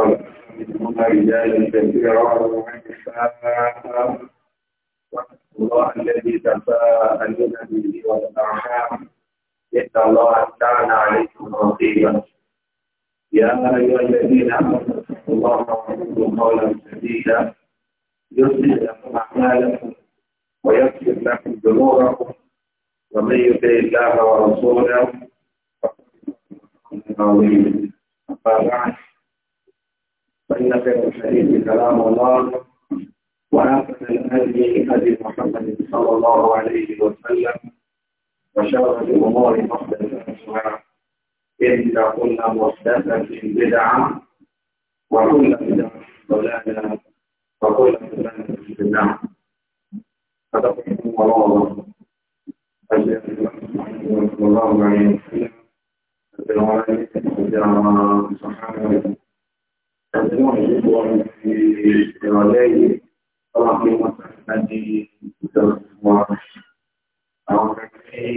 فمنهما رجال كثيرا ونساء واتقوا الله الذي تساءلون به والارحام ان الله كان عليكم رقيبا يا ايها الذين امنوا اتقوا الله وقولوا قولا سديدا يصلح لكم اعمالكم ويغفر لكم ذنوبكم ومن يطع الله ورسوله فقد فاز عظيما اما بعد فإن خير الحديث كلام الله وأحسن الهدي هدي محمد صلى الله عليه وسلم وشر الأمور محدثاتها إن كل محدثة بدعة وكل بدعة ضلالة وكل ضلالة في النار فتقول الله الله عليه وسلم السلام عليكم ورحمة الله وبركاته ẹ̀gbọ́n yìí wọ́n fi ìrọ̀lẹ́ yìí wọ́n fi wọ́n sàkíńdájí ìjọba wọn. Àwọn akẹ́kẹ́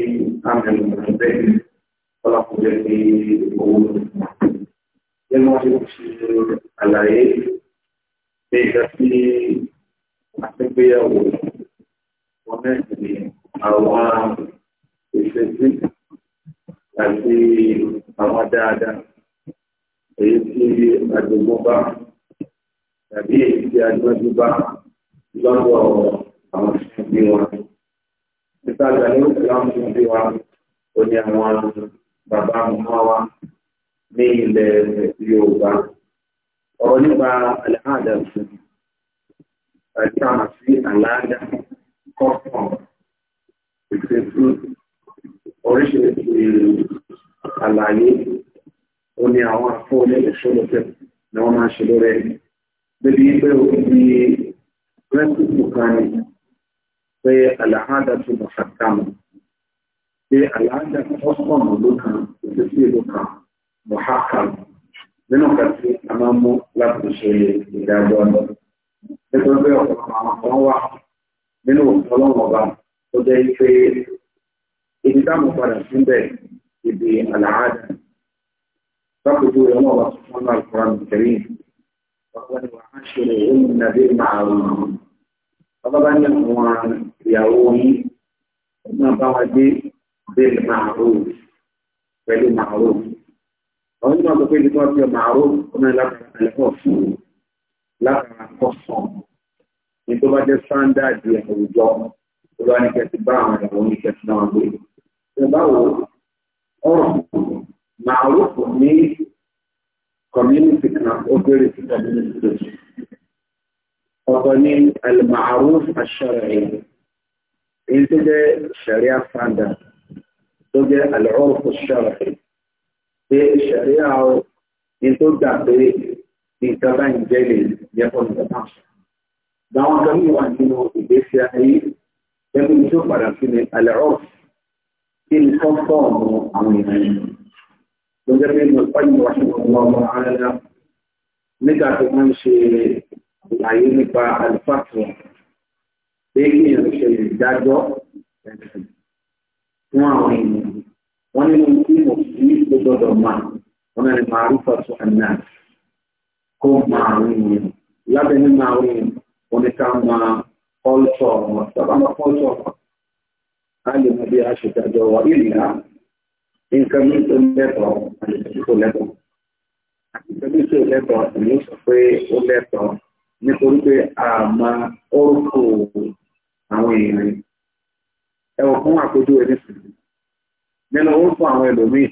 àmì ìgbẹ́ wọ́n kò jẹ́ kí owó lọ́wọ́. Ṣé wọ́n ti ṣe àlàyé pé ìgbà tí àtẹ́gbéyàwó àti àwọn dáadáa èyí tí àdùgbò bá tàbí èyí tí àdùgbò bá lọ́dọ̀ àwọn ìṣẹ́bí wọn. Nípa ìgbàlẹ́ òkè láwọn ìṣẹ́bí wa, ó ní àwọn bàbá mọ́ wa ní ilẹ̀ Yorùbá. Ọ̀rọ̀ nípa àlàáda sùn, àti àwọn sí àlàáda kọ́kàn, ìṣètú, oríṣiríṣi àlàyé ó ní àwọn afọ́ oníṣẹ́ lọ́tẹ̀ ni wọ́n máa ń ṣe lórí ẹni. Débi pé òbí rẹ́pùpù kan ni pé àlàáda tó bọ̀ fàtàmù. Pé àlàáda ọ̀sán ló kan, òṣèṣì ló kan, bọ̀ há kan. Nínú kan tí a máa mú láti ṣe ìdájọ́ lọ. Nítorí pé ọ̀pọ̀lọpọ̀ àwọn kan wà nínú ọlọ́wọ́ ọba tó jẹ́ pé ibi táwọn padà síbẹ̀ ibi àlàáda. فقدوا يا الله سبحانه القرآن الكريم وقال وعاشرهن بالمعروف طبعا هو يعوي ما بعد بالمعروف بالمعروف وإن ما تقول لك معروف أنا لك الحسن لك الحسن nítorí bá jẹ́ sáńdáàdì àwùjọ tó bá ní kẹsì bá àwọn ìyàwó ní kẹsì náà gbé. Ìbáwo ọ̀rọ̀ معروف ní community kan ó bẹ̀rẹ̀ sí community kejì ọ̀tọ̀ ní al-ma'ruf ash-shar'i èyí tó jẹ́ sharia standard tó jẹ́ al-urf ash-shar'i pé sharia o ní tó gbà pé nǹkan bá ń jẹ́ lè yẹ kọ́ nǹkan náà báwọn kan ní wà nínú ìgbésí ayé ẹgbẹ́ tó padà sí ni al-urf kí ni kọ́ fọ́ọ̀mù àwọn ènìyàn lọ́jọ́ bí mo pẹ́lú ọ̀ṣunmọ̀ ọmọ ààrẹ nígbà tó máa ń ṣe àlàyé nípa àlùfáàtì pé kí èèyàn ṣe ìdájọ́ ẹ̀sìn fún àwọn ènìyàn wọ́n nínú tí mo fi tó gbọ́dọ̀ máa wọ́n náà ní máa rúfà tó àná kó máa àwọn ènìyàn lábẹ́ ní máa àwọn ènìyàn wọ́n ní ká máa kọ́lùtọ̀ wọn sábà máa kọ́lùtọ̀ wọn á lè mọ bí a ṣe dájọ́ wa ìlú náà. nǹkan bí tó lẹ́tọ̀ọ́ àti tí kò lẹ́tọ̀ọ́ nǹkan bí tó lẹ́tọ̀ọ́ ìlú sọ pé ó lẹ́tọ̀ọ́ nítorí pé a máa orúkọ àwọn èèyàn ẹwọ fún àpéjú ẹni sì nínú orúkọ àwọn ẹlòmíì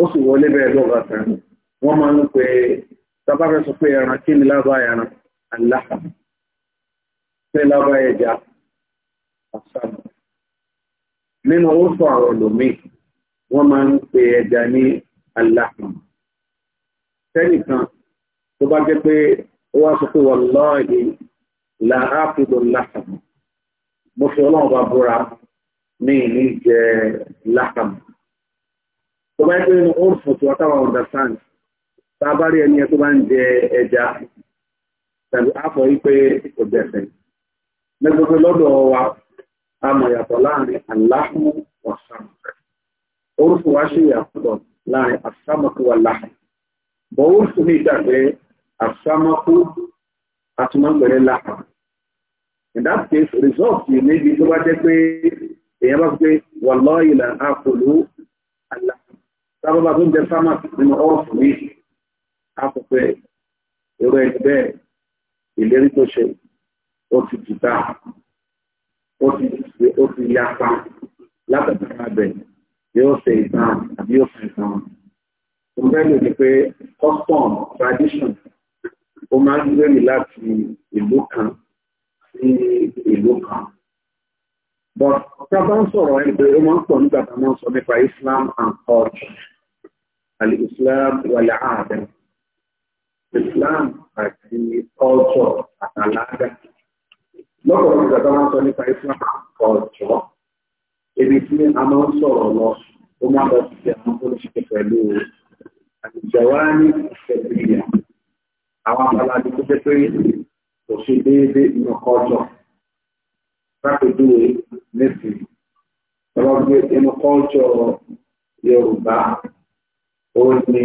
ó sì wọlé bẹ́ẹ̀ lọ́gàá kan wọ́n máa ń pe sábà fẹ́ sọ pé ẹran kí ni lábàá ẹran aláha pé lábàá ẹja ọ̀sán nínú orúkọ àwọn ẹlòmíì wọ́n máa ń pe ẹja ní aláhùn sẹ́nìkan tó bá jẹ́ pé ó wá sọ pé wallahi làákùdù láhùn mo fi ọlọ́run bá búra ní ìní jẹ láhùn tó bá jẹ́ pé ó ń fòtò ọ̀táwọn understand tá a bá rí ẹni ẹ tó bá ń jẹ ẹja tàbí àfọ̀ yìí pé kò dẹ̀sẹ̀ lẹ́gbẹ̀ẹ́ lọ́dọ̀ wa a mọ̀ yàtọ̀ láàrin aláhùn ọ̀sán orúkọ wa ṣe yàtọ̀ láàrin àsámọ́kú wa láàrin bọ̀ orúkọ ní ìdàgbẹ́ àsámọ́kú àtúmọ̀gbẹ̀rẹ̀ láàrin in that case result yìí níbi tó bá jẹ́ pé èèyàn bá pé wallahi la àkọlù àlà sábàbà tó ń jẹ sámà nínú ọ̀rọ̀fù mi àpòpẹ́ èrò ẹ̀jẹ̀ bẹ́ẹ̀ ìlérí tó ṣe ó ti jìtá ó ti yapa látàkàrà bẹ́ẹ̀ yóò ṣe ìtàn àbí yóò fi ìtàn. Mo fẹ́ lò ní pé custom tradition ó máa ń gbèrè láti ìlú kan sí ìlú kan. But tá a bá ń sọ̀rọ̀ ẹni pé ó máa ń pọ̀ nígbà tá a máa ń sọ nípa Islam and culture. Al-Islam wal aada. Islam àti culture àtàlágà. Lọ́pọ̀ nígbà tá a máa ń sọ nípa Islam and culture ibi tí a máa ń sọ̀rọ̀ lọ ó máa lọ sí àwọn tó ń ṣe pẹ̀lú àtìjọwá ní ìṣẹ̀lẹ̀ àwọn abaládé tó jẹ́ pé kò ṣe déédéé inú kọ́jọ́ lápẹjúwe lẹ́sìn ọlọ́gbé inú kọ́jọ́ Yorùbá ó ní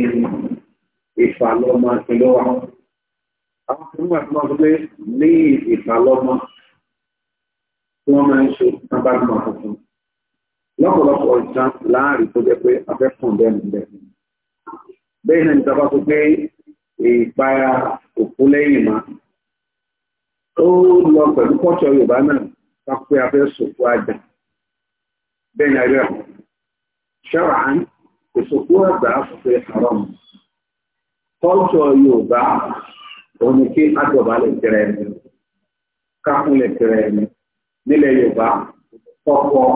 ìfàlọ́mọ ìlọ́wà àwọn tó ń wà fún ọdún pé ní ìfàlọ́mọ tí wọ́n máa ń ṣe tábàgbọ̀n tuntun lọ́pọ̀lọpọ̀ ìtàn láàrin tó jẹ́ pé afẹ́ kàn bẹ́ẹ̀ nílẹ̀. bẹ́ẹ̀ náà níta bá sọ pé ìpara òkú lẹ́yìn máa ó lọ pẹ̀lú kọ́tọ̀ yorùbá náà ká pé afẹ́ sòkú àjà bẹ́ẹ̀ ni àríwá ṣọ́ra án ìsòkú àgbà àfọ̀fẹ́ haram kọ́tọ̀ yorùbá òun ni kí àjọba lè tẹ̀rẹ̀ ẹni kákún lè tẹ̀rẹ̀ ẹni nílẹ̀ yorùbá kọ́kọ́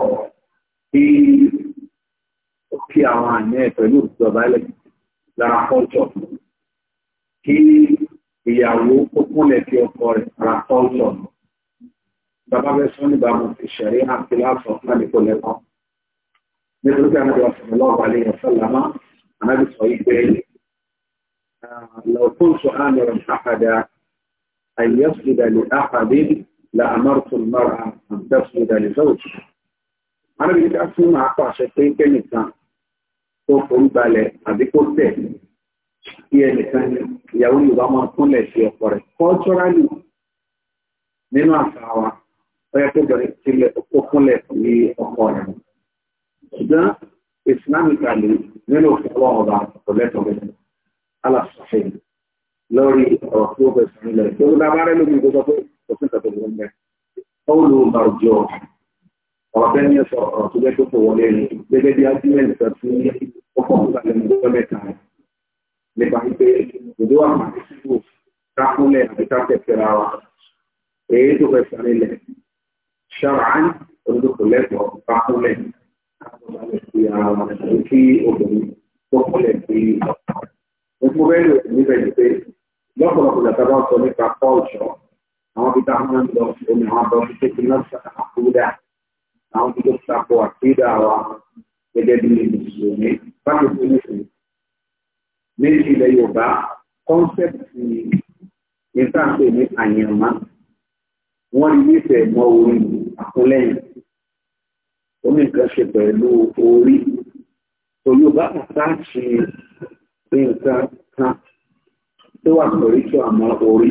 في اوكي اا فلوس ضايله لا راحوتو كي ياو كوكول في اوكور راحوتو بابا بسوني بابا في الشريعه خلاف اصلا كل ده مثل كان رسول الله عليه وسلم انا بسوي بيه لو كنت امر احد ان يسجد لاحد لامرت المراه ان تسجد لزوجها arábìnrin ká fún máa pàṣẹ pé kẹ́nìkan tó forí balẹ̀ àbí kó tẹ̀ kí ẹnìkan ìyàwó yorùbá máa kúnlẹ̀ sí ọkọ rẹ̀ culturally nínú àṣà wa ọyẹ tó bẹ̀rẹ̀ sílẹ̀ kó kúnlẹ̀ sí ọkọ rẹ̀ ṣùgbọ́n islamically nínú òfin ọlọ́run ọba kò lẹ́tọ̀ọ́ bẹ́ẹ̀ alásùfẹ́ lórí ọ̀rọ̀ tí ó bẹ̀ sọ̀rọ̀ lẹ̀ tó dábàárẹ̀ lómi ìgbésọ̀ pé òfin tàbí ìgbésọ̀ bẹ́ẹ̀ ọ̀rọ̀ bẹ́ẹ̀ ni ẹ sọ ọ̀rọ̀ tó jẹ́ tó kò wọlé rẹ̀ gẹ́gẹ́ bí ájúmẹ̀ntì kan tí ó kọ̀ nípa lẹ́nu ọjọ́ mẹ́ta rẹ̀ nípa wípé òjò wà pàdé síbò kákúnlẹ̀ àti kákẹ́kẹ́ra wa èyí tó fẹ́ sáré lẹ̀ ṣàrán olùdókòó lẹ́kọ̀ọ́ kákúnlẹ̀ kákúnlẹ̀ sí ara wa kí obìnrin tó kúnlẹ̀ sí ọ̀pọ̀ Gbogbo bẹ́ẹ̀lì òsì níbẹ̀ ni pé lọ́pọ̀lọpọ̀ ìgbà tábà sọ nípa pọ́ọ̀ṣọ́ àwọn bí táwọn ń lọ omi àwọn abọ́ sí pé kí náà ṣàkóso dáa àwọn tó tako àkídà wa gẹ́gẹ́ bí mùsùlùmí báwo tó ní fún méjì ilẹ̀ Yorùbá kọ́nsẹ́pì ìtàkùn ní àyànmá wọ́n rí nífẹ̀ẹ́ mọ́ orin àkúnlẹ́yìn ó ní nǹkan ṣe pẹ̀lú orí tó Yorùbá kan sáàṣì nǹkan kan tó wà pẹ̀lú ìṣọ́ àmọ́ orí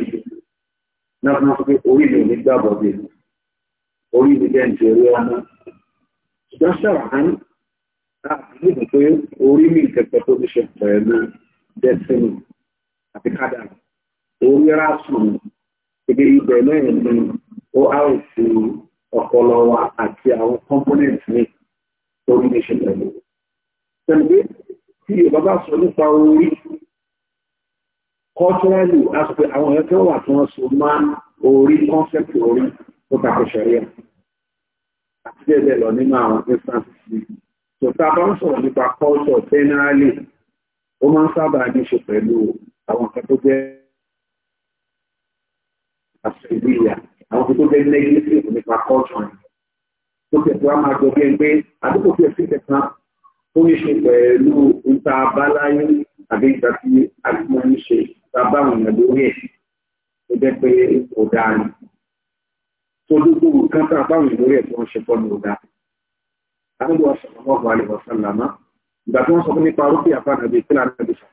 náà fún wọn pé orí lè ní gbàgbọ́ bẹ́ẹ̀ orí ìdíjẹ́ ń jẹ́ orí ọmọ ṣùgbọ́n sọ̀rọ̀ á ní àbúrò pé orí mi ìkẹ́kẹ́ tó ti ṣe pẹ̀lú destiny àti kádà orí rásùn ibi ibẹ̀ náà ni ó áwùsì ọpọlọ wa àti àwọn component mi orí mi ṣe pẹ̀lú. Tẹ̀lé tí Yorùbá bá sọ nípa orí culturally aspect àwọn ẹ̀kọ́ wà tí wọ́n so máa orí concept orí tó tako ṣẹ̀ríà àti bẹ́ẹ̀ bẹ́ẹ̀ lọ nínú àwọn instances yìí tó tá a bá ń sọ̀rọ̀ nípa culture generally ó máa ń sábà ní ṣe pẹ̀lú àwọn kan tó jẹ́ àṣírí àwọn kan tó jẹ́ negative nípa culture tó tẹ̀sí wá máa jọ bí ẹni pé àdúgbò tí ẹ sì tẹ̀sán ní ṣe pẹ̀lú níta abáláyé àbí ìgbà tí àgbọ̀n ń ṣe tábàwọn èèyàn lórí ẹ̀ tó jẹ́ pé kò dáa ni tó gbogbo nǹkan tá a báwọn ìlórí ẹ̀ tí wọ́n ṣe pọ́nù ọ̀gá. Àdúgbò sallallahu alaihi wasallam ìgbà tí wọ́n sọ nípa rúkì àfànàbí tí láti ẹ̀dùn sàn.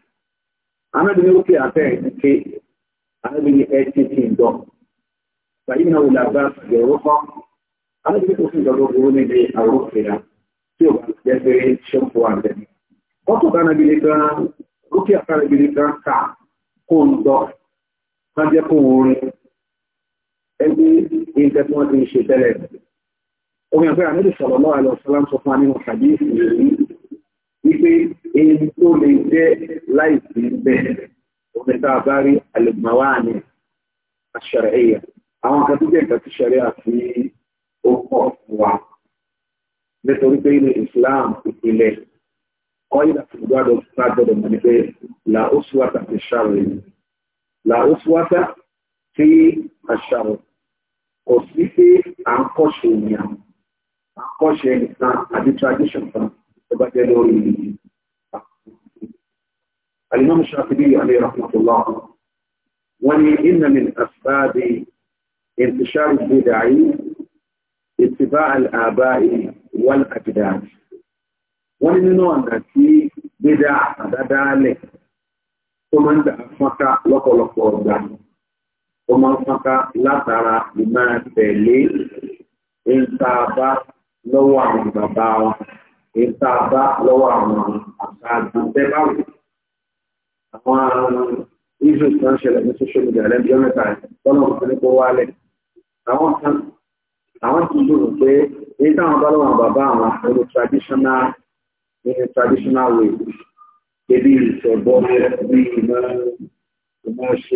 Ànábì ní rúkì àfẹ́ ẹ̀kẹ́ ànábì ní ẹ̀ ti ti ìdọ̀. Bàyí náà wò lágbá ìgbẹ̀rún kan. Ànábì ní kò sí ìdọ̀dọ̀ burú níbi àrùn ìfẹ̀yà tí ò bá jẹ́ pé ṣọ́ọ̀fù àbẹ̀. Wọ́n ẹgbẹ́ nǹkan tí wọ́n ti ṣe tẹ́lẹ̀. Omi àgbẹ̀ àmì sallallahu alaihi wasallam sọ fún wa nínú hadith yìí wípé èyí tó lè jẹ́ láìsí bẹ́ẹ̀ omi tá a bá rí àlùmọ́wá ni ash-shar'iyya. Àwọn kan tó jẹ́ tí ṣẹ̀rẹ̀ àti لا أسوة في الشر لا أسوة في الشر kò sí pé à ń kọ́ṣe ènìyàn à ń kọ́ṣe nìkan àbí tradition kan tó bá jẹ́ lórí ìlú. الإمام الشافعي عليه رحمة الله ولي إن من أسباب انتشار البدع اتباع الآباء والأجداد wọ́n nínú ọ̀nà tí bídá àdádálẹ̀ tó máa ń dà fọ́nká lọ́pọ̀lọpọ̀ ọ̀gbà ó máa ń fọ́nká látara ìmáa tẹ̀lé ìtaàbá lọ́wọ́ àwọn bàbá wa ìtaàbá lọ́wọ́ àwọn àṣáájú tẹ́báwò. Àwọn ìṣù um, kan ṣẹlẹ̀ ní social media lẹ́jọ́ mẹ́ta tọ́nà òfin kó wálẹ̀. Àwọn kan àwọn ti dùn pé èyí táwọn bá lọ́wọ́ bàbá àwọn ẹni traditional ẹni traditional way ebi ìṣẹ̀bọ bí ìmọ̀ ìmọ̀ ṣe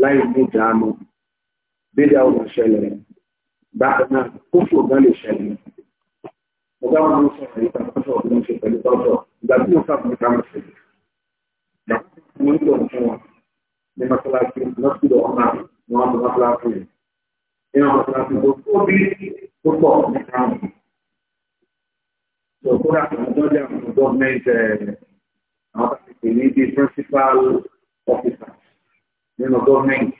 láì ní ìdáàmú bídà ọmọ ṣẹlẹ̀ bákan náà kófò ọ̀gá lè ṣẹlẹ̀ ọ̀gá wọn ló sọ̀rọ̀ nípa tọ́tọ̀ ọ̀gbọ́n ṣe pẹ̀lú tọ́tọ̀ ìgbà tí mo sábà nípa mi ṣe mo ń lọ fún wọn ní mọ́ṣáláṣí lọ́sídọ̀ ọmọ àwọn ọmọ mọ́ṣáláṣí rẹ̀ nínú mọ́ṣáláṣí tó tóbi tó pọ̀ nípa wọn. Sọ̀kúrà àwọn ọjọ́ àwọn gọ́ọ̀mẹ̀ntì àwọn pàṣẹ ní bíi principal officers Neno dormente,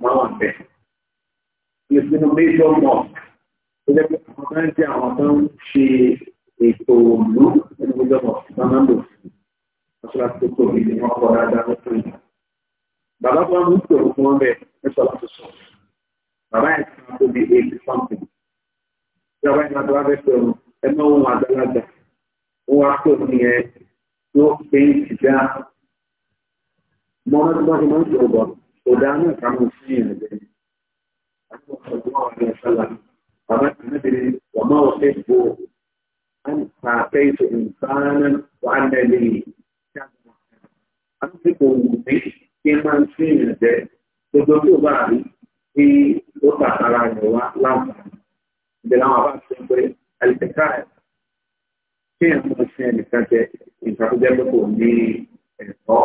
não até. Isso no meio do almoço. Ele é importante a oração de Etono, no meio do almoço, falando assim. A senhora ficou sorrindo, uma corada na frente. lá para muito, eu vou falar bem, eu sou para os Baba é sobre ele, something. Já vai na palavra Etono, é não uma dalada. Um ator que é, não tem já mọ́nà tó bá ti máa ń jọ bọ̀ ọ̀dà náà ká mọ̀ sí ìrìn àjẹ́ àti ọ̀sọ̀gbọ́n àwọn ẹ̀rọ sálà bàbá ti ní bèrè wọ́n máa wọ́n fẹ́ bò án ta fẹ́ẹ̀tì ìbáná wà lẹ́lẹ́ àti kò wù mí kí n máa ń sí ìrìn àjẹ́ gbogbo tó bá rí kí ó ara rẹ̀ wá láǹfààní ìbẹ̀rẹ̀ àwọn àbá ti ń pẹ́ àlìkẹ́kà kí ẹ̀ mọ̀ sí ẹnìkan jẹ́ ìtàkùjẹ́ pé ní ẹ̀kọ́.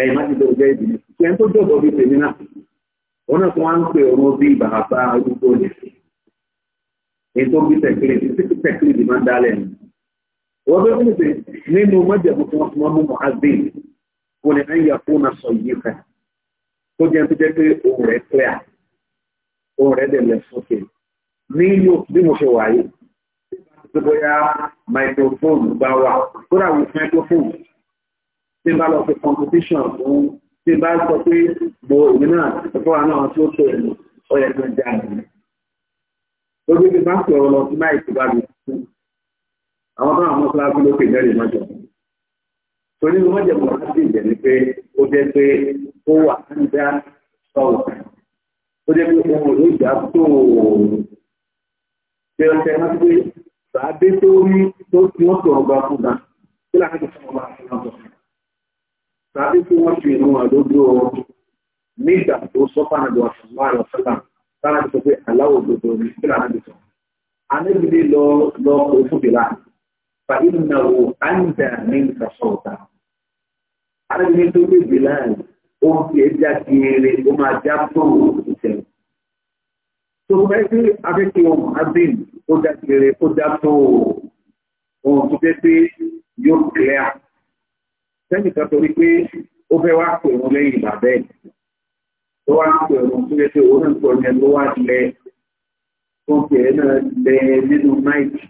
ẹ̀yìn má ti dọ̀ jẹ́ ìdílé ṣe ń tó jọ̀bọ̀ bíi tèmi náà wọn náà tún wá ń pè ọmọ bíi bàbá arúgbó ni èyí tó bí tẹ̀kìlì títí tẹ̀kìlì ti máa ń dálẹ̀ ni wọ́n bẹ́ẹ̀ fún mi nínú mọ́jẹ̀bù tí wọ́n fún ọmọ mọ́ azé kò ní ẹ̀yà fún aṣọ yìí kan tó jẹ́ tó jẹ́ pé ohun rẹ̀ clear ohun rẹ̀ dẹ̀ lẹ̀ sókè ní bí mo ṣe wà bóyá microphone gbá wa kódà tí bá lọ fi competition fún tí bá sọ pé bo èmi náà ẹ̀fọ́ àná tí ó tó ẹ̀mí ó yẹ kí n já àmì. lórí ti bá sọ̀rọ̀ lọ sí máì tó bá mi fún àwọn tó àwọn kíláàsì lókè mẹ́rin mọ́jọ. torí mo mọ́jọ mọ́ láti ìjẹ́ ni pé ó jẹ́ pé ó wà ń dá sọ̀rọ̀ ó jẹ́ pé ohun ìlú ìjà tó ṣe ọ̀sẹ̀ máa ń gbé sàádé tó rí tó ti wọ́n sọ̀rọ̀ gbà fún ta kí láti sọ̀rọ̀ gbà fún ta tàbí kí wọ́n fi inú àdójọ́ nígbà tó sọ́fà àdó àṣàmọ́ àlọ́sọ́là sára ti sọ pé aláwọ̀ òdòdó ní sílẹ̀ àdìsọ. Anábìlẹ̀ lọ lọ òfúbìlà fa ìnáwó àǹdà ní ìtàsọ̀ọ̀tà. Anábìlẹ̀ tó gbé bìlà ó ń fi ẹja kiri ó máa já tó ìṣẹ̀lẹ̀. Tòkùnbẹ́ sí afẹ́kẹ́ ohun abin ó já kiri ó já tó ohun tó jẹ́ pé yóò kílẹ̀ àti sẹ́nìkan torí pé ó fẹ́ wá pẹ̀rún lẹ́yìn ìgbà bẹ́ẹ̀ tó wá pẹ̀rún tó yẹ pé òun náà pọ̀ yẹn ló wá lẹ tó ń pẹ̀rẹ́ náà lẹ nínú náìtì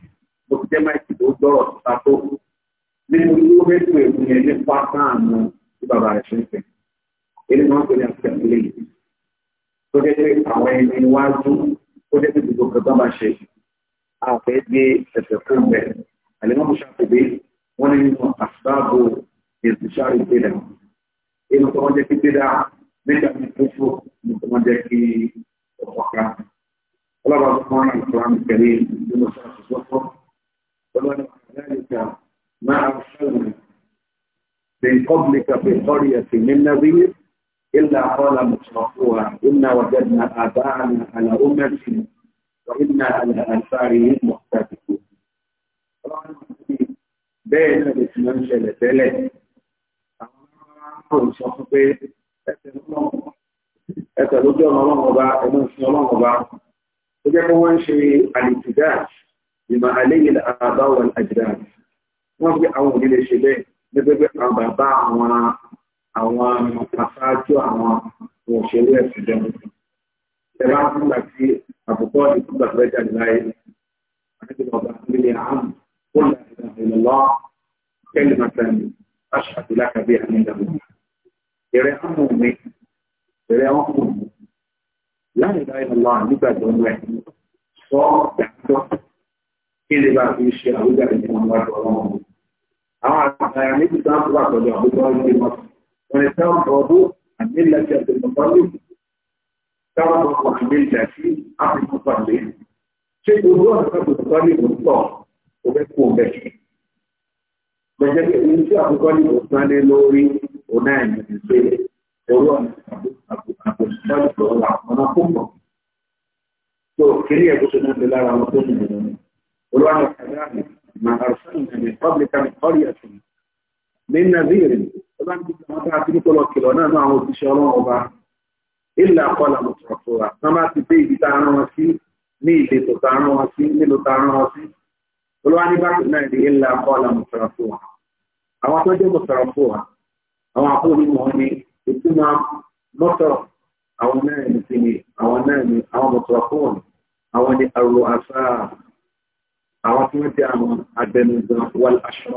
tó fi jẹ́ náìtì tó gbọ́rọ̀ síta tó nínú tó fẹ́ pẹ̀rún yẹn ní pátáàmù tí bàbá rẹ̀ ṣe ń pẹ̀ èyí máa ń pè ní àpẹẹrẹ lẹ́yìn tó jẹ́ pé àwọn ẹni iwájú tó jẹ́ pé gbogbo kan bá máa ṣe àfẹ́ gbé ẹ̀sẹ̀ fún bẹ̀ àlẹ́ mọ́ انتشار البدع إيه متوجه في البدع بدع من الكفر متوجه في الفقر الله سبحانه في القرآن الكريم يقول شرح الصفر ولنا ذلك ما أرسلنا من قبلك في قرية من نذير إلا قال مشرفوها إنا وجدنا آباءنا على أمة وإنا على آثارهم مقتدون. بين الاسمان شلتين àwọn ìṣọ́ fún pé ẹsẹ̀ lójú ọ̀nà ọlọ́run ọba ẹ̀mú ìṣin ọlọ́run ọba ó jẹ́ pé wọ́n ń ṣe àlìtìdá ìmọ̀ àléyìn àbá wọn àjìdá wọ́n fi àwọn òní lè ṣe bẹ́ẹ̀ gẹ́gẹ́ bí àwọn bàbá àwọn àwọn aṣáájú àwọn òṣèlú ẹ̀sìn jẹun ìṣẹ̀lá nígbà tí àbùkù ìkúgbà fẹ́ jáde láyé àti ọba nílé àmì kó lè ṣe ìlọ́ọ̀ kẹ́lìmọ̀tàn aṣáájú lákàbí àmì ìdàgbàsókè ìrẹ́ ọmọ mi ìrẹ́ ọmọ mi láì láì lọ nígbà tó ń rẹ̀ sọ dájọ́ kí lè bá fi ṣe àwùjáde ní wọn wájú ọlọ́run mi. àwọn àgbàyà méjì tó ń bá pẹ̀lú àwùjọ ìdí wọn wọn ìta ń bọ̀ ọdún àmì lẹ́sẹ̀ tó ń bọ̀ lónìí táwọn ọkọ̀ àmì ìjà sí áfíríkà pàdé ṣé gbogbo ọ̀nà kan tó ń bọ̀ lónìí ń tọ̀ òfẹ́ kú òbẹ̀. gbẹ̀jẹ̀ kí òun náà ní ìgbé owó àbòsíṣàlùkọ ọ̀nà púpọ̀. tó kiri ẹ̀ bó ṣe náà lè lára wọn tó nìyẹn lọ́nà. olúwa ní ọ̀sán ní ìmọ̀ àrùsán ní republican ọ̀rẹ́ẹ̀tì ní nàìjíríà ó bá ń bí àwọn tá a ti ní kó lọ kìlọ̀ náà náà àwọn òṣìṣẹ́ ọlọ́run ọba ilẹ̀ akọ́là mọ̀tòrọ̀tòrà náà bá ti dé ibi tá a rán wọn sí ní ìletò tá a rán wọn sí nílùú tá a rán wọn sí olúwa ní bákan náà ní ilẹ̀ akọ́là mọ̀tòrọ̀tòrà àwọn tó jẹ́ mọ̀tòrọ̀tòrà àwọn àbúrò wọn ni ìtumọ̀ mọ́tọ̀ àwọn náà ní kíni àwọn náà ní àwọn mọ̀tọ̀ fóònù àwọn ní àrò àṣà àwọn tí wọ́n ti àwọn agbẹnugan wal aṣọ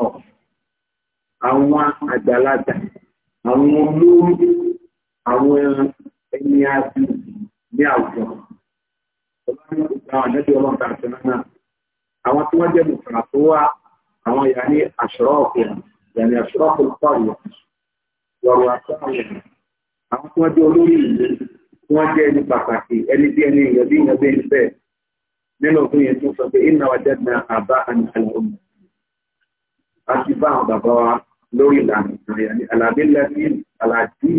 àwọn àgbàlagbà àwọn olórí àwọn ẹni àti ní àwùjọ àwọn tí wọ́n jẹ́ mùsùlùmí tó wá àwọn yàrá ní àṣọ ọ̀pẹ̀ yàrá ní àṣọ ọ̀pẹ̀ pọ̀ yìí wàrà àtàwọn àwọn tí wọ́n jẹ́ olórí ìlú tí wọ́n jẹ́ ẹni pàtàkì ẹni bí ẹni èèyàn bí èèyàn bẹ́ẹ̀ bẹ́ẹ̀ nínú òfin yẹn tó sọ pé iná wa jẹ́ na àbá àmì àlọ́ọ̀mù a ti bá àwọn bàbá wa lórí ìlànà ìrìn àmì àlàbí lẹ́sìn àlàdí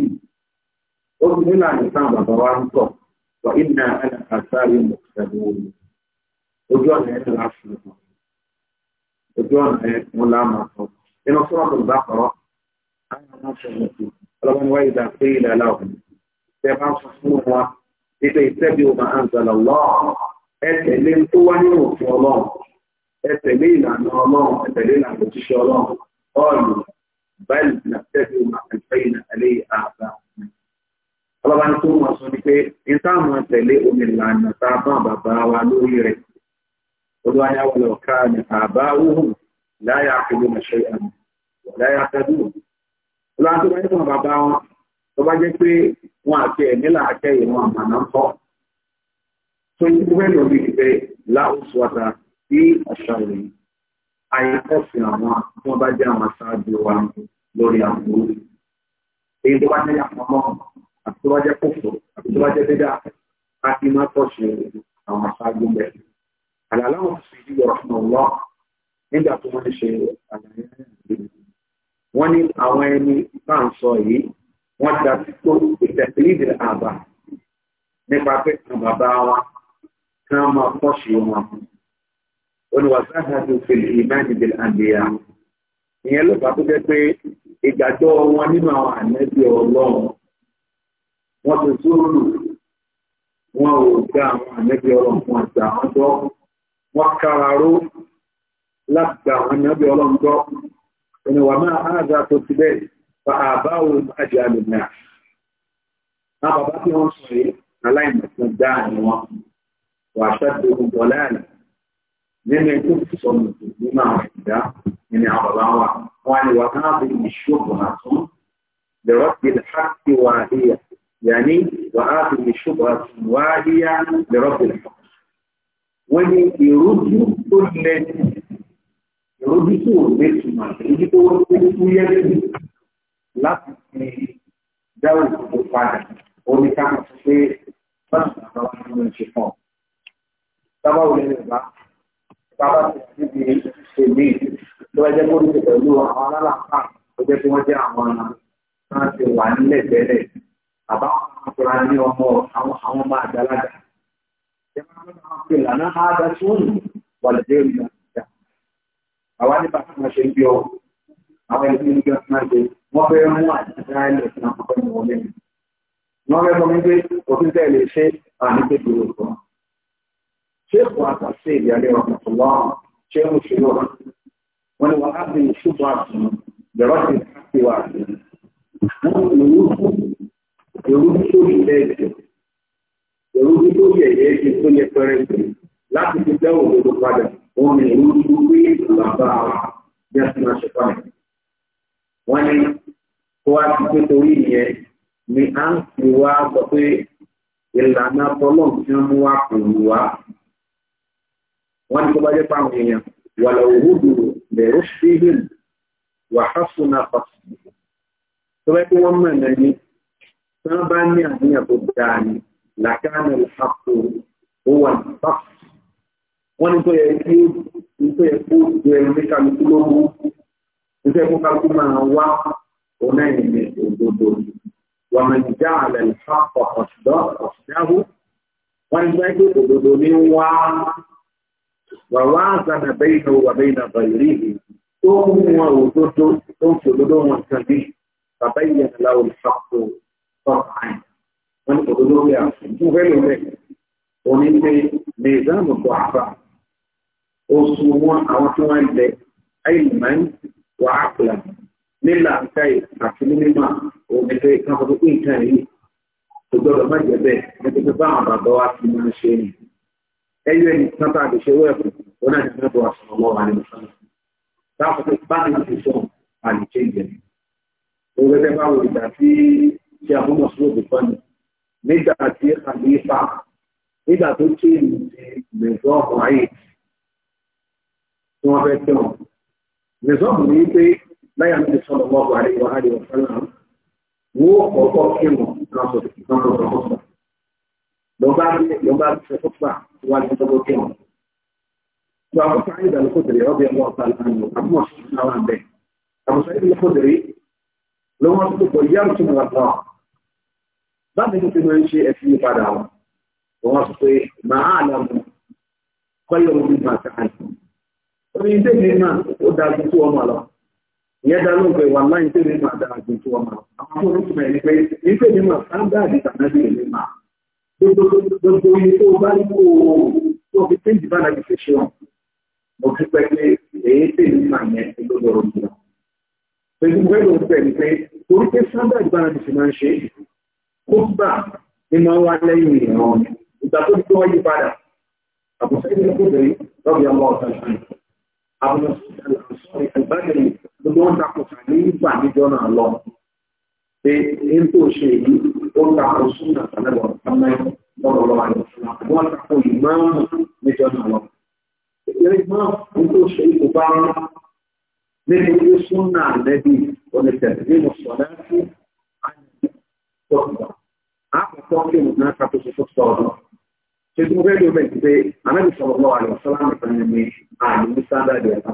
ó ti ní ìlànà táwọn bàbá wa ń tọ̀ wà iná àtàrí mọ̀ọ́sẹ̀lú ojú ọ̀nà ẹ̀ ńlá fún ojú ọ̀nà ẹ̀ ńlá máa ọlọ́run wáyé dà pé ilẹ̀ aláwọ̀ tẹ bá sọ fún wa ipe ìtẹ́bí ọba àǹzàlọ̀ lọ́ọ̀ ẹ tẹ̀lé tó wá nínú òfin ọlọ́run ẹ tẹ̀lé ìlànà ọlọ́run ẹ tẹ̀lé ìlànà òṣìṣẹ́ ọlọ́run ọ̀lù báyìí nà tẹ̀lé ọba àǹfẹ̀yìn nà tẹ̀lé àbá ọlọ́ba ní tó wọn sọ ni pé n táwọn tẹ̀lé omi ìlànà tá a bá bàbá wa lórí rẹ̀ olùwàyàwó lọ́ọ̀ká ni àbá wúhù láyà àkèlè mọ̀ṣẹ́ àmì láyà àkèlè olùwà tó bá yẹ fún bàbá wọn tó bá jẹ́ pé wọn àti ẹ̀mí là àti ẹ̀yìn wọn àmàna ń kọ́ tó yí bẹ́ẹ̀ lọ bí ìfẹ́ láwùsù ọ̀tà sí àṣà ìlú àyíkọ́sìn àwọn tí wọ́n bá jẹ́ àwọn aṣáájú wa lórí àbúrò èyí tó bá jẹ́ àpamọ́ àti tó bá jẹ́ kòfò àti tó bá jẹ́ dídá àti má tọ̀sí àwọn aṣáájú bẹ́ẹ̀. àlàlá wọn sì yí ọ̀rọ̀ fún ọlọ́ nígbà tó wọ́n ṣe àlàyé wọ́n ní àwọn ẹni bá ń sọ yìí wọ́n ti àti tó ìtẹ̀sílídìí àbá nípa pé àwọn bàbá wa kí wọ́n máa pọ̀ṣù wọn. olùwàsáhà tó fi ìmáìnìdì àdìyà ìyẹn ló fà tó jẹ́ pé ìgbàjọ́ wọn nínú àwọn ànẹ́bí ọlọ́run wọ́n ti sóòrù wọn ò gbé àwọn ànẹ́bí ọlọ́run fún àti àwọn tó wọ́n kára ró láti gba àwọn ànẹ́bí ọlọ́run tó إنه وما هذا تتبين فآباهم أجل الناس أما بقيهم صحيح علينا نبدأ وأشدهم ضلالا لم يكن في صنف بما وحدا من عبد قال وهذه الشبهة لرد الحق وهي يعني وهذه الشبهة وهي لرد الحق يرد كل ìrójú tí ò lè túmọ̀ ìrójú tó wọ́n tó kú yẹ sí láti fi dá òkú padà oníkàmọ̀ pé báwọn àwọn ọmọ ẹ̀ ṣe fún ọ. sábà wọlé yorùbá sábà níbi èmi tó ẹ jẹ́ kó ní pẹ̀lú àwọn alálàpá tó jẹ́ kí wọ́n jẹ́ àwọn náà ti wà nílẹ̀ tẹ́lẹ̀ àbáwọn akọ̀ra ní ọmọ àwọn ọmọ àgbàlagbà. ìjọba náà àwa nípa tí wọ́n ṣe ń bí ọ àwọn ẹni tí wọ́n ń gbé máa ṣe wọ́n fẹ́ mú àtìsáyẹ̀lì ẹ̀sìn àkọ́kọ́ ní wọlé mi. wọ́n fẹ́ sọ wípé òfin tẹ̀ lè ṣe àní kéde òkú. ṣé kò àtàṣe ìyàlẹ́ ọ̀nà tó wá ṣé ń ṣe lọ́wọ́ wọn ni wọ́n á bí ṣùgbọ́n àtúnú yọ̀rọ̀ ti ti wà àtúnú. wọ́n ní èrú tó yẹ èrú tó yẹ yẹ ti tó yẹ pẹrẹ òun lè rí ojú pé bàbá wa bí a ti máa ṣe fáwọn. wọ́n ní kó wá ti pé torí ìyẹn ni à ń fi wá sọ pé ìlànà tọ́lọ̀ tí wọ́n mú wá kò wù wá. wọ́n ní kó bá jẹ́ fáwọn èèyàn wà lọ́wọ́ dùrù lẹ́rọ síhìn wàhásùnà pàṣẹ. tó bá pé wọ́n mọ̀ ni tí wọ́n bá ní àníyàn tó dáa ni làkàna ìhàkùn ó wà ní pàṣẹ wọ́n ní tó yẹ kí ní tó yẹ kó yẹ ní kálukú lógún ní tó yẹ kó kálukú máa wá ọ̀nà ìrìn òdodo wọ́n máa jíjá àlẹ́ ìfapọ̀ ọ̀ṣùdọ́ ọ̀ṣùdáhù wọ́n ní tó yẹ kó òdodo ní wá wàwá àgbàdà bẹ́yìn náà wà bẹ́yìn náà bàyìrí tó ń wọn òdodo tó ń fi òdodo wọn kan ní bàbá ìyẹn láwọn ìfapọ̀ tọ́kàn wọ́n ní òdodo yà fún fẹ́lẹ́ mẹ́ oníṣẹ́ mẹ́ẹ̀dánù kọ́ àbá oṣù wọn àwọn tí wọ́n lẹ̀ ayélujára wà á pèlà nílà káyì àti mímímà òmìnira ìkàwọn tó pín nǹkan yìí tó gbọ́dọ̀ má jẹ́ bẹ́ẹ̀ nítorí bá àwọn bàbá wa ti máa ṣe ni ẹyọ ẹni kan tá a lè ṣe wẹ́ẹ̀kù wọn náà ti fẹ́ bọ́ àṣà ọmọ wa nínú sọ́nà táwọn tó bá ní ti sọ a lè ṣe ìjẹ bá wò ìgbà tí ṣe àbúmọ̀ kan ni nígbà tí àlè fà nígbà tó ṣe ìlú tí wọ́n fẹ́ kírun. Rìsọ́ọ̀bù ní pé láyà ní sọ̀rọ̀ wọ́n wà níwọ̀n àríwọ̀ sọ́nà wọ́n kọ̀ọ̀kọ́ kírun náà sọ̀rọ̀ kan tó sọ̀rọ̀ sọ̀rọ̀. Lọ́ba lọ́ba ṣe tó fà wá ní tọ́gbọ́ kírun. Sọ àkókò ayé ìdàlùkò tèrè ọbẹ̀ ọmọ ọ̀tá lánàá àbúmọ̀ Wọ́n sọ pé màá àlàmù kọ́yọ̀ omi màtà àìsàn orí ilé mi máa ó dáa ju tó ọmọ lọ ìyẹn dáa ló ń pè wà láì ilé mi máa dáa ju tó ọmọ lọ àwọn tó ń túmọ̀ ẹni pé ilé mi máa sáńdáàdì tàbí ilé mi máa gbogbo iye tó bá ní kó tó fi téèjì bá láti fi ṣe wọn mo ti pẹ́ pé èyí tè mi máa yẹn ló lọ́rọ̀ mi lọ. pẹ̀lú bẹ́ẹ̀ ló ń pẹ̀ ní pé orí pé sáńdáàdì bá láti fi máa ń ṣe kó gbà ní máa wá ìgbà tó tó wáyé padà àbùsẹ́ ìdílé kò dé ọmọ ọ̀sán ìṣẹ́ àwọn ìbáyìí ló ló ń takùsà ní ìgbà níjọ́ náà lọ. Pé ní tó ṣe yìí, ó ń takùn súnà tàlẹ́bọ̀ ọ̀pẹ́ lọ́rọ̀lọ́ àyọ̀fúnà. Wọ́n takùn ìmáàmù níjọ́ náà lọ. Ìgbẹ́rẹ́ ìmáàmù ní tó ṣe ìkó bá ń nínú ilé súnà lẹ́bí onítẹ̀lẹ́ nínú sọ̀lá sí àyẹ̀fọ́ ṣe tí mo fẹ́ lò bẹ́ẹ̀ ti pé anábì sọ̀rọ̀ lọ́wọ́ àlọ́ sọ́lámù kan ní àmì ní sáńdáàdì ẹ̀ka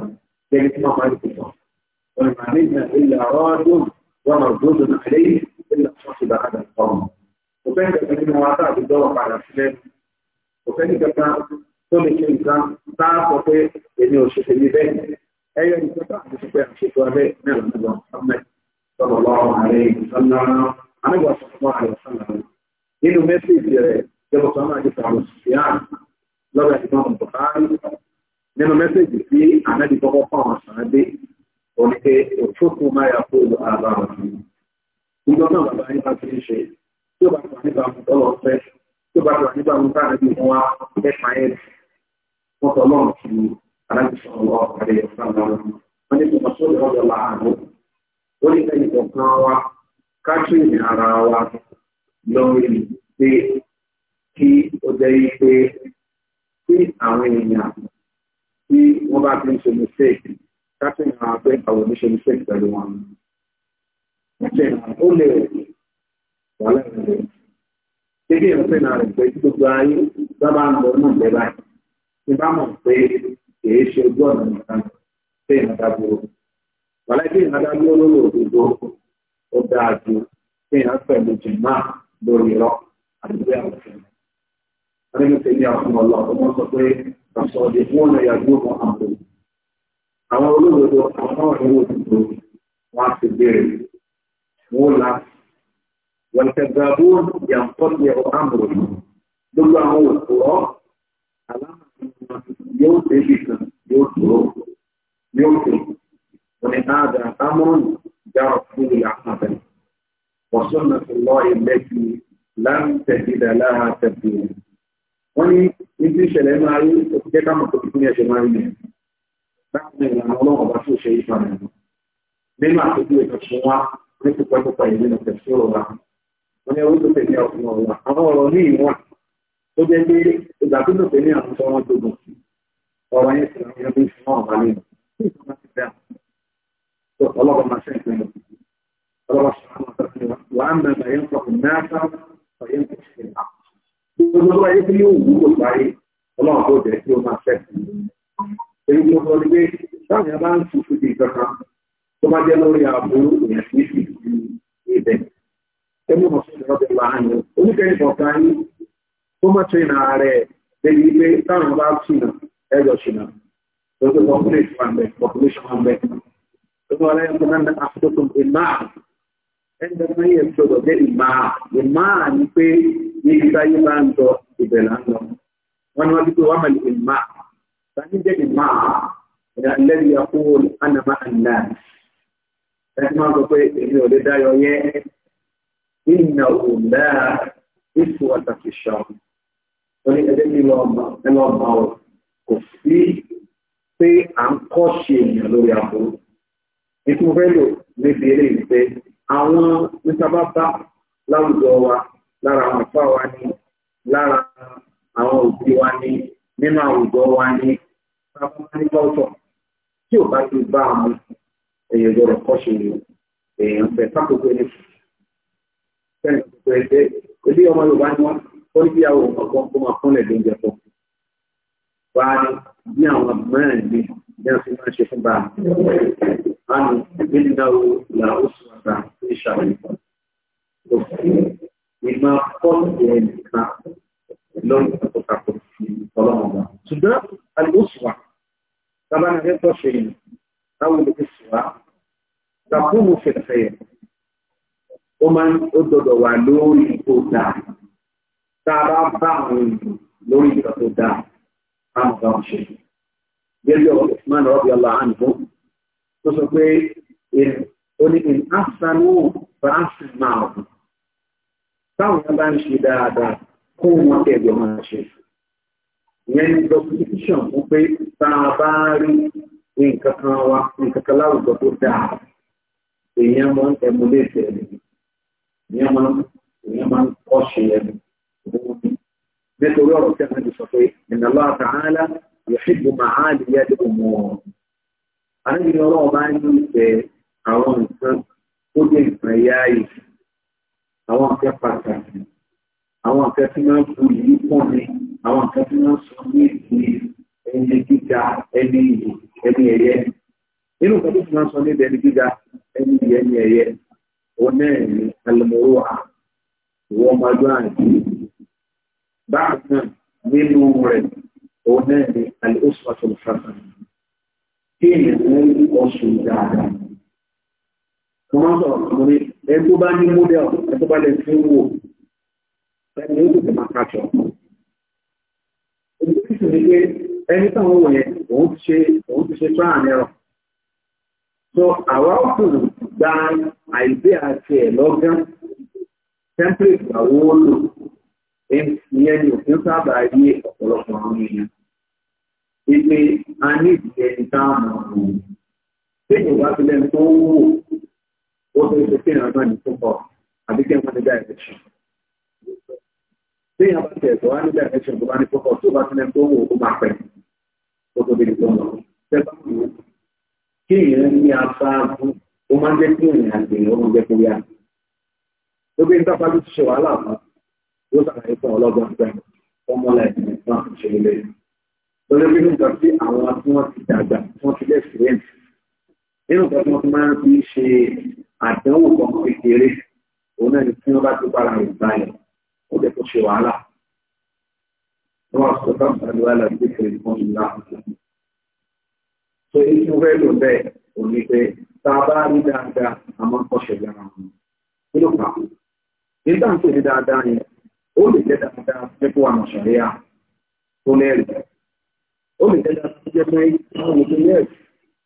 jẹ́ni tí máa máa ń tẹ̀sán. wọ́n ní àmì ìgbà ilẹ̀ ọ̀rọ̀dún wọn náà gbọ́dọ̀ náà lẹ́yìn ilẹ̀ ṣọ́ọ̀ṣì bá kàdà sọ̀rọ̀. kò fẹ́ nǹkan nínú wa tá àti dọ́wọ́ padà sílẹ̀ kò fẹ́ nǹkan tó lè ṣe nǹkan tá a sọ pé èmi ò ṣe tèmi bẹ́ẹ̀ ẹyọ nínú mẹ́sì ìrẹ̀ yẹ́bọ̀ kan máa di sọ̀rọ̀ ṣìyàn lọ́dọ̀ ìbọn bùkárí nínú mẹ́sẹ̀jì tí ànábì kọ́kọ́ fún àwọn sàádé òní pé òṣòfò máa yà kó lu àbá òní. ìjọ náà bàbá yín bá ti ń ṣe tí ó bá ti wà nípa àwọn tọ́lọ̀ ọ̀fẹ́ tí ó bá ti wà nípa àwọn tá ànábì fún wa ẹ̀ka ẹ̀ wọ́n tọ́ lọ́rùn sí ànábì sọ̀rọ̀ ọ̀kadì ọ̀sán lọ́rùn wọ́n ní kò sóòlù ọ̀dọ̀ làánú ó ní kẹ́yìn kọ̀ọ̀kan wa ká kí ó jẹ́ pé tí àwọn èèyàn tí wọ́n bá fi ń ṣe mistake káfí ìrìn àwọn abẹ́ àwọn oníṣe mistake pẹ̀lú wọn. Ṣé ó lè wà lẹ́yìn rẹ̀? Ṣébí ẹ̀ ń pè náà rẹ̀ pé gbogbo ayé sábà ń lọ náà bẹ́ẹ̀ báyìí. Ṣé bá mọ̀ pé kìí ṣe ojú ọ̀nà nìkan pé ìrìnàdá dúró? Wàlẹ́ bí ìrìnàdá dúró lórí òdodo ó dáa ju pé ìrìnàdá pẹ̀lú jìnnà lórí irọ́ àdúgbò àwọn ọ̀sẹ̀ nínú tèmi àfihàn ọlọ́pọ̀ wọ́n sọ pé àṣọ̀dẹ̀ fún ọ̀nà ìyàgbó wọn àbò àwọn olóòdodo àwọn ìwò òdòdó wọn ti bèrè wọn la wọn tẹgbàgbó yàtọ̀dẹ̀ ọ̀rọ̀ àbò gbogbo àwọn òkúrọ̀ aláàbò yóò tẹ̀lé kan yóò dúró yóò tẹ̀ wọn ni àdá amúrún já fún wọ́n sọ̀nà ìlọ́ ìlẹ́kì láǹtẹ̀gídà wọ́n ní ibi ìṣẹ̀lẹ̀ máa rí òkúté kámọ̀ tó kíkún ní ẹ̀ṣẹ̀ máa rí ní ẹ̀ láti ní ìlànà ọlọ́run ọba tó ṣe ìfà nínú nínú àtúntò ìtọ́sí wa ní púpọ̀ púpọ̀ ìlú ní ọ̀sẹ̀ sí ọ̀rọ̀ wa wọ́n ní orúkọ tẹ̀lé ọ̀sùn ọ̀rọ̀ wa àwọn ọ̀rọ̀ ní ìwọ̀n tó jẹ́ pé ìgbà tó lò pé ní àwọn tó wọ́n tó máa ṣe ìpinnu ọlọ́run ṣe àwọn ọ̀sán wa wàá mẹ́ta yẹn pọ̀ náà fà yẹn pọ̀ ìlà Gbogbo tó wáyé tí yóò wú kò sáré, ọlọ́run tó jẹ́ kí ó máa fẹ́. Èyí tó sọ ni pé táwọn yẹn bá ń tutù di kankan tó bá jẹ́ lórí ààbò èèyàn sí sí ibẹ̀. Ẹni mọ̀ sí ìjọba ìlà ààyè. Oníkẹ́yìn kọ̀ọ̀kan yín tó má tún ìnà rẹ̀ lẹ́yìn pé táwọn bá tún ẹ̀rọ ṣìnà. Lọ́sọ̀ population wọn Lọ́sọ̀ wọn lẹ́yìn tó náà ní àfikún ìmáà. Ẹni tó ní ìtayé bá ń tọ ìbẹ̀ là ń lọ wọn ni wọn ti pé wọn mọlẹ ìmá sani jẹ ìmá ìdá lẹbi àkówó ànàmá àná ẹni máa sọ pé èmi ò lè dáyọ yẹ ìnà òǹdà ìfò àtàkì ṣàn wọn ni ẹgbẹ́ mi lọ ọmọ ọ kò sí pé à ń kọ́ ṣe èèyàn lórí àbúrò ìtumọ̀ níbi eré ìgbẹ́ àwọn nípa bá bá láwùjọ wa lára àwọn ìfá wa ni lára àwọn òbí wa ni nínú àwùjọ wa ni káfíń nígbà ọ̀tọ̀ tí ò bá ti bá àwọn èèyàn gbọ́dọ̀ kọ́ṣe èèyàn fẹ́ kákòókò ẹni fẹ́ẹ̀ pé pé ilé ọmọ Yorùbá ni wọ́n ó ní bí àwọn ọ̀gbọ́n kó máa kúnlẹ̀ lóúnjẹ pọ̀ wá bí àwọn mẹ́rin ni bí wọ́n fi máa ṣe fún bá a nù nínú ìdáwó ìlà oṣù àtà ìṣàlẹ̀ òfin ìmọ̀ fọ́ọ̀mù ẹ̀ka lọ́rùn àtọ́kàtọ́ sí ọlọ́run ọba. ṣùgbọ́n àlùbọ́sùwà tábà ní ẹgbẹ́ tó ṣe yìí táwọn olùkọ́sùwà tàbùmù fẹ̀fẹ̀ yẹn ó máa ń ó dọ̀dọ̀ wà lórí ipò dáa tá a bá bá àwọn èèyàn lórí ìgbà tó dáa táwọn ọba ń ṣe. gẹ́gẹ́ bí Usman radiyallahu anhu tó sọ pé ó ní in asanu fa asin máa ọ̀gbìn táwọn bá ń ṣe dáadáa kó wọn kẹjọ máa ṣe ìyẹn ní dọkítẹsán fún pé tá a bá rí nǹkan kan wa nǹkan kan láwùjọ tó dáa èèyàn máa ń ẹmúlẹ̀tẹ̀ ẹni èèyàn máa ń èèyàn máa ń kọ́ ṣe ẹni nítorí ọ̀rọ̀ tí a máa ń sọ pé inna Allah ta'ala yuhibbu ma'aliya al-umur àníbi ni ọlọ́run bá ń ní ìfẹ́ àwọn nǹkan tó dé nǹkan yáàyè àwọn nǹkan pàtàkì àwọn nǹkan tí wọ́n bu yìí pọ̀ ní àwọn nǹkan tí wọ́n sọ ní ìdí ẹni gíga ẹni ìyè ẹni ẹ̀yẹ nínú nǹkan tó fi máa ń sọ níbi ẹni gíga ẹni ìyè ẹni ẹ̀yẹ òun náà ní alùmọ̀rọ̀ à wọ́n máa dún àjò bákan nínú rẹ̀ òun náà ní alùsùn àtọ̀lùfàtà kí èèyàn ní ọ̀sùn dáadáa. Wọ́n sọ̀rọ̀ fún ẹni tó bá ní model ẹni tó bá lè fi wò ẹni ó tètè máa kàṣọ. Èyí tó sì ní pé ẹni táwọn wò yẹn òun ti ṣe òun ti ṣe tráà mẹ́rọ. So àwa ó kò gba àìdé àti ẹ̀ lọ́gán template àwọn olò ìyẹn ni òfin sábà yé ọ̀pọ̀lọpọ̀ àwọn èèyàn. Ipe a ní ìdíyẹ ní táwọn ọ̀rọ̀ òun. Téèyàn wá sílẹ̀ tó ń wò ó tó ṣe kí ìrànlọ́wọ́ ní púpọ̀ àbí kí wọ́n ní direction. Bí ìyàwó ti ẹ̀tọ́ wá ní direction tó bá ní púpọ̀ tó bá tilẹ̀ tó wò ó máa pẹ̀ kó tó débi tó lọ. Ṣẹ́gbà mi ò kí ìyẹn ní aṣáájú ó máa ń jẹ́ kí ìrìn àjò ìyẹn ó máa jẹ́ kóríyá. Lóbi ń dábàá ló ti ṣe wàhálà fún yóò ṣàlàyé fún ọlọ́gbọ́n pẹ̀ fọ́mọ́lá ìdílé fún àṣẹ ilé. Lórí bí nígbà tí àwọn tí wọ́n ti dàgbà tí wọ́n ti lẹ́sìrẹ́ǹtì nínú ìgbà tí wọ́n ti máa ń fi ṣe àdánwò kan kékeré òun náà ni tí wọ́n bá tó bára rẹ̀ gbà yẹn ó jẹ́ kó ṣe wàhálà. wọ́n á sọ fún àlọ́ àlàyé kékeré kan ńlá. so èyí tí wọ́n lò bẹ́ẹ̀ ò ní pẹ́ tá a bá rí dáadáa a máa ń kọ́ṣẹ̀ lára wọn. kí ló fà á? nígbà tó ní dáadáa yẹn ó lè jẹ́ dáadáa pípọ̀ àmọ̀ ṣàríà tó lẹ́rìí. ó lè jẹ́ dáadáa tó jẹ́ pé àwọn òṣèlú ẹ̀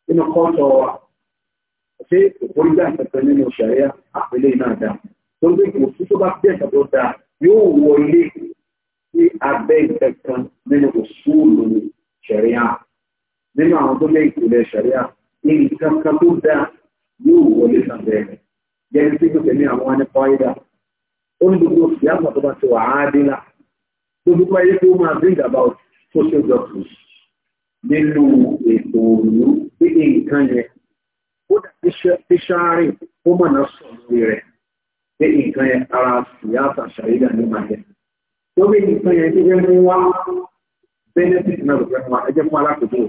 nínú kọ́ńtọ̀ wa ṣé òkúrí dá ìṣẹ̀fẹ̀ nínú ṣàríà àpẹẹlẹ náà dá tó gbé kò sí tó bá bí ẹ̀ṣẹ̀ tó dáa yóò wọ ilé sí abẹ́ ìṣẹ̀kan nínú òṣùlù ṣàríà nínú àwọn tó jẹ́ ìpìlẹ̀ ṣàríà ní nǹkan kan tó dáa yóò wọlé sàbẹ̀ rẹ̀ jẹ́ni tí kò tẹ̀lé àwọn anípa ìdá ó ní gbogbo ìyáàpá tó bá ti wà á dé là gbogbo ayé tó máa bring about social justice nínú ètò òòlù pé nǹkan yẹn kódà tíṣáárì ó mọ̀ náà sọ lórí rẹ̀ pé nǹkan yẹn ara ìyáàtà ṣàyídà ní máa yẹ. lórí nǹkan yẹn tí wọ́n mú wá benefit náà ló fẹ́ wá ẹ jẹ́ fún alákòókò.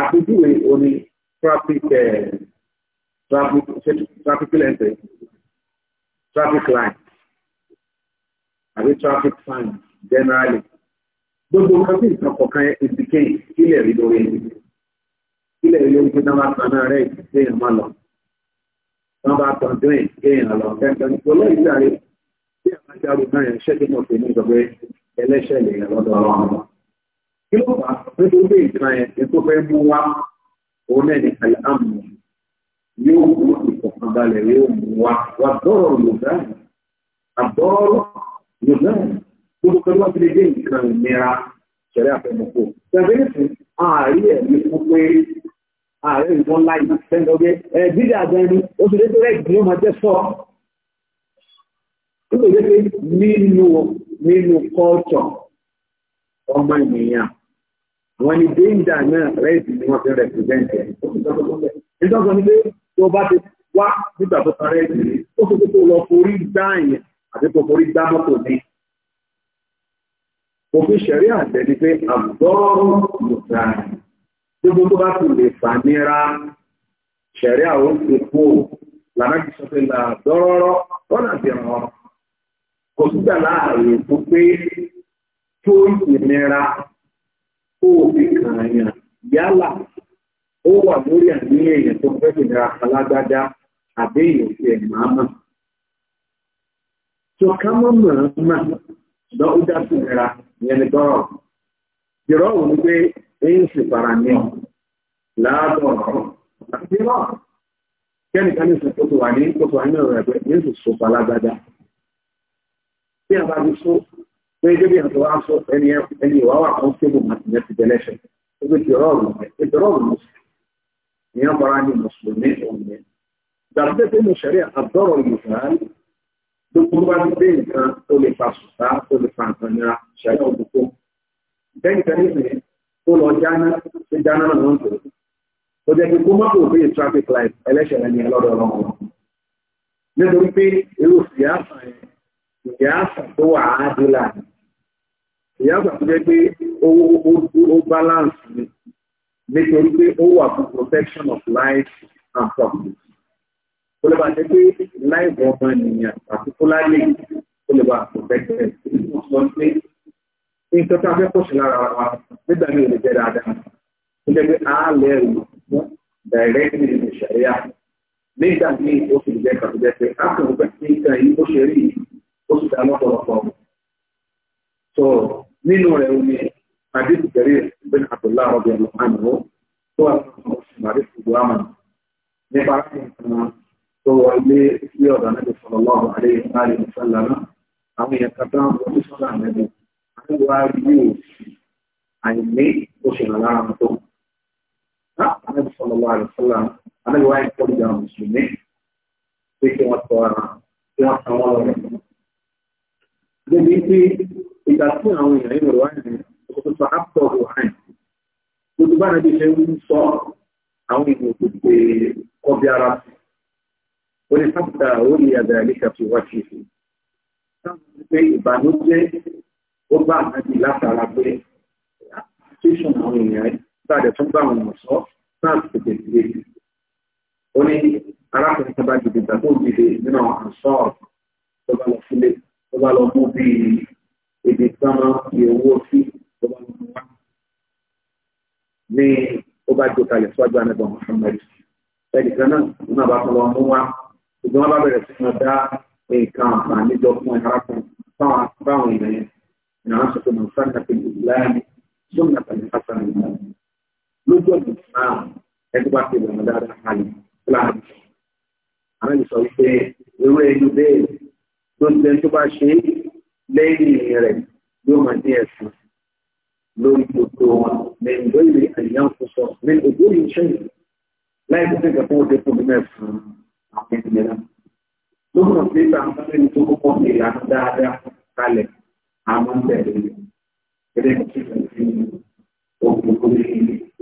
àpèjúwe oní traffic eh, traffic lẹ́sẹ̀ traffic line àbí traffic sign generally gbogbo nǹkan tí nǹkan kọ̀ọ̀kan yẹn indicate kílẹ̀ rí lórí ẹni sílẹ̀ ilé ń pín náà máa tàn náà rẹ̀ ìdílé èèyàn máa lọ. wọ́n bá tàn dún ẹ̀ kí èèyàn lọ gẹ́gẹ́ ní olóyè ìdáre tí àwọn ajáru náà yẹn ṣẹ́ tí mo fi ní ìjọba ẹlẹ́ṣẹ̀ lè yẹn lọ́dọ̀ ọ̀rọ̀ wọn. kí ló fà á pé tó dé ìtura yẹn ní tó fẹ́ mú wá òun náà ní àlámù yóò mú ìfọ̀kànbalẹ̀ yóò mú wá wà dọ́rọ̀ yorùbá àbọ̀rọ̀ yorùbá gbogbo pẹ̀lú àti lè dé ìtura ìnira ṣẹlẹ̀ àfẹ́mọ̀kò. tẹ̀lé àárí ẹ̀ ní fún pé ààrẹ ìwọ̀n láì tẹ́lọ́gẹ́ ẹ̀ẹ́dídà àjẹ́rin oṣù lé tó rẹ̀ ìgbìyàn máa jẹ́ sọ́ nítorí pé nínú nínú kọ́ọ̀tọ̀ ọmọ ènìyàn wọ́n ní déńdà náà rẹ́ẹ̀dì ni wọ́n fi rẹ̀pẹ̀sẹ̀ntẹ̀ ìjọba ní pé tó bá ti wá nígbà tó kan rẹ́ẹ̀dì ni ó fi tó lọ forí dáàyàn àti tó forí dá mọ́tò ní òfin ṣẹ̀rí àtẹ̀ ni pé àbọ̀rọ̀ lùdáàyàn gbogbo tó bá tún lè fà nira ṣẹ̀rí àwọn òkú lànà kìí sọ pé là dọ́rọ́rọ́ lọ́nà bí wọn kò sígbà láàyè tó pé tó ìnira tó fi kààyàn yálà ó wà lórí àníyàn èèyàn tó fẹ́ ìnira alágbádá àbí èèyàn ti máa mọ̀. tó ká mọ́ mọ̀ mọ̀ dá sí ìnira ìyẹn ni dọ́rọ̀ ìrọ̀ òun pé èyí sì fara ní ọ̀ láàbọ̀ ọ̀rọ̀ àti náà kẹ́nìkan ní sọ tó wà ní tó wà ní ọ̀rọ̀ ẹ̀gbẹ́ yéṣù sọ palágbádá bí a bá ti sọ pé gẹ́gẹ́ bí àtọwá sọ ẹni ẹni ìwà wà kan kébù àti ẹ̀sìn tẹ́lẹ̀ṣẹ̀ ó fi tìrọ̀ ọ̀rọ̀ ìtìrọ̀ ọ̀rọ̀ mùsùlùmí ìyá bọ́ra ní mùsùlùmí ọ̀hún yẹn gbàgbé pé mo ṣẹ̀rí àdọ́rọ̀ yìí gbogbo bá ti dé nǹkan tó lè fa sùtá tó lè fa nǹkan nira ṣẹ̀rí ọ̀dùnkún bẹ́ẹ̀ nìkan ní ìsìn tó lọ jáná ṣe jáná náà ló ń tòrò tó jẹ́ pé kó mọ́tò bí traffic light election ẹni ẹlọ́dọ̀ ọlọ́run nítorí pé irú fìyàsà fìyàsà tó wà áádúlà fìyàsà tó jẹ́ pé ó balance ni nítorí pé ó wà fún protection of life and property ó lè bá jẹ́ pé life ọmọ ènìyàn particularly ó lè bá protected ó sọ pé nǹkan tá a fẹ́ pọ̀ sí lára wa nígbà míì ò lè jẹ́ dáadáa ó jẹ́ pé àá lẹ́rù directly ní ṣàríà nígbà ní ó sì jẹ́ kàtúndẹ́sẹ̀ ákùnrin pẹ̀lú nǹkan yìí ó ṣe rí ó sì dá lọ́pọ̀lọpọ̀ sọ nínú rẹ̀ ó ní àdéhùn kẹrí bẹ́ẹ̀ àtọ̀lá ọ̀bẹ ọ̀hánàwó tó wà fún ọ̀sùn àdéhùn ìgbàmà nípa kan tó wọ ilé ilé ọ̀dà náà sọ̀rọ̀ lọ́wọ́ àdéhùn àárín ìsàlámà àwọn èèyàn kan tán wọ́n Ànábì sallallahu alaihi wasallam Ànábì wáyé kọ́ ìjà mùsùlùmí pé kí wọ́n tọ́ ara kí wọ́n san wọ́n lọ́wọ́. Débi pé ìgbà tí àwọn èèyàn yìí wọ̀ wáyé kò sọ ápọ̀ wáyé. Gbogbo bá nàbí ṣe ń sọ àwọn èèyàn tó pé kọ́bí ara sí. Ó ní sábà orí ìbànújẹ́ ó bá àgbàdì látara pé ṣíṣàn àwọn èèyàn sáàdẹ̀ tún bá àwọn ọ̀ṣọ́ sáà tètè dìde ó ní arákùnrin tó bá dìde ìgbà tó dìde nínú àwọn àṣọ tó bá lọ sílé tó bá lọ mú bí ibi tí wọ́n máa ń fi owó sí tó bá lọ mú wá ní ó bá gbé kalẹ̀ síwájú anábọ̀ Muhammad ẹnì kan náà nínú àbá tó lọ mú wá ṣùgbọ́n wọ́n bá bẹ̀rẹ̀ sí máa dá nǹkan àǹfààní jọ fún ẹ̀ arákùnrin báwọn èèyàn yẹn ìnáwó sọ pé mọ̀ sáà nàpẹ̀ ìlú láàrin sóun nàpẹ̀ ní lójú ọ̀dọ̀ islam ẹgbẹ́ bá ti lọ́nà dáadáa kalẹ̀ islam. àwọn ìsọ wípé ewé ẹnu bẹ́ẹ̀ ló ń bẹ tó bá ṣe lẹ́yìn rẹ̀ yóò máa dín ẹ̀sìn lórí gbogbo wọn lẹ́yìn lórí àyàn tó sọ ní ojú yìí ṣe láì tó tẹ̀sán fún òde fún mi mẹ́sàn àwọn ènìyàn náà. lókùnà sí ìta àwọn ẹni tó kọ́kọ́ ní ìlànà dáadáa kalẹ̀ àwọn bẹ̀rẹ̀ rẹ̀ gẹ́gẹ́ bí kí n fi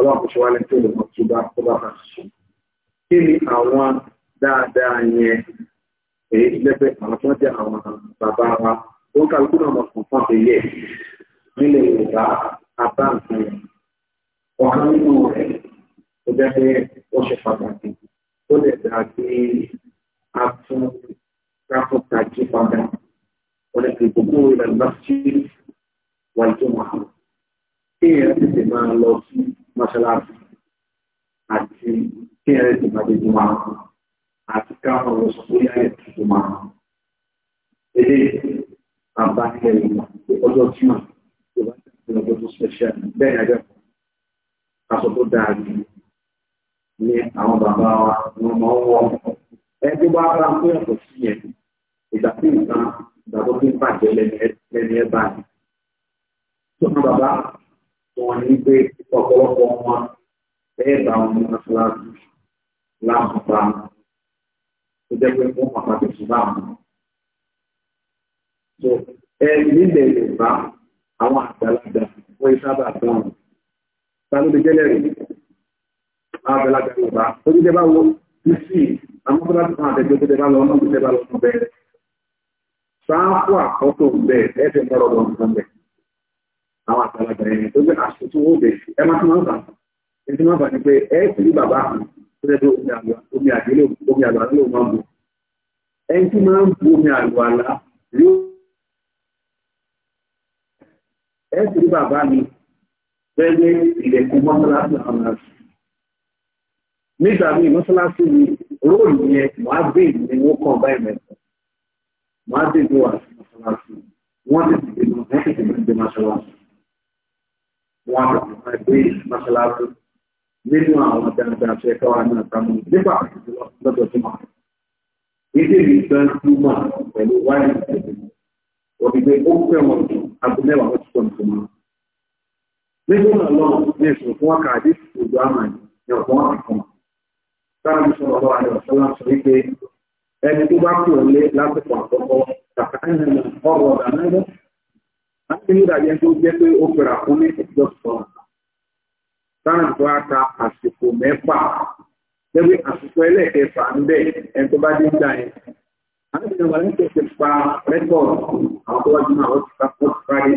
ọlọ́run kò ṣe wá lẹ́tọ́ ìlú tó bá kó bá máa sùn. kí ni àwọn dáadáa yẹn èyí ti lẹ́gbẹ́ àwọn tí wọ́n jẹ́ àwọn bàbá wa ó ń kálukú náà mọ̀ fún fún àbẹ̀yẹ nílẹ̀ Yorùbá abá nǹkan yẹn. ọ̀kan nínú rẹ̀ ó jẹ́ pé ó ṣe pàtàkì ó lè dá sí atún káfíńtà jí padà wọ́n lè fi gbogbo ìlànà sí wàjú màá. kí èèyàn máa lọ sí mọ́ṣáláṣí àti kí ẹ̀rẹ́ ti bàbá ìjọba àti káwọn oṣù tó yá ẹ̀ tuntun máa. Ilé bàbá ilẹ̀ ìgbà ọjọ́ tí mà tó bá ti lọ́jọ́ tó ṣẹ̀ṣẹ̀ bẹ́ẹ̀ ni ẹgbẹ́ aṣọ tó dáa jù ní àwọn bàbá wa ni wọ́n máa ń wọ̀. Ẹgbẹ́ bá bá ń pín ọ̀pọ̀ sí yẹn ìgbà tí nǹkan ìgbà tó fi ń bàjẹ́ lẹ́ni ẹ báyìí. Tó ní bàbá wọn ní pé ọ̀pọ̀lọpọ̀ wọn bẹ́ẹ̀ bá wọn ní mọ́ṣáláṣí láǹfà tó jẹ́ pé wọ́n pàtàkì ṣùgbọ́n àwọn. so ẹ nílẹ̀ yorùbá àwọn àgbàlagbà wọ́n yìí sábà gbọ́n ta ló lè jẹ́lẹ̀ rí àgbàlagbà yorùbá ó ní jẹ́ bá wọ bí sí àwọn tó bá tún àtẹ̀jọ́ tó jẹ́ bá lọ náà tó jẹ́ bá lọ fún bẹ́ẹ̀ sáà fún àkọ́tò bẹ́ẹ̀ ẹ̀ fẹ́ mọ́rọ̀ lọ́nà bẹ́ẹ̀ àwọn àgbàlagbà yẹn tó gbé aṣọ tó wó bẹ̀ ẹ má tó má bà ẹ tó má bà ní pé ẹ sì rí bàbá kan tó lẹ́ tó omi àlùwà omi àdélé omi àlùwà ló máa ń bò ẹni tí máa ń bu omi àlùwà lá yóò ẹ sì rí bàbá mi bẹ́ẹ̀ ilẹ̀kùn mọ́sálásí àwọn àṣù nígbà míì mọ́sálásí ni róòlù yẹn wọ́n á gbé ìlú ni wọ́n kàn báyìí mẹ́ta wọ́n á dé ìlú àti mọ́sálásí wọ́n ti tètè mọ́ wọn àti máa gbé mọ́ṣáláṣí nínú àwọn dáadáa ṣe káwa náà sámú nípa àtijọ́ lọ́dọ̀ tó máa. Ilé mi gan túmọ̀ pẹ̀lú wáyé ìṣẹ̀lẹ̀. Òdìgbé ó fẹ́ wọn jù aago mẹ́wàá ó ti pọ̀ nítorí. Nígbà náà ní ìṣòro fún wákà àdé ìṣòro àmà ní ọ̀pọ̀ wọn kan. Sáà mi sọ̀rọ̀ lọ́wọ́ àyọ̀ sọ́lá sọ wípé ẹni tó bá kù ọ̀lẹ́ lásìkò àkọ́kọ́ kàkà láti ní ìdàgbẹ́ tó jẹ́ pé ó fẹ́ra fún ní ìjọ sọ̀rọ̀ sáà tó a ta àsìkò mẹ́fà lẹ́gbẹ́ àsìkò ẹlẹ́ẹ̀kẹfà ń bẹ̀ ẹni tó bá dé ń gbà yẹn. àwọn ènìyàn wà ní kẹsẹ̀ pa rẹ́kọ̀dù àwọn tó wá jùlọ àwọn ti ta fọ́ọ̀tù parí.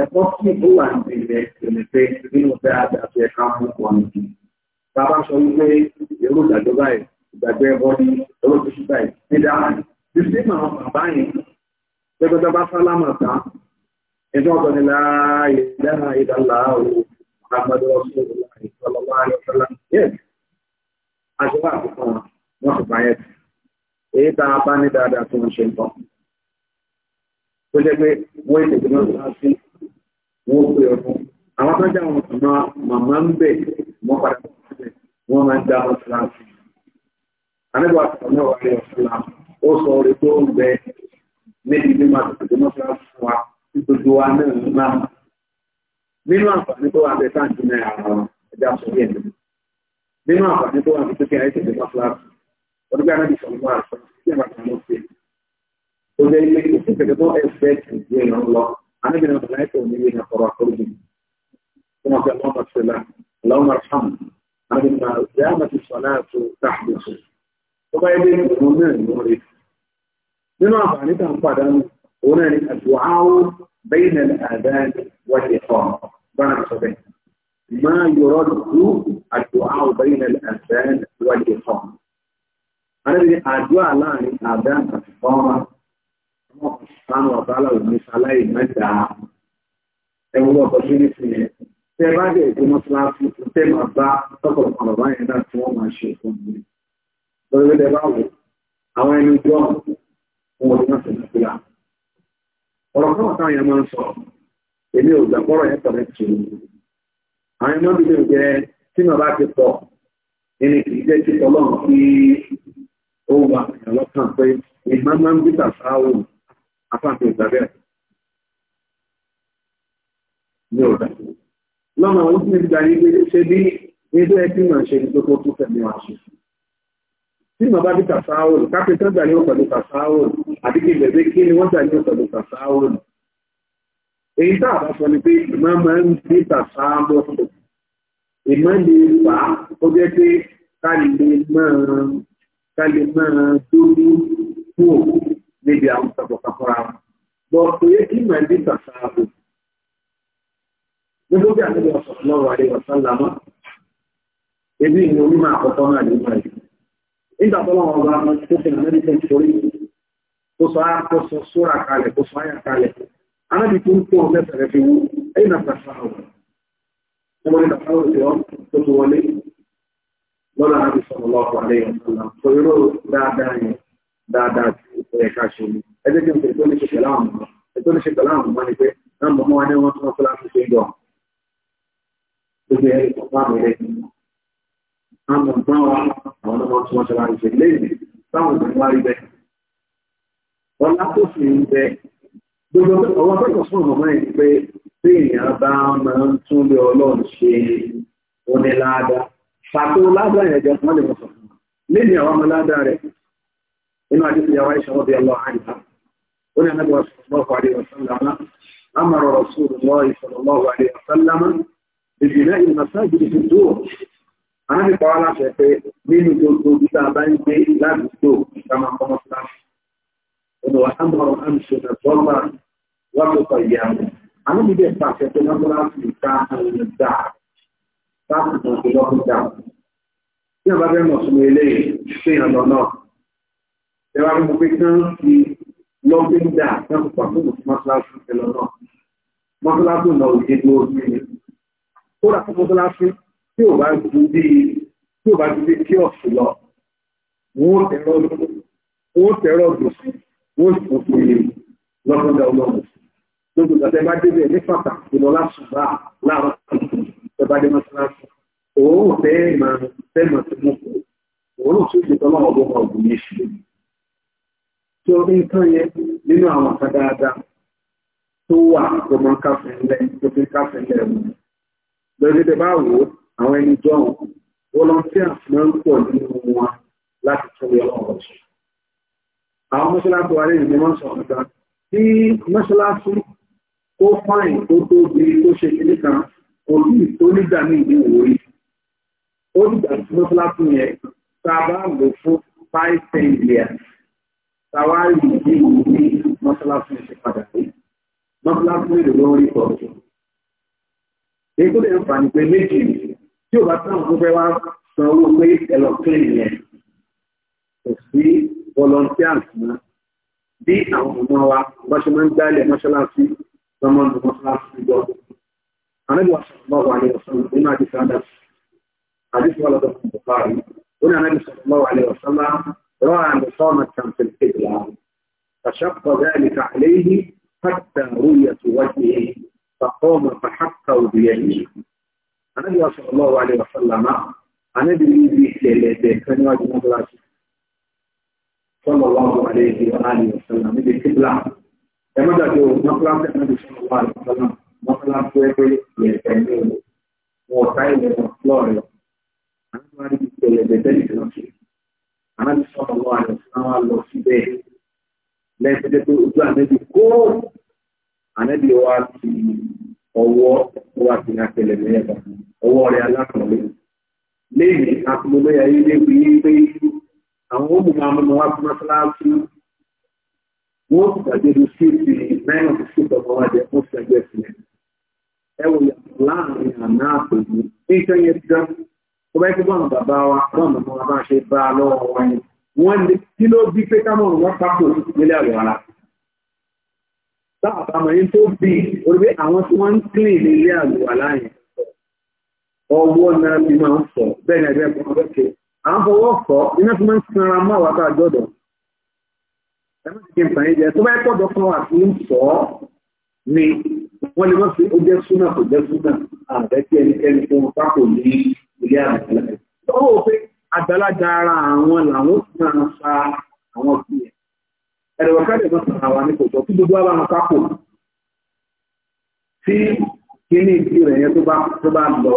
ẹ̀kọ́ kí ó wà ní ilẹ̀ ìrìnfẹ́ nínú fẹ́ àdàbí ẹ̀ka mú wọn bàbá sọ wípé èrò ìdàjọba yìí ìgbàgbé gbogbo bá sálámà tá ẹjọ́ ọ̀gbọ́n ni láàyè dáná ìdálá o àgbàdo ọ̀ṣun láàyè sọlọ́wọ́ ayọ̀sọ́lá yẹ àṣìwá àkókò wọn wọn sì báyẹ̀ tì èyí tá a bá ní dáadáa tí wọ́n ṣe ń bọ̀ tó jẹ́ pé wọ́n ètò ìgbìmọ̀ ìgbà sí wọ́n pè ọdún àwọn tó jẹ́ àwọn ọmọ màmá ń bẹ̀ wọ́n padà sílẹ̀ wọ́n máa ń dá wọn síláàsì àníbọ̀ àtàwọn náà wà ní ọ̀ṣun ó sọ orí tó ń bẹ níbi bí máa tètè mọ́ sí láti fún wa tí gbogbo wa náà ń bá wọn. nínú àǹfààní tó wà bẹ́ẹ̀ sáǹtì náà àwọn ẹja sọ yẹn ni nínú àǹfààní tó wà bẹ́ẹ̀ tó kí ayé tètè mọ́ sí láti ọdún bí anábì sọ̀rọ̀ máa sọ sí ẹ̀ma kan ló ṣe. ó jẹ́ ilé ìṣẹ́ tẹ̀lé tó ẹ̀fẹ́ tì í yẹn lọ anábì náà sọ̀rọ̀ láìpẹ́ òní yẹn kọ̀rọ̀ àkọ́rọ̀bì wọn nínú àǹfààní tá à ń pàdánù òun náà ni àdùáwò bẹ́ẹ̀nà àdáyé wáṣẹ ọ̀ bára sọ bẹ́ẹ̀. máa yọrọ dùdú àdùáwò bẹ́ẹ̀nà àdáyé wáṣẹ ọ̀. àdébìnrin àdúrà láàrin àdáyé àti ọ̀rọ̀ àwọn ọ̀sán ọ̀bálà òní sáláì mẹ́ta ẹ̀wọ̀n ọ̀pọ̀ sí ní fi yẹn. tẹ bá dẹ̀ èdè mọ́ṣáláṣí tẹ máa bá tọkọ̀tọ̀kọ̀ bàbá yẹn dá tí wọ́n máa ṣe fún mi. lórí owó tí wọ́n sì ní síra. ọ̀rọ̀ káwọn táwọn yẹn máa ń sọ èmi ò gbàgbọ́rọ̀ yẹn tọ̀rẹ́ tì í. àwọn ẹ̀mọ́ bíi bẹ́ẹ̀ jẹ́ tí màá bá ti pọ̀ ẹni kì í jẹ́ kí ọlọ́run kí ó wà lọ́kàn pé ìmọ̀ máa ń bí tàṣáwò afáàfin ìgbà bẹ́ẹ̀. mi ò lọ́nà tí mo bá bí tàṣáwòrò kápẹ́ tó gbà ní ọ̀pọ̀lú tàṣáwòrò àti kí bẹ̀rẹ̀ kí ni wọ́n gbà ní ọ̀pọ̀lú tàṣáwòrò. èyí tá a bá sọ ni pé ìmọ̀ máa ń bí tàṣáwòrò ìmọ̀ lè fà á ó jẹ́ pé ká lè máa ká lè máa dórí kúò níbi àwọn tàkọ̀tàkọ̀ra bọ̀ pé ìmọ̀ bí tàṣáwòrò bí àtẹ̀lẹ́ ọ̀sán lọ́rọ̀ àdéhùn sálàmọ́ ebi ìlú onímọ̀ nígbà tó lọ́wọ́ ọba tó fi hàn lẹ́bi tó ń forí kó sọ á kó sọ sóra kalẹ̀ kó sọ áyà kalẹ̀ anábì tó ń kó ọ mẹ́sẹ̀rẹ̀ fi wú ẹ̀yìn náà tàṣà ọ̀rọ̀ ọmọ ní tàṣà ọ̀rọ̀ tí ó tó tó wọlé lọ́la àbí sọ̀rọ̀ lọ́wọ́ àlẹ́ yẹn sọ irú dáadáa yẹn dáadáa tí ṣe ní ṣe àmọ̀ gbọ́n wa àwọn ọmọ tí wọ́n ṣọlá ìṣe léèrè táwọn ìgbìmọ̀ wá rí bẹ́ẹ̀. ọlá tó fi ń bẹ gbogbo ọwọ́ akẹ́kọ̀ọ́ fún ọmọ ẹ̀ pé bí èèyàn bá máa ń tún lé ọlọ́run ṣe oníláàdá pàtó ládàá yẹn jẹ fún ọlẹ́mọ̀sọ̀ lẹ́yìn àwọn ọmọ ládàá rẹ̀ inú àdìsí yàrá ìṣòro bí ọlọ́ àyíká Àmọ́bí pa wá láṣẹ pé nínú gbogbo bí tá a bá ń gbé ládùúgbò ìsámá kọ́mọ́ síláṣì. Olùwà Sámọ̀rọ̀ Amṣe nà Bọ́lá wà tó kọ ìyá rẹ̀. Àmọ́bí bẹ̀ pàṣẹ pé lọ́kùnrin ìta àwọn ìgbà láti mọ̀ sí lọ́kùnrin dà. Bí àbá bẹ́ẹ̀ mọ̀ sínú eléyìí, ṣé ìrànlọ́ náà? Ṣé wàá rí mo pé kán ti lọ́gbìn dà láti pàṣẹ mọ́ṣáláṣí ìlọ náà? Mọ́ṣáláṣí tí ò bá ju bí tí ò bá ju bí kí ọ̀sù lọ wọ́n tẹ̀rọ wọ́n tẹ̀rọ gbèsè wọ́n sì fòfò yìí lọ́dọ̀dọ̀ ọlọ́run lójú ìgbà tẹ́ bá débẹ̀ ní pàtàkì lọ lásùbà láàárọ̀ tẹ́ bá dé mọ́sálásí òun fẹ́ máa fẹ́ máa ti mú kú òun sì ti tọ́lọ́ ọ̀gbọ́n ọ̀gbìn yìí ṣe. tó nǹkan yẹn nínú àwọn àká dáadáa tó wà tó máa ń káfẹ́ ńlẹ̀ tó fi ń káfẹ́ ńlẹ̀ wọn lọ́dún bá wò ó àwọn ẹni jọ̀hún volunteers máa ń pọ̀ nínú wọn láti tún yọ ọ̀rọ̀ ṣe. àwọn mọ́ṣáláṣí wa lẹ́yìn ni wọ́n sọ ọ̀gá tí mọ́ṣáláṣí tó fáìn tó tóbi tó ṣe kìíní kan òbí tó nígbà ní ìdí òwòrí ó nígbà tí mọ́ṣáláṣí yẹn tá a bá lò fún five ten years tàwárí ìdí ìwòrí mọ́ṣáláṣí ṣe padà sí mọ́ṣáláṣí lè lórí ọ̀rọ̀ èyí tó lè ń fà ní pé méjì nìyí tí o bá tán òkú fẹ́ wá san owó pé ẹlọ́kìlì yẹn kò sí volunteers náà bí àwọn ọmọ wa bá ṣe máa ń gbálẹ̀ mọ́ṣáláṣí lọ́mọ ní mọ́ṣáláṣí lọ. Ànábì wa sọ̀rọ̀ báwa ní ọ̀sán nínú àdìsí Adams. Àdìsí wa lọ́dọ̀ fún Bùkárì. Ó ní Ànábì sọ̀rọ̀ báwa ní ọ̀sán lá rọ́ àmì sọ́ọ̀nà kàǹtì kébìlà. فشق ذلك عليه حتى رؤية وجهه فقام فحقه بيمينه Ànábì sallallahu alaihi wasallam Ànábì níbi ìṣẹ̀lẹ̀ẹ̀dẹ̀ kan níwájú mọ́sálásí sallallahu alaihi wasallam níbi kíblà ẹmọ́dàjọ́ mọ́sálásí Ànábì sallallahu alaihi wasallam mọ́sálásí ẹgbẹ́ ìyẹ̀fẹ́ ní wọn ọ̀tá ilẹ̀ wọn flọ́ọ̀rẹ̀ Ànábì ìṣẹ̀lẹ̀ẹ̀dẹ̀ tẹ́lẹ̀ kan ṣe Ànábì sallallahu alaihi wasallam lọ síbẹ̀ lẹ́sẹ̀ ọwọ́ wà sí akẹlẹ̀ mẹ́ẹ̀bà ọwọ́ rẹ̀ alákọ̀ọ́lẹ̀ lẹ́yìn akọ̀ọ́lẹ̀ ayé léwu yí pé àwọn olùmọ̀ àmọ́ wa fún mọ́ṣáláṣí wọ́n sì gbàgbéru sí ti náírà tó ṣètò ọmọ wa jẹ fún ṣẹgbẹ́ sílẹ̀ ẹ wò yàtọ̀ láàrin àná àpèjì níṣẹ́ yẹn ti dán tó bá ti bọ́ọ̀nù bàbá wa bọ́ọ̀nù ọmọ wa bá ṣe bá a lọ́wọ́ wa yẹn wọ́n ní kí ló bí pé káwọn ọ̀rọ̀ wọn papò ìpínlẹ̀ àlọ́ Láàpàmọ̀yí tó bí orí àwọn tí wọ́n ń kílè ní ilé àgbà láàyìn. Ọwọ́ náà bí máa ń sọ, bẹ́ẹ̀ ni ẹgbẹ́ kan lọ́kẹ́. À ń fọwọ́ fọ, iná tí máa ń sanra mọ́ àwọn àbá àjọ́dọ̀. Ẹgbẹ́ ti kí n fà yín jẹ, tó bá pọ̀ dọ́kọ̀ àti ń sọ ọ́ ni wọ́n lè mọ̀ sí ó jẹ́ súnà kò jẹ́ súnà àbẹ́tí ẹnikẹ́ni tó ń pákó ní ilé àgbà láàyìn. Ó wò pé àgbàlagbà ara àwọn làwọn ti máa sa àwọn bí ẹ̀ ẹ̀rẹ̀wọ̀ kẹ́lẹ̀ náà sọ̀rọ̀ àwọn anìkòtọ̀ tí gbogbo àwọn kápò tí kíní ìdí rẹ̀ yẹn tó bá lọ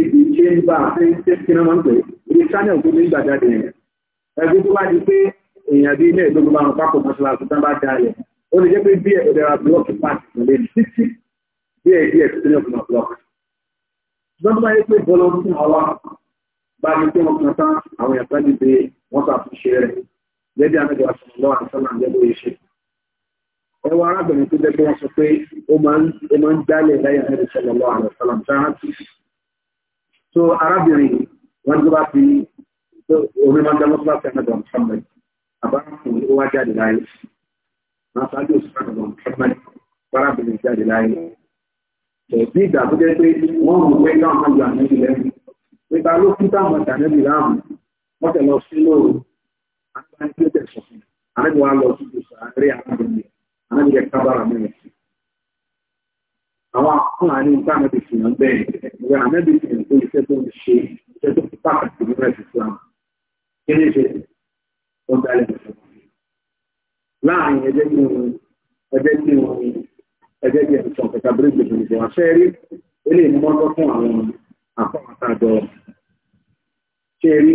ibi ṣe ń bá ṣe kí náà máa ń pè ibi channel tó ní gbàjáde yẹn ẹgbẹ́ tó bá di pé èèyàn bíi ilé ìdógún bá wọn pápò mọ́ṣáláṣí tán bá dáa yẹn ó lè jẹ́ pé bí ẹ̀ ọ̀dẹ̀ra blọọkì pàṣẹ lè títí bí ẹ̀ díẹ̀ tó ní ọ̀gbọ̀n blọọkì. ṣùgbọ́n tó bá lẹ́bí àmẹ́jọ àṣọ̀lọ́ àṣọ́lá àjẹ́bó iṣẹ́ ẹwọ arábìnrin tó jẹ́ pé wọ́n sọ pé ó máa ń dálẹ̀ so arábìnrin wọ́n tó bá fi omi máa ń dáná sọ́lá àmẹ́jọ àṣọ́lá àbárakùnrin ó wá jáde láyé máa ṣáájú òṣìṣẹ́ àmẹ́jọ àṣọ́lá arábìnrin jáde láyé bí ìgbà tó jẹ́ pé wọ́n mú pé káwọn àjọ àmẹ́jọ lẹ́yìn nípa ló sí lóòrùn àgbáyé tẹ̀ sọ fún mi àlejò wa lọ sí ìgbésà àárẹ àgbẹ̀yẹ àlejò yẹ kábàrà mẹ́rin sí. àwọn akọ́nà ní nǹkan àmọ́ ti fìyàn bẹ́ẹ̀ ìwé àmọ́ ti fìyàn tó iṣẹ́ tó ń ṣe iṣẹ́ tó fi pàtàkì nínú ẹ̀sìn Islam kí ni ṣe ó dálé ìṣẹ́ láàrin ẹgbẹ́ tí wọn ẹgbẹ́ tí wọn ẹgbẹ́ tí ẹ̀sìn ọ̀kẹ́ta bírí gbèsè àṣẹ rí eléyìí mọ́tọ́ fún àwọn àpá àtàjọ ṣe rí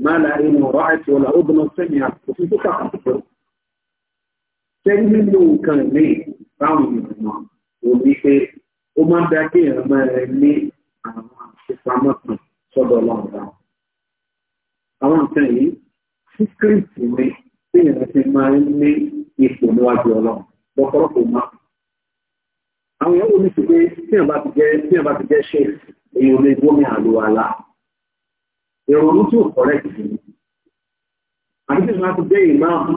ما لا عين رأت ولا أذن سمعت وفي فكرة sẹ́yìn nínú nǹkan ní báwọn ìgbìmọ̀ ò ní pé ó máa ń dá kí èèyàn máa ní àwọn àṣepamọ́ kan sọ́dọ̀ ọlọ́ọ̀dá. àwọn nǹkan yìí síkírìtì ni tí èèyàn ti máa ń ní ipò níwájú ọlọ́run lọ́pọ̀lọpọ̀ máa. àwọn èèyàn ò ní pé tí èèyàn bá ti jẹ́ ṣe èèyàn lè gómìnà lò wà láà ìrònú tí ò kọ́rẹ́ kìí àti tí wọ́n ti jẹ́ ìmáàmù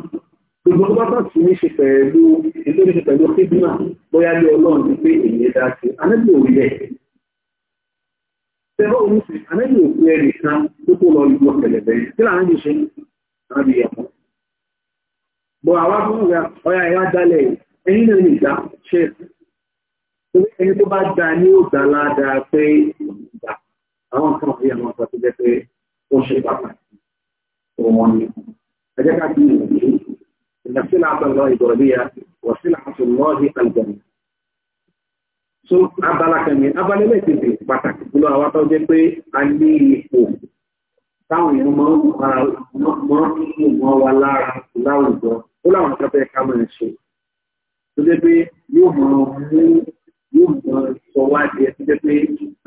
gbogbo tó bá bá sí ní ṣe pẹ̀lú ètò ìṣe pẹ̀lú kíbímà bóyá lé ọlọ́run ti pé èyí dá sí anábì ò rí ẹ̀ tẹ́lọ́ òun sì anábì ò fi ẹ̀rì kan tó kó lọ ìlú ọ̀kẹ̀lẹ̀ bẹ́ẹ̀ kí làwọn ti ṣe anábì yẹn fún bọ̀ àwa fún ọ̀gá ọ̀yà ẹ̀yà dálẹ̀ ẹ̀yìn náà ní ìdá ṣe ẹni tó bá da ní ó gbà ládàá pé ìgbà àwọn nǹkan wọ̀nyí àwọn nǹkan tó jẹ́ pé ó ṣe pàtàkì fún wọn ni. ẹ jẹ́ ká kí ìwòye ìdásílẹ̀ àtọ̀lọ́ ìgbọ̀lẹ́yà wọ̀sílẹ̀ àtọ̀lọ́ ìgbàlùjọ̀nù. so abala kẹmi abala lẹ́tẹ̀ẹ̀tẹ̀ pàtàkì jùlọ àwọn tó jẹ́ pé a ní ipò táwọn èèyàn máa ń wà mọ́ ìlú wọn wá lára láwùjọ ó láwọn nǹkan fẹ́ ká máa ṣe tó jẹ́ pé yóò máa mú yóò máa sọ wá di ẹ ti jẹ́ pé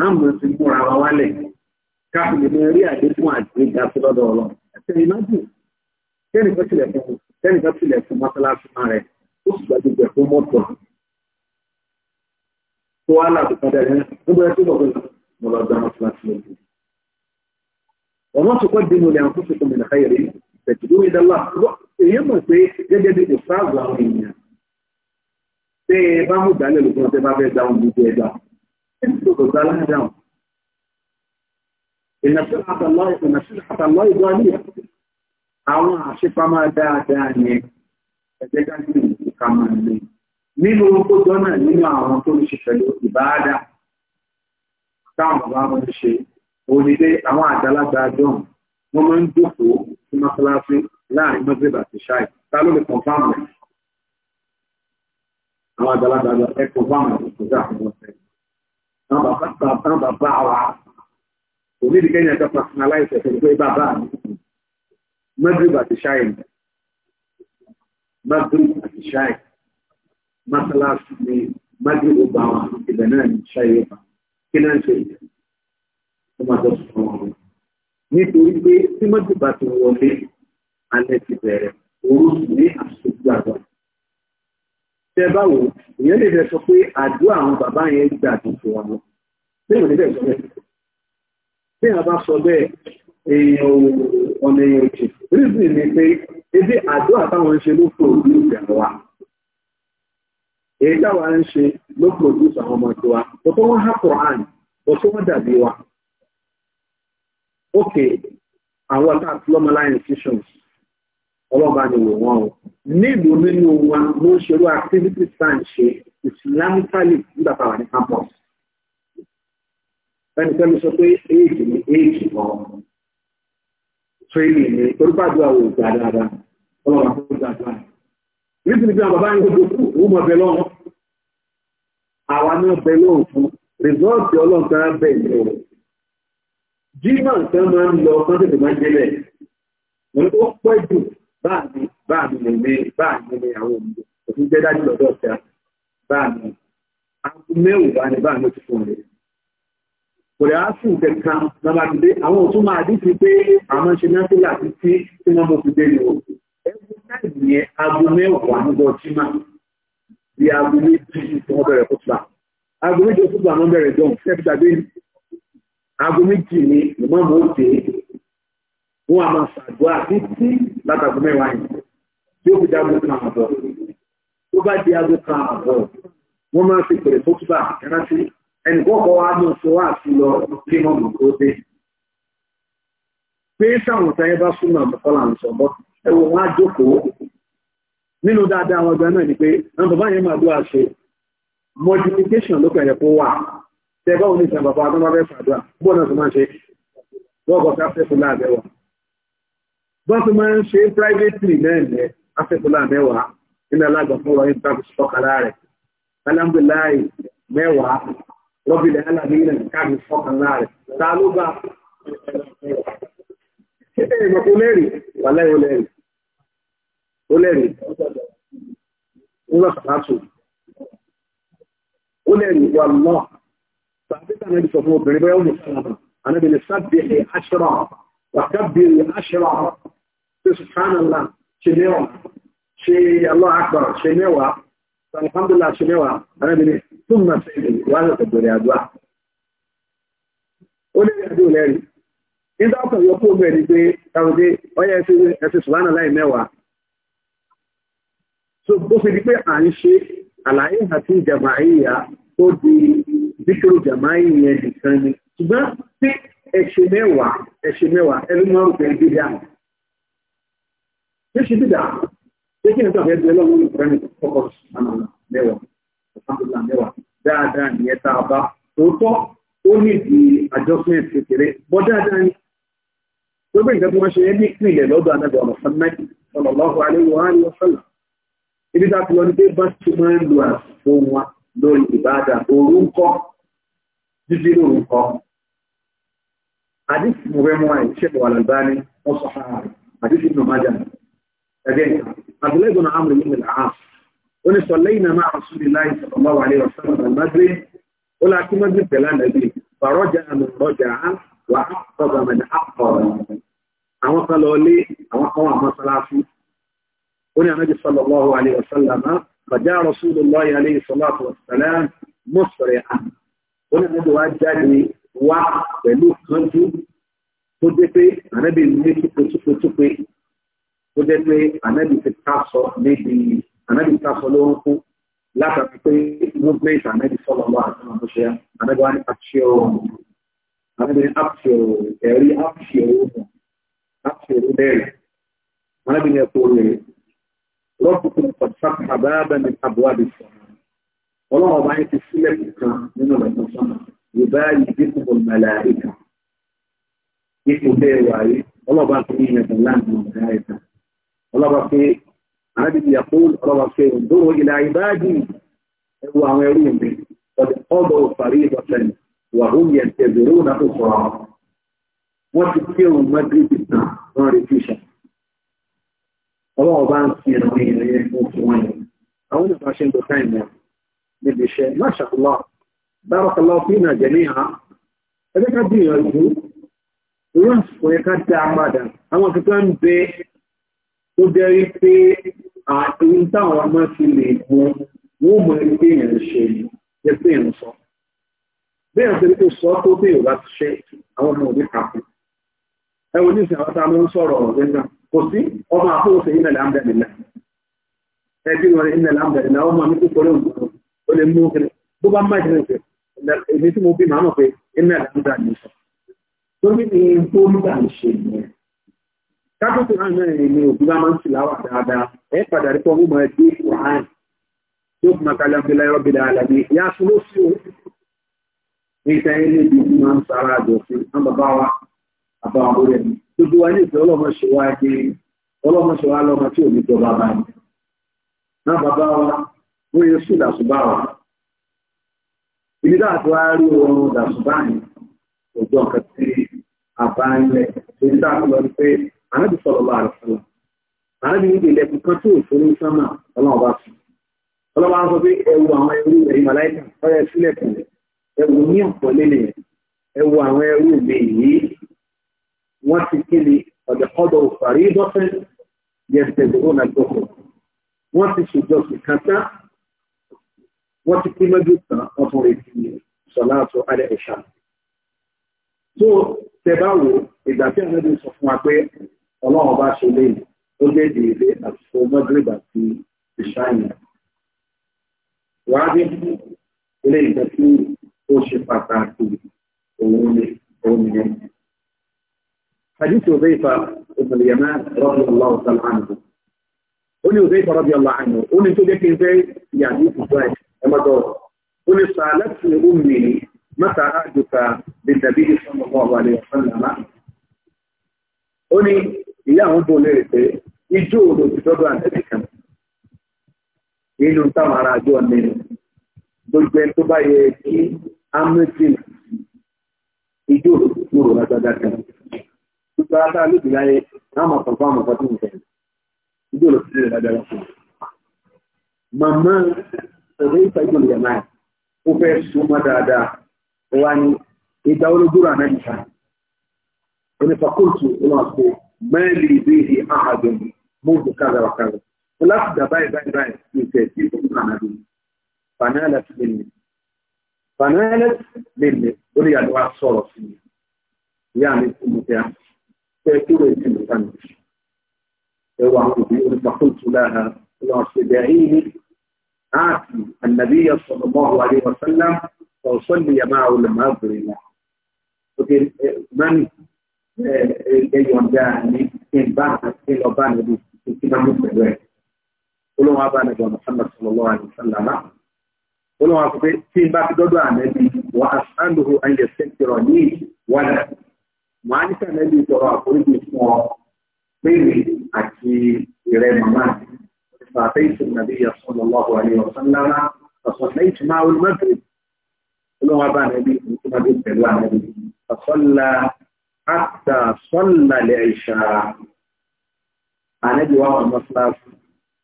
àmọ́ ti múra wa wálẹ̀ káàkiri lè mọ rí àdéhùn àgbéga tó lọ́dọ̀ ọ̀rọ̀ ẹ̀sẹ̀ ìnájú kẹ́ni kan tilẹ̀ fún kẹ́ni kan tilẹ̀ fún mọ́sálásí máa rẹ̀ ó sì gbàgbé jẹ fún mọ́tò tó wá lábùkún dẹ́rẹ́ nígbà tó bọ̀ bọ̀ mo lọ gba mọ́sálásí lójú. ọ̀nà tó kọ́ dínú ilẹ̀ àkóso tó mìíràn káyọ̀ rí ìtẹ̀jú tẹ́ ẹ bá mú ìdálẹ̀ lókun ọ̀tẹ́ bá fẹ́ dáhùn gbogbo ẹ̀ dáhùn ẹ̀ ti tòkò gbá láì dáhùn. ìnàṣẹ́ àtàlọ́ ìgbọ́ ní àwọn àṣepamọ́ dáadáa yẹn ẹ̀jẹ̀ kájú ìka máa lè nínú tó jọ́nà nínú àwọn tó ń ṣe pẹ̀lú ìbáadá táwọn bàbá wọn ń ṣe onílé àwọn àgbàlagbà john wọn máa ń jókòó sí mọ́ṣáláṣí láàrin mọ́gbẹ́bà àti ṣáì ta ló lè kàn fáwọn ẹ̀ àwọn àgbàlagbà lọ ẹ̀kọ́ báwọn ìṣòro àwọn ọ̀sẹ̀. Àwọn bàbá ta àwọn bàbá wa. Òní ìdíkẹ́ yẹn ẹ̀ka personalize ẹ̀fẹ̀ pé bàbá mi. Magrib àti Ṣáìn. Magrib àti Ṣáìn. Mọ́sálásí ni Magrib ó bá wa ìbẹ̀ náà ní Ṣáìn bá. Kí náà ṣe ìjẹ́? Ó máa jọ sọ wọn. Nítorí pé tí Magrib bá ti wọlé, alẹ́ ti bẹ̀rẹ̀. Òru ní àṣojú àgbà tẹ bá wò èèyàn lè fẹ́ sọ pé àdúrà àwọn bàbá yẹn gbà tó fún wa lọ bẹ́ẹ̀ ò ní bẹ́ẹ̀ sọ bẹ́ẹ̀ bí a bá sọ bẹ́ẹ̀ èèyàn ọ̀nà èèyàn òkè rízì ni pé ebi àdúrà táwọn ń ṣe ló pòdúsì àwa èyí táwa ń ṣe ló pòdúsì àwọn ọmọ tiwa bọ́tọ́ wọ́n há Quran bọ́tọ́ wọ́n dàbí wa ókè àwọn tá a ti institutions ọlọ́ba ni wò wọ́n o nílùú nínú wa ló ń ṣerú activity stand ṣe islamically nígbà tá a wà ní campus ẹnì kan sọ pé éèjì ni éèjì kan training ni torí gbàdúrà wò gbà dáadáa ọlọ́ba tó gbàdúrà nítorí pé àwọn bàbá yẹn gbogbo kú òun mọ̀ bẹ́ẹ̀ lọ́wọ́ àwa náà bẹ́ẹ̀ lọ́wọ́ fún rìsọ́ọ̀tì ọlọ́ọ̀tà bẹ́ẹ̀ ni o jímọ̀ nǹkan máa ń lọ kán tètè máa ń jẹ́ pẹ́ jù báàmì báàmì lè lè báàmì lè àwọn òmìnir òfin jẹ́ dájú lọ́dọ̀ ọ̀sẹ̀ báàmì aago mẹ́wàá ni báàmì ti fún rẹ̀ kò lè áṣù kẹta lọ́ba ti dé àwọn òtún máa dín sí pé àwọn ṣe náfìlà ti tí tí wọ́n mọ̀ fi dé ni o ẹgbẹ́ náà nìyẹn aago mẹ́wàá ń bọ̀ tí máa bí aago méjì tí wọ́n bẹ̀rẹ̀ kúta aago méjì kúta wọn bẹ̀rẹ̀ jọ fẹ́ẹ́fẹ́ tàbí aago méjì ni ìmọ̀ọ́mọ́ òkè wọn a máa ṣàdúrà títí látàkù mẹ́wàá yìí tí ó fi dá gbogbo kan àbọ̀ tó bá di aago kan àbọ̀ wọ́n máa fi pèrè fókúbà rántí ẹnì kọ́kọ́ wa ní oṣù wa àti lọ kí wọ́n mọ̀ tó dé. pé sáwọn ọ̀tá yẹn bá súnmọ́ àbọ̀kọ́lá ń sọ bọ́ ẹ wò wọ́n á jókòó nínú dáadáa àwọn ọgbà náà ni pé àwọn bàbá yẹn máa dúrà ṣe modification ló kẹ̀yẹ̀ kó wà tẹ báwo ní ìsàn bàbá agbọ́n bá fẹ́ fàdúrà bọ́ọ̀ náà tó máa ṣe bọ́ọ̀ bọ́ láàbẹ̀wọ̀ bọ́n tó máa ń ṣe privately náà ní afẹ́kọ̀ọ́lá mẹ́wàá nínú alágbàfọ́wọ́ ìtàkù sọ́kàlá rẹ̀ alámbìláì mẹ́wàá rọ́bìlẹ̀ alábìlẹ̀ káàkì sọ́kàlá rẹ̀ ta ló bá ṣẹ́bẹ̀rẹ̀ mọ̀ olẹ́rì wàláì olẹ́rì olẹ́rì ńlọ́sàtù olẹ́rì wà lọ́ sàbíkà náà ti sọ fún obìnrin bẹ́ẹ̀ ó mú sábà àná ṣe subhanallah ṣe mẹ́wàá ṣe allah akbar ṣe mẹ́wàá alhamdulillah ṣe mẹ́wàá arábìnrin tún máa ṣe ìlú wà láti bẹ̀rẹ̀ àdúrà ó lè rẹ̀ dùn lẹ́rìí nígbà ọkàn yọ kó bẹ̀rẹ̀ pé tàbí ọyẹ ẹsẹ̀ subhanallah mẹ́wàá so bó fi di pé à ń ṣe àlàyé àti ìjàmbá ìyá tó di bíkúrú jàmbá ìyẹn nìkan ni ṣùgbọ́n tí ẹ̀ṣẹ̀ mẹ́wàá ẹ̀ṣẹ̀ mẹ́wàá ẹlú mọ́rùn-ún pẹ̀lú Which is that taking it up here, the long way from it, focus on mẹ́wàá. Alhamdulillah mẹ́wàá. Dáadáa ni ẹta ọba. Tòótọ́ ó ní di adjustment kékeré. Bọ́ dáadáa ni. Gbogbo nǹkan tí wọ́n ṣe ní ìpínlẹ̀ lọ́dọ̀ Anábì Muhammad sallallahu alaihi wa alihi wa sallam. Ibi tá a ti lọ ní pé bá ti máa mo fẹ́ mú àìṣẹ́ wà lálbá ní wọ́n sọ fún àdìsí Ibn Majah. أجل عبد الله بن عمرو بن العاص قلنا صلينا مع رسول الله صلى الله عليه وسلم المغرب ولكن المغرب لا نبي فرجع من رجع وعقب من عقب àwọn kan lọ lé àwọn kan wà mọ́sálásí ó ní ànábì sallallahu alayhi wa sallam bàjá rasulullahi alayhi salatu wa salam mọ́sọ̀rẹ̀ à ó ní ànábì wá jáde wá pẹ̀lú kanjú tó dé pé ànábì ní túpetúpetúpe tó jẹ́ pé ànábì ti ká sọ níbi ànábì ká sọ ló ń kú látàrí pé movement ànábì sọ̀rọ̀ lọ àti àwọn ọmọọṣẹ́ ànábì wá ní àṣẹ ọ̀hún ànábì ní àṣẹ ọ̀hún ẹ̀rí àṣẹ ọ̀hún àṣẹ ọ̀hún bẹ́ẹ̀ ànábì ní ẹ̀kọ́ rẹ̀ rọ́pùpù pàtàkì àbáyábẹ́ ní àbúwá bí sọ ọlọ́run ọba yẹn ti sílẹ̀ kan nínú ẹ̀kọ́ sọ́nà yorùbá yìí dínkù bọ̀ mẹ́lẹ̀ àríkà ipò bẹ́ẹ̀ ọlọ́ba pé arábìnrin yàpọ̀ ọlọ́ba pé òǹdóró ilẹ̀ àìbáàdì ẹwọ àwọn ẹrú mi ọdẹ ọdọ òfàrí ìdọ̀tẹ̀ wà ó yẹ ẹgbẹ̀rú náà tó sọ̀rọ̀ wọ́n ti kí òun mẹ́tírìtì náà wọ́n rí tíṣà ọlọ́wọ́ bá ń fi ẹ̀rọ ìrìn ẹ̀kọ́ fún wọn yẹn àwọn ìgbà ṣe ń lọ táì mọ́ níbi iṣẹ́ máṣàkùlá dárakàlá fún ìnà jẹ́ níhà ẹgbẹ́ ó jẹ́ rí pé àti táwọn ọmọ ti lè mọ wọ́n mọ ẹni pé èèyàn ṣe jẹ́ pé èèyàn sọ bí èèyàn ṣe kó sọ tó bí èèyàn bá ti ṣe àwọn ọmọ òbí kàkú ẹ wo nísìnyí àwọn táwọn ń sọ̀rọ̀ ọ̀rọ̀ nígbà kò sí ọmọ àkóso yìí nàlẹ́ àmì ẹ̀nìlá ẹbí wọn ìnàlẹ́ àmì ẹ̀nìlá ọmọ mi kò kọ́lé òǹkọ́ ó lè mú kiri bó bá má jìnnà pé èmi tí mo bí màá mọ̀ pé ìnàlẹ́ àmì ẹ̀nìlá tó ní ìyẹn tó ń gbà ń ṣe nìyẹn kájú tó hàn náà ni òbí bá máa ń tì láwà dáadáa ẹ padà rí pọ́nmú mọ́ ẹgbẹ́ ìwàhán tó kùmà kalẹ̀ ọ̀gbẹ́lá ẹ̀rọ bẹ̀rẹ̀ àlàyé ìyá aṣọ́ló sí o níta ẹ̀ ní ibi tí máa ń sára àjọṣin náà bàbá wa bàbá wa lórí ẹni gbogbo wa ní ìfẹ́ ọlọ́mọ ṣe wá ẹgbẹ́ ọlọ́mọ ṣe wá lọ́mọ tí òbí jọba bá ní náà bàbá wa wọ́n yẹ sùn dàṣùbà wa ibi dáa tó rí oorun dàṣùbà yìí òjò nǹkan tí ibi dáa tó ànábì sọ̀rọ̀ bá rẹ̀ fún un ànábì níbi ilẹ̀kùn kan tí òfin ní sánmà ọlọ́run sùn sọ pé àwọn ẹrú ẹ̀yìn màláìkà ọyẹ ní ọ̀pọ̀ lélẹ̀ àwọn ẹrú mi yìí wọ́n ti kéde òfàrí dọ́fẹ́ náà gbọ́kọ̀ wọ́n ti wọ́n ti lọ́jọ́ tán sọ̀láàtọ̀ alẹ́ ọlọ́run bá ṣe léyìn ó lé dèrè àsìkò mọ́gírìbà ti ìṣáyìn. Wàá ilé ìgbà tí ó ṣe pàtàkì òun ni òun ni ẹni. Hadith Uzayfa ibn Yaman radiyallahu ta'ala anhu. Ó ní Uzayfa radiyallahu anhu. Ó ní tó jẹ́ kí n fẹ́ yà ní ìfúnfún ẹ̀ ẹ má dọ̀rọ̀. Ó ní sa'alatu ummi mata aduka bin nabiyyi sallallahu alaihi wa sallam. Ó ní ìyá àwọn bò lè rè pé ijó òdo ti dọ́dọ̀ àtẹ̀lẹ̀ kan nínú táwọn ará àjọ ní gbogbo ẹni tó bá yẹ kí amúlẹ́tì ijó òdo ti kúrò lágbádá kan gbogbo ara tára lóbi láyé láwọn kan fún àwọn kan tó ń tẹ̀lé ijó òdo kan màmá ọ̀rẹ́ ìfà ما لي به أحد منذ كذا وكذا فلقد باي باي باي تأتيب محمد فنالت مني فنالت مني ولي أدعى صورة فيني يعني أمتها تأتيب يتم تنش يوعد بيقول فقلت لها واصدعيني آتي النبي صلى الله عليه وسلم فأصلي معه المغرب لكن من ẹ̀yọ̀ǹda ní kí n bá àti lọ bá níbi ìtìkí náà mú pẹ̀lú ẹ̀. olóhùn abá níbi ọ̀nà sọ́nà sallallahu alaihi wasallam. olóhùn afọ pé tí n bá fi dọ́dọ̀ ànẹ́bí wà á sáńdùhù ayé sẹ́kìrọ̀ ní wàlẹ̀. màá ní ká ànẹ́bí tọrọ àforíjì fún ọ péré àti ìrẹ màmá فأتيت النبي صلى الله عليه وسلم فصليت معه المغرب. قلوا أبا نبي أنتم نبي فصلى حتى صلى العشاء أنا جوا المصلاة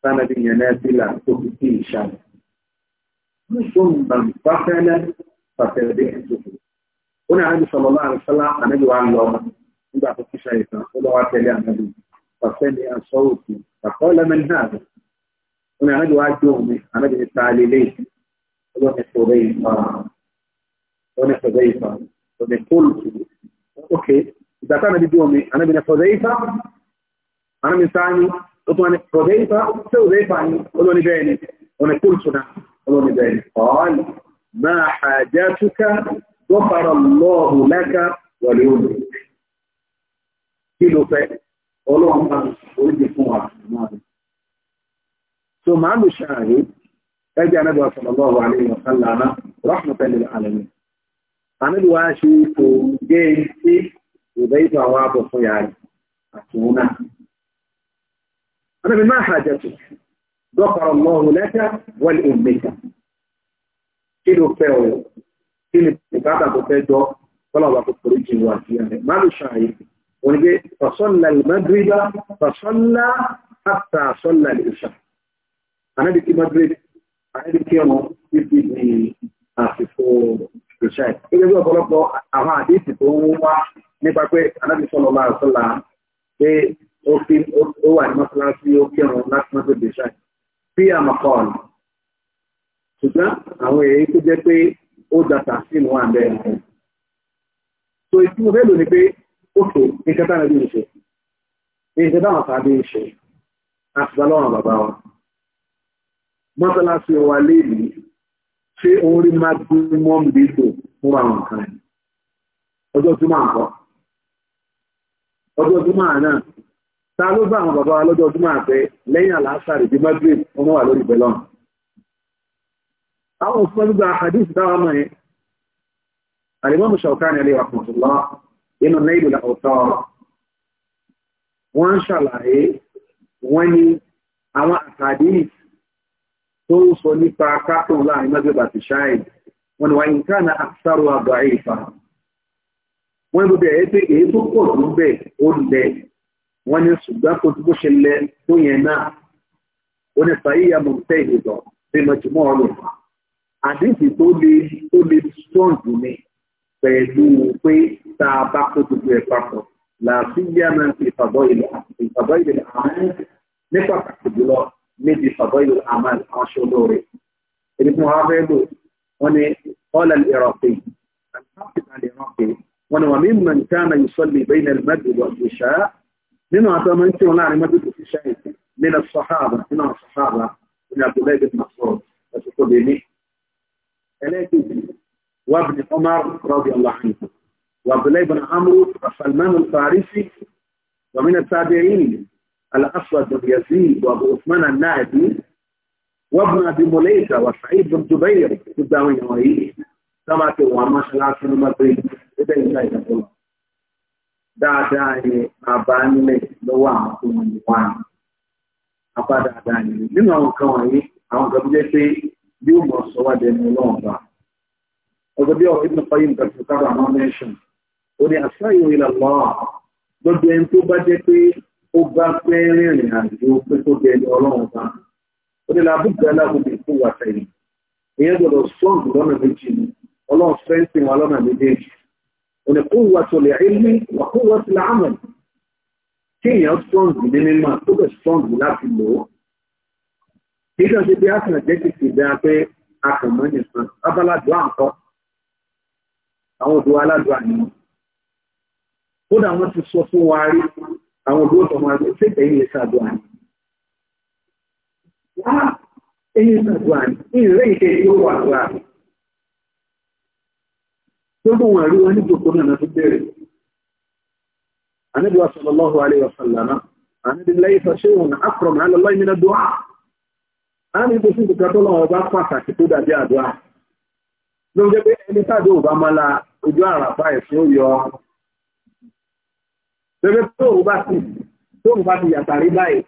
سنة ينازل تبكي شمس ثم انفصل فتبعته هنا النبي صلى الله عليه وسلم أنا جوا الله إذا تبكي شيطان قل وعلى النبي فسمع صوتي فقال من هذا هنا النبي وعلى يومي أنا جوا التعالي لي بنتعالي ليه ونحذيفة ونحذيفة ونقلت okay ìgbàtà nàbí bí omi anábì ní fọ̀dẹ́ifá anábì sáyé ó tún wá ní fọ̀dẹ́ifá tí ó lẹ́fà ní olóní bẹ́ẹ̀ ni ọ̀nà kúrò tún náà olóní bẹ́ẹ̀ ni ọ̀hán máa hajatuka gọ́fàrọ̀ lọ́ọ̀hù lẹ́ka wọlé omi kí ló fẹ́ ọlọ́run bá oríṣi fún wa náà so màálù ṣàárẹ̀ ẹgbẹ́ anábì wa sọ̀rọ̀ lọ́wọ́ àlẹ́ rahmatan lil alamin àmìlú wa ṣe kò jẹ́ tí ìbẹ́ ìtò àwọn àbọ̀ fún yàrá àti òun náà. Ànábì máa hàjẹ̀ tó dọ́kọ̀rọ̀ lọ́rùn lẹ́kẹ́ wọ́n lè mẹ́ta. Kí ló fẹ́ o? Kí ni ìbábà tó fẹ́ jọ? Wọ́n lọ́wọ́ kò kórè jìn wà sí ẹ̀rẹ̀. Má ló ṣàyè. Wọ́n gbé fasọ́nà ìmọ̀dúrídá, fasọ́nà àtà sọ́nà ìṣà. Ànábì kí mọ̀dúrídá, ànábì kí ọmọ fífi ìṣáì gẹ́gẹ́ bí ọ̀pọ̀lọpọ̀ àwọn àdéhìsì tó ń wá nípa pé anábì sọ̀rọ̀ máa sọ̀la pé ó fi ó wà ní mọ́sálásí ó kírun láti mọ́tò ìṣáì bí àmọ̀kọ́ ọ̀nà ṣùgbọ́n àwọn èyí tó jẹ́ pé ó dàtà sí ìmú àbẹ́ ẹ̀ so ìtumọ̀ bẹ́ẹ̀ lò ní pé òkè nǹkan táwọn ẹbí ń ṣe nǹkan táwọn fàábí ń ṣe àtìgbà lọ́rùn bàbá wa mọ́sálásí wa léèlì ṣé òun rí maximum dìbò fún àwọn nǹkan ẹ̀ ọjọ́ tó máa ń kọ́ ọjọ́ tó máa náà ta ló bá àwọn bàbá wa lọ́jọ́ tó máa fẹ́ lẹ́yìn àlàáfàrí bí madrid ọmọ wà lórí belon àwọn òfin gbígba hadith dáwà mọ́ ẹ àlèmọ́mù ṣàwùkánì alẹ́ wa kùnṣùlá inú náírà làwùtọ́ wọ́n ń ṣàlàyé wọ́n ní àwọn àkàdéyìí tó ń sọ nípa kápùn láàrin mọ́gbẹ̀bà ti ṣáìdì wọn ni wà ní ká na àṣàrò àgbà ìfà wọ́n gbogbo ẹ̀ pé èyí tó pọ̀ tó bẹ̀ ó lẹ̀ wọ́n ní ṣùgbọ́n kò tó bó ṣe lẹ tó yẹn náà ó ní sàyíyà mọ̀ tẹ́ ìdọ̀ bí mo ti mọ́ ọ̀rọ̀ àdéhùn tó le tó le strong jù ní pẹ̀lú pé tá a bá kó gbogbo ẹ̀ papọ̀ làásìyà ìfàbọ̀ ilẹ̀ ìfàbọ̀ ilẹ̀ àwọn nípa pàtàkì jùlọ ندي فضائل الأعمال عشر دوري ابن عابد وانا قال العراقي الحافظ العراقي وانا وممن كان يصلي بين المدد والعشاء من هذا ما انت ولا على مدد والعشاء من الصحابة من الصحابة من عبد الله بن مسعود بس تقول لي وابن عمر رضي الله عنه وعبد الله بن عمرو وسلمان الفارسي ومن التابعين الأسود بن يزيد وأبو عثمان النهدي وابن أبي مليكة وسعيد بن جبير قدام يوميه سبعة وما شاء الله في المدريد إذا إنشاء الله dáadáa ni bàbá nílẹ̀ lọ́wọ́ àwọn tó wọn wà ní apá dáadáa ni nínú àwọn kan wọ̀nyí àwọn kan tó jẹ́ pé yóò mọ̀ sọ wá dẹnu ọlọ́run bá ọgbẹ́ bí ọ̀rọ̀ ìpínlẹ̀ fọyín nǹkan tó kára àwọn mẹ́ṣọ̀n ó ní àṣà ìwé ìlànà gbogbo ẹni tó bá jẹ́ pé ó bá fẹ́ rìnrìn àjò pé tó bẹ ní ọlọ́run bá ó ní làbújá alábòbí fún wa tẹ̀yìn èyí gbọ́dọ̀ sọ́ọ̀gù lọ́nà méjì ni ọlọ́run fẹ́ ń sìn wa lọ́nà méjèèjì ó ní kó wa tó lè ilé wà kó wa ti là ámọ̀ kí èèyàn sọ́ọ̀gù ní mímọ́ tó bẹ̀ sọ́ọ̀gù láti lò ó kí kàn ṣe bí a kàn jẹ́ kìkì bí a pé a kàn mọ́ nìkan abáládùá nǹkan àwọn òdò aládùá nìyẹn kódà wọ́n ti sọ fún wa rí àwọn òbí ọ̀tọ̀ máa ṣe tẹ̀yìn lè ṣàdúrà ní. wá ẹ̀yìn ṣàdúrà ní ìrẹ́ ìṣe yóò wà wà. gbogbo wọn àríwá ní gbogbo náà tó bẹ̀rẹ̀. àníbi wa sallallahu alaihi wa sallam àníbi lẹ́yìn fàṣẹ́wọ̀n àkùrọ̀mù alọ́lọ́ ìmìnira dùn á. a ní kò sí nǹkan tó lọ́wọ́ pàtàkì tó dàbí ẹni Bẹ́ẹ̀ tó o bá ti tó o bá ti yàtàrí báyìí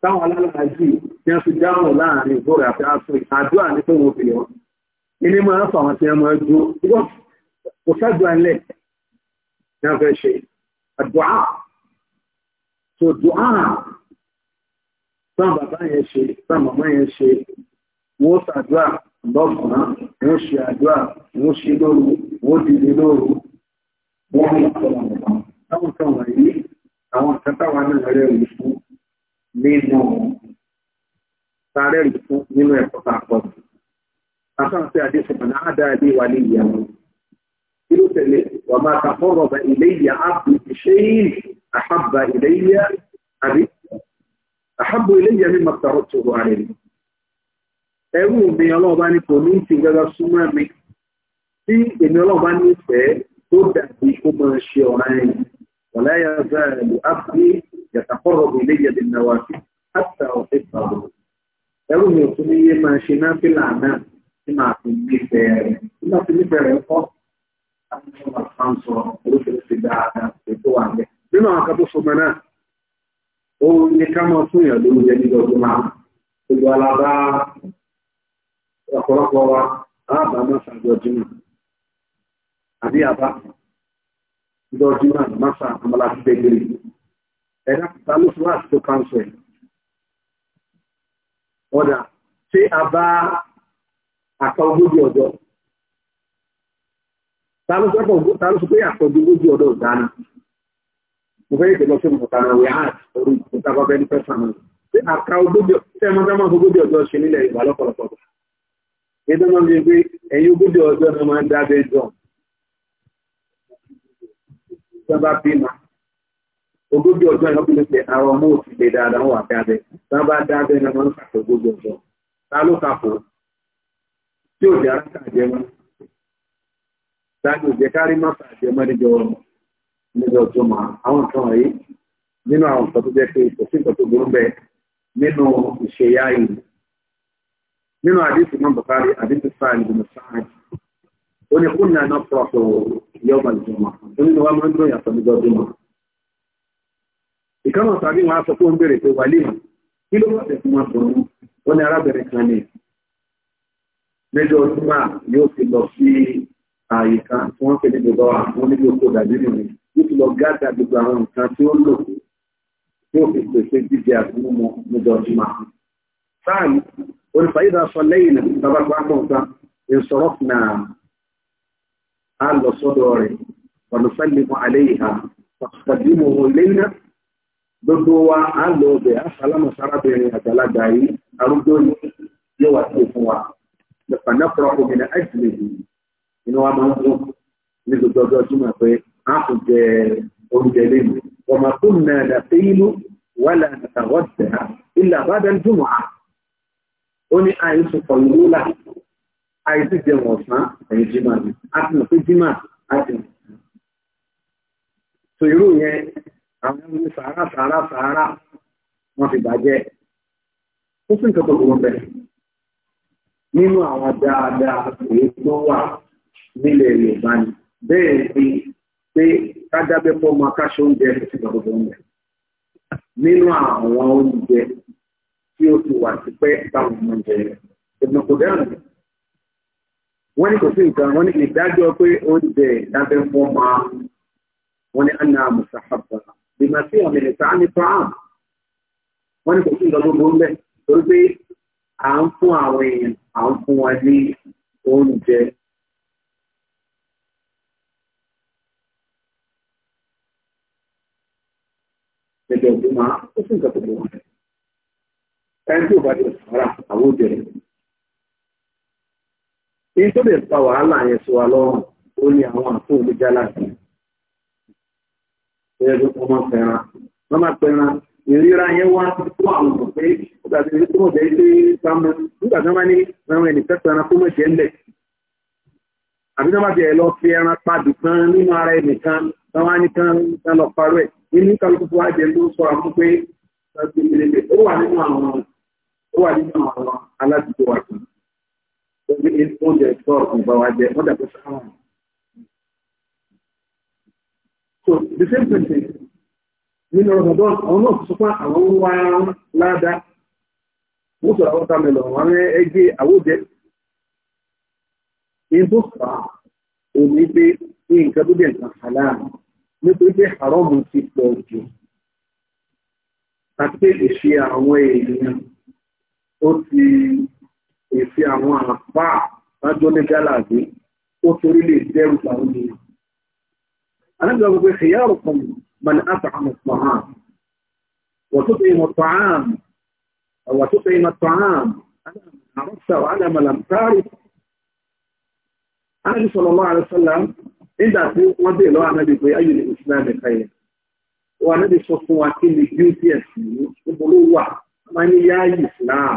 táwọn alálàájì tí wọ́n fi dáhùn láàrin ìgbòrò àti aṣọ àdúrà ní pé wọ́n fi yọ. Ilé máa ń fà wọn tí wọ́n máa dúró. Ìgbọ́ kò ṣáàdùn alẹ́ ní wọ́n fẹ́ ṣe. Àdùá. So dùá táwọn bàbá yẹn ṣe táwọn màmá yẹn ṣe wọ́n ṣàdúrà lọ́sàn-án wọ́n ṣe àdúrà wọ́n ṣe lóru wọ́n dìde lóru wọ́n táwọn kan wọ̀nyí àwọn kan táwọn náà rẹ̀ rí fún nínú sáré rí fún nínú ẹ̀kọ́ tá a pọ̀ jù. àtàwọn tí adé sọ̀rọ̀ náà á dáa bí wà ní ìyàwó. irú tẹ̀lé wà máa ta fọ́rọ̀ bá ilé ìyá áàpù ìṣe yìí àhábà ilé ìyá àbí àhábò ilé ìyá mi máa tọrọ tòrò àrẹ mi. ẹrú mi ọlọ́ọ̀bá ní kò ní ti gbẹ́gbẹ́ súnmọ́ mi tí èmi ọlọ́ọ̀bá ní ìfẹ́ tó dàbí kó máa ṣe ọ̀ràn ولا يزال أخي يتقرب إلي بالنوافل حتى أحبه ẹrú mi ò tún ní yé máa ṣe náà fìlà náà tí màá fi nífẹ̀ẹ́ rẹ̀ tí màá fi nífẹ̀ẹ́ rẹ̀ kọ́ láti fún wa fún sọ oríṣiríṣi dáadáa ètò wà lẹ̀. nínú àwọn akẹ́kọ̀ọ́ sọmọ náà ó ní ká máa fún yàn lórí ẹni lọ́dún máa gbogbo alábá ọ̀pọ̀lọpọ̀ wa àbámọ́ sàgbọ́júmọ̀ àbí àbá ìjọ jimá masa amala gbẹgbẹrẹ ẹ̀dá kìtà ló fún láti tó káńsù ẹ̀ ọ̀dà tí a bá àkà ogójì ọjọ́ ta ló sọ pé àkà ogójì ọjọ́ ìdáná mo fẹ́ ìdè lọ sí ìmọ̀ta náà wíyá àti orí ìta bá bẹ́ẹ̀ ní pẹ́sà náà tí àkà ogójì tẹ́ mọ́tá máa ogójì ọjọ́ ṣe nílẹ̀ ìgbà lọ́pọ̀lọpọ̀ tí wọ́n bá bímọ ogójì ọjọ́ ìlú kí ló ṣe àwọn ọmọ òsì lè dáadáa wà dábẹ́ tí wọ́n bá dábẹ́ ní wọ́n ń kàtó ogójì ọjọ́ ta ló kàpọ̀ tí ò jẹ́ aráta àjẹmọ́ táàgì ò jẹ́ kárí mọ́ta àjẹmọ́ níjọ níjọ tó mọ̀ àwọn nǹkan wọ̀nyí nínú àwọn nǹkan tó jẹ́ pé kò sí nǹkan tó burú bẹ́ẹ̀ nínú ìṣe yáyì nínú àdìsí mọ́ bàkárí àdìsí ó ní kúnnà náà pọ̀pọ̀ yọba ìjọmọ̀ onínú wa máa ń dùn yàtọ̀ nígbà ọdún mọ̀ ìkànnà tàbí wọn aṣọ fún bèrè pé wàlẹ́ kí ló wọ́n tẹ̀sí wọn sọ̀rọ̀ wọn ni arábìnrin kan ní lẹ́jọ́ ọdún máa yóò fi lọ sí ààyè kan tí wọ́n fi níbi lọ́wọ́ àwọn níbi oko dàbí nìyẹn yóò fi lọ gádà gbogbo àwọn nǹkan tí ó lò yóò fi pèsè jíjẹ àti mímu níjọ́ ọdún máa. sáà onífàyídà sọ lẹ́yìn tàbá pàápàá nǹkan ìṣòro náà á lọ sọ́dọ̀ rẹ̀ ọ̀nùfẹ́lẹ́mọ alẹ́ ìhà pàṣípàdínú lẹ́yìn gbogbo wa á lọ bẹ̀ á sálámà sárábìnrin àgbàlagbà yìí arúgbó yóò wá sí fún wa nípa nápọ̀rọ̀ òmìnira ẹ̀jìnlẹ̀ yìí inú wa máa ń dùn ní gbogbo ọjọ́ jùmọ̀ pé á kò jẹ oúnjẹ lẹ́nu ọmọ tó nà dàtẹ́yìnú wà làǹtà wọ́n tẹ̀ á ilà bá dá á ó ní àyè sọ̀kọ̀ ìlú àìsí jẹun ọ̀sán ẹ̀yìn jimá ni a ti mọ̀ pé jimá a ti mọ̀. tó irú yẹn àwọn ọmọ ní sàárà sàárà sàárà wọn ti bàjẹ́ ó sì ń kẹ́kọ̀ọ́ tó wọn bẹ̀. nínú àwọn dáadáa èyí tó wà nílẹ̀ Yorùbá ni bẹ́ẹ̀ ni pé kájábẹ́ pọ́ máa káṣọ oúnjẹ ti gbàgbọ́ bọ́ mẹ́. nínú àwọn oúnjẹ tí ó ti wà tipẹ́ táwọn ọmọ jẹ ìgbàgbọ́ bẹ́ẹ̀ wọ́n ní kò sí nǹkan wọ́n ní ìdájọ́ pé ó ń bẹ̀ lábẹ́ fún ọmọ wọn ní anna musahaba bímọ sí àmì ẹ̀ka ní fáàm wọ́n ní kò sí nǹkan gbogbo ńbẹ̀ torí pé à ń fún àwọn èèyàn à ń fún wọn ní oúnjẹ. èyí tó lè fa wàhálà yẹn sí wa lọ́rùn ó ní àwọn àpò ìríra yẹn wá àwọn pé nígbà tí nígbà tí bá ní ẹnì àbí bá lọ fi ẹran padì kan nínú ara ẹnìkan tí wọ́n á ní kan kan lọ parọ́ ẹ̀ nínú kálukú tó wá jẹ ló sọ àwọn pé ó wà nínú Omi ní oúnjẹ tó ọ̀gbìn bá wa jẹ, wọ́n So the same thing is nínú ọ̀dọ̀dọ̀ àwọn náà sọ pé àwọn ń wá ládàá. Wọ́n sọ àwọn tamẹ̀lọ̀ wọn rẹ́ ẹgbẹ́ àwòjẹ. Ìbò fà ò ní pé nǹkan tó dẹ̀ nǹkan halal nítorí pé haram ti pọ̀ jù. Àti pé ìṣe àwọn èèyàn ó èsì àwọn àpá lájọ́ ní gálàdé ó torí lè dẹ́rù àwọn ènìyàn. alága gbogbo ìṣẹ̀yà ọ̀pọ̀ mọ̀nà àtàkùn pàán وتطعم الطعام وتطعم الطعام على من عرفت وعلى من لم تعرف النبي صلى الله عليه وسلم nígbà tí wọ́n dè lọ́wọ́ anábì pé ayé ní islam ẹ̀ka yẹn wọ́n anábì sọ fún wa kí ni beauty ẹ̀sìn ní gbogbo wà wọ́n ní yá islam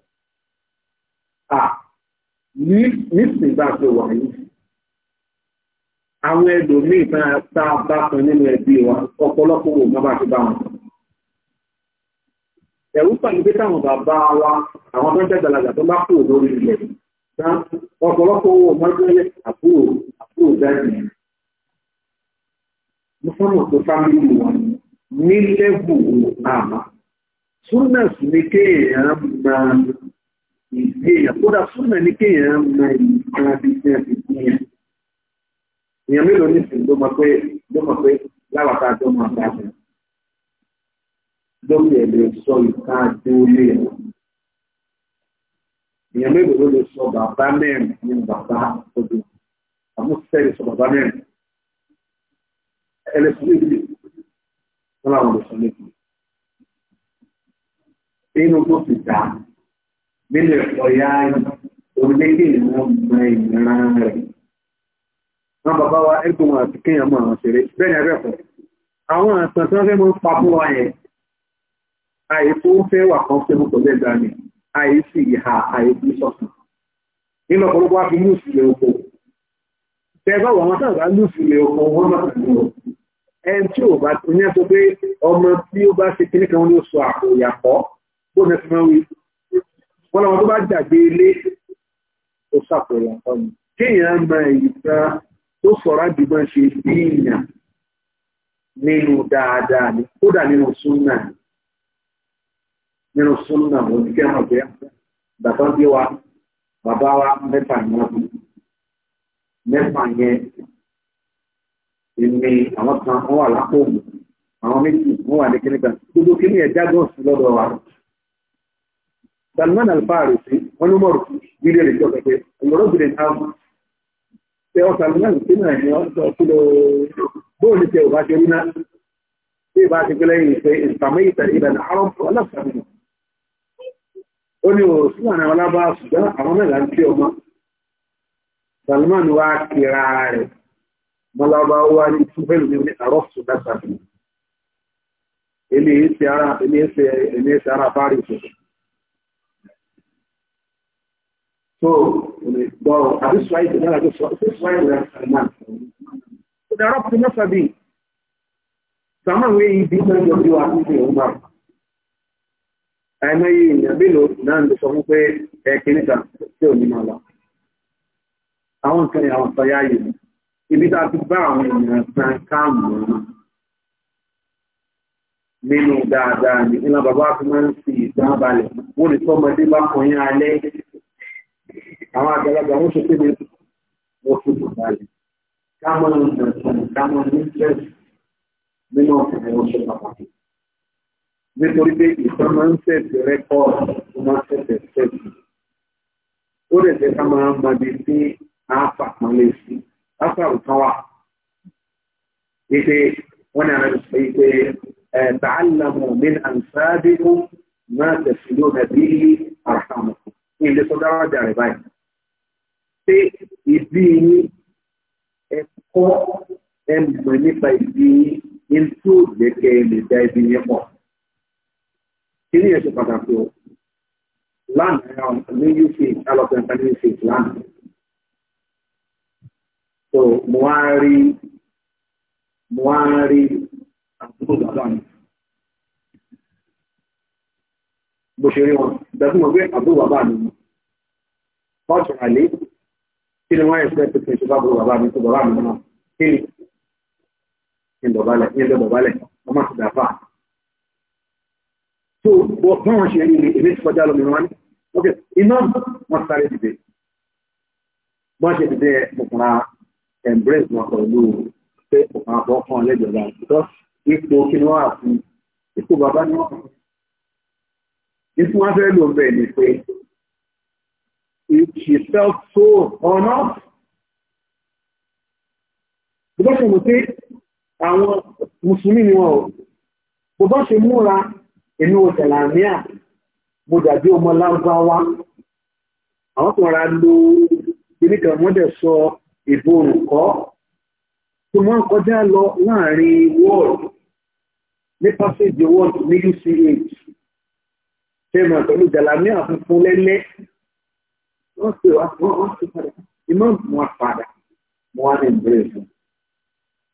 à ní nísìnyí bá ṣe wà yìí àwọn ẹlòmíì náà tá a bá kan nínú ẹbí wa ọ̀pọ̀lọpọ̀ wò má bá ṣe bá wọn. ẹ̀rú pàdé pé táwọn bàbá wa àwọn tó ń tẹ̀gbàlagbà tó bá kú lórí ilẹ̀ náà ọ̀pọ̀lọpọ̀ wò má bá yẹ àbúrò àbúrò dáìní. mo fọ́nà tó fámìlì wa ní lẹ́bù àmà súnà sí ni kéèyàn máa èèyàn kódà súnmọ̀ ní kéèyàn mọ ìran bí ṣe ti fún yẹn èèyàn mélòó nísìnyí ló mọ pé ló mọ pé láwàtà tó mọ àtàkùn lórí ẹ̀ lè sọ ìka àdéhùlé rẹ̀ èèyàn mélòó ló lè sọ bàbá mẹ́rin ní bàbá odò àmúṣẹ́ lè sọ bàbá mẹ́rin ẹlẹ́sìn wọn làwọn lè sọ méjì inú tó ti dáa nínú ẹ̀kọ́ ya orílẹ̀-èdè ìwọ̀n mọ ìnira rẹ̀. Wọ́n bàbá wa ẹgbùn wọn àti kíyàn mọ́ àwọn ṣeré. Bẹ́ẹ̀ni ẹgbẹ́kọ̀, àwọn àṣàn tí wọ́n fẹ́ mọ́ papọ̀ wa yẹn, àìkú fẹ́ wà kan fẹ́ mú pẹ̀lú ẹ̀dá ni, àìsí ìhà àìkú sọ̀tún. Nínú ọ̀pọ̀lọpọ̀ wa fi mú ìsìlẹ̀ oko. Tẹ bá wọn tàn bá lù ìsìlẹ̀ oko wọn má tàn lọ. Ẹn tí ò bá ti ní ẹ̀ sọ pé ọmọ tí ó bá ṣe kíníkan ló sọ àpò ìyàpọ̀ bó ní wọ́n lọ́wọ́ tó bá jàgbé ilé ó sàpẹ̀lẹ̀ ọ̀nà kéèyàn mọ ìta tó sọ̀rọ̀ àdìgbò ṣe sí ìyàn nínú dáadáa ni kódà nínú súnà nínú súnà mo ti kẹ́ mọ̀ pé bàbá bí wa bàbá wa mẹ́fà ni wọ́n bí mẹ́fà yẹn èmi àwọn kan wọ́n wà lápò àwọn méjì wọ́n wà ní kíníkà gbogbo kíní jágọ̀ọ̀sì lọ́dọ̀ wa. Salman al-Farisi wọn ló mọ̀rù ilé rẹ̀ jọ pẹ̀pẹ̀ ìwọ̀rọ̀ gbèrè táwọn tẹ ọ Salman tí náà ni wọ́n sọ kí ló bóun ní tẹ ò bá ṣe rí náà tí ìbá ti pẹ́lẹ́ yìí pé ìsàmì ìtàn ìlànà àrùn ọlọ́sàmì ó ní o sí àwọn alábá ṣùgbọ́n àwọn mẹ́ta ń pè ọmọ Salman wá kíra rẹ̀ mọ́lábá wá ní túbẹ̀lù ní àrọ́ ṣùgbọ́n sàfihàn eléyìí ṣe ara fárí ìṣòro So, well, this why the man this why we are Salman. So there are options for being. Someone way different of you are thinking about. Àìmọ̀ yìí ìyàn mélòó náà lè sọ fún pé ẹ̀kìnní kan tí ò ní lọ. Àwọn nǹkan ìyàwó sọyá yìí. Ibi tá a ti bá àwọn ènìyàn san káàmù wọn. Nínú dáadáa ni, ìlànà bàbá fi máa ń fi Wọ́n lè sọ ọmọdé bá alẹ́ àwọn àgbàlagbà wọ́n ṣe kéde wọ́n fi dùn báyìí káwọn ìdàgbàsán káwọn nífẹ̀ẹ́sì nínú ọkùnrin wọn ṣe pàtàkì nítorí pé ìfẹ́ máa ń tẹ̀sí rẹ́kọ́ọ̀dù tó máa ń tẹ̀sẹ̀ tẹ̀sí ó lè jẹ́ ká máa ń gbàgbé sí áfà kan lè sí áfà òkan wà wípé wọ́n ní àwọn ìṣe pé ẹ̀ẹ́dàálàmù mi àǹsáàdìkù máa tẹ̀sí lónà bí kí ilé sọ́dọ̀ àwọn àjà rẹ̀ báyìí pé ìbí yín ẹ̀kọ́ ẹ̀mọ̀ nípa ìbí yín tí ó jẹ́ kẹ́ ẹ lè da ibi yẹn pọ̀. kí ni ẹ̀sùn pàtàkì o lánàá ní uk alọ́pẹ̀ǹta ní uk lánàá. so mo á rí mo á rí àbúrò bàbá mi. bó ṣe rí wọn ìgbà tí mo gbé àbúrò bàbá mi. Culturally, kí ni wọ́n ẹ̀fẹ́ tuntun ìṣúná bọ̀ bàbá mi tó bàbá mi náà kí ni kí ni bàbá lẹ̀ kí ni bàbá lẹ̀ wọ́n máa ti dà fà. tó bọ́n wọn ṣe rí èmi ti kọjá lọ wọn ok iná wọn sáré dìde bọ́n ṣe dìde ọkùnrin embrace wọn pẹ̀lú pé ọkùnrin àbọ̀ kan lẹ́jọba àtúntọ́ ipò kí ni wọ́n àfi ipò bàbá ni wọ́n kàn. ìfún wọn fẹ́ lò ń bẹ̀ ni pé she felt so or not. Bọ́bá ṣe mú pé àwọn Mùsùlùmí ni wọ́n o. Bọ́bá ṣe múra inú Ìsẹ̀làmíà, mo dàbí ọmọ Lárúbáwá. Àwọn kan ra lo ìníkà mọ́dẹ̀ sọ ìbò olùkọ́. Tó máa ń kọjá lọ láàrin wọ́ọ̀dù ní pásíjì wọ́ọ̀dù ní UCH. Ṣé màá pẹ̀lú Ìsẹ̀làmíà funfun lẹ́lẹ́ wọ́n pè wá wọ́n ti padà ìmọ̀ mú wa padà mú wa ní ìbéèrè fún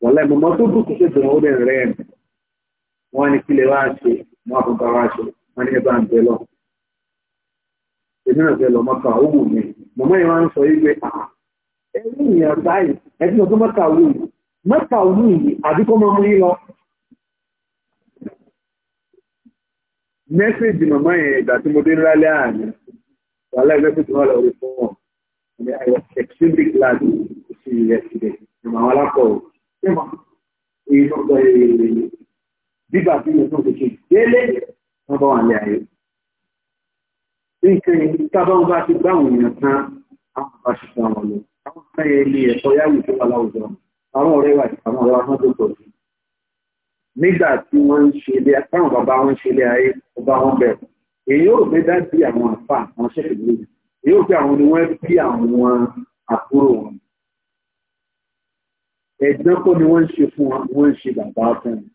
wọn lẹ́nu mọ́ tó dùn kò ṣe dùn ó lè rẹ́ ẹ̀ wọ́n ní kílẹ̀ wá ṣe wọ́n àbúgbà wá ṣe wọ́n ní ẹ̀bá ń bẹ lọ. èmi náà bẹ lọ mọ́kà a wù mí mọ̀mọ́ yìí wọ́n ń sọ yìí pé ah, ah, ẹ̀rú ìyàn báyìí ẹ̀dínà tó mọ́kà wù yìí mọ́kà wù yìí àbíkọ́ mọ́ mú Wallahi message all of reform. And I was extremely glad to see you yesterday. And my wife called, Emma, you know, the bigger thing is not the kid. Daily, number one, yeah. Nǹkan yìí tábàwọn bá ti bá àwọn èèyàn tán àwọn bá ṣe fún àwọn lọ. Àwọn kan yẹn ní ẹ̀kọ́ yáwù tó wà láwùjọ. Àwọn ọ̀rẹ́ wà ní àwọn ọ̀rẹ́ wa Nígbà tí wọ́n ń ṣe ilé, táwọn bàbá wọn ń ṣe ilé ayé, ọba wọn bẹ̀rẹ̀ èyí ò fẹ́ dá sí àwọn àfa àwọn ṣẹ́kẹ̀ lónìí èyí ò fẹ́ àwọn ni wọ́n bí àwọn àbúrò wọn ẹ̀gbọ́n kọ́ ni wọ́n ń ṣe fún wọn wọ́n ń ṣe bàbá fún wọn.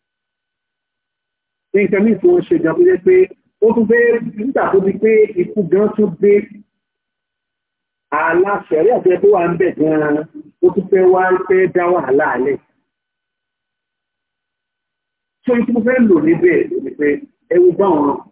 nǹkan míì tí wọ́n ṣe gan tó jẹ́ pé ó tún fẹ́ nígbà tó di pé ikú gan tún gbé aláṣẹ̀rí àti ẹgbẹ́ wa ń bẹ̀ gan-an ó tún fẹ́ wá fẹ́ dá wàhálà alẹ́. ṣé ikú fẹ́ lò níbẹ̀ ni pé ẹ báwọn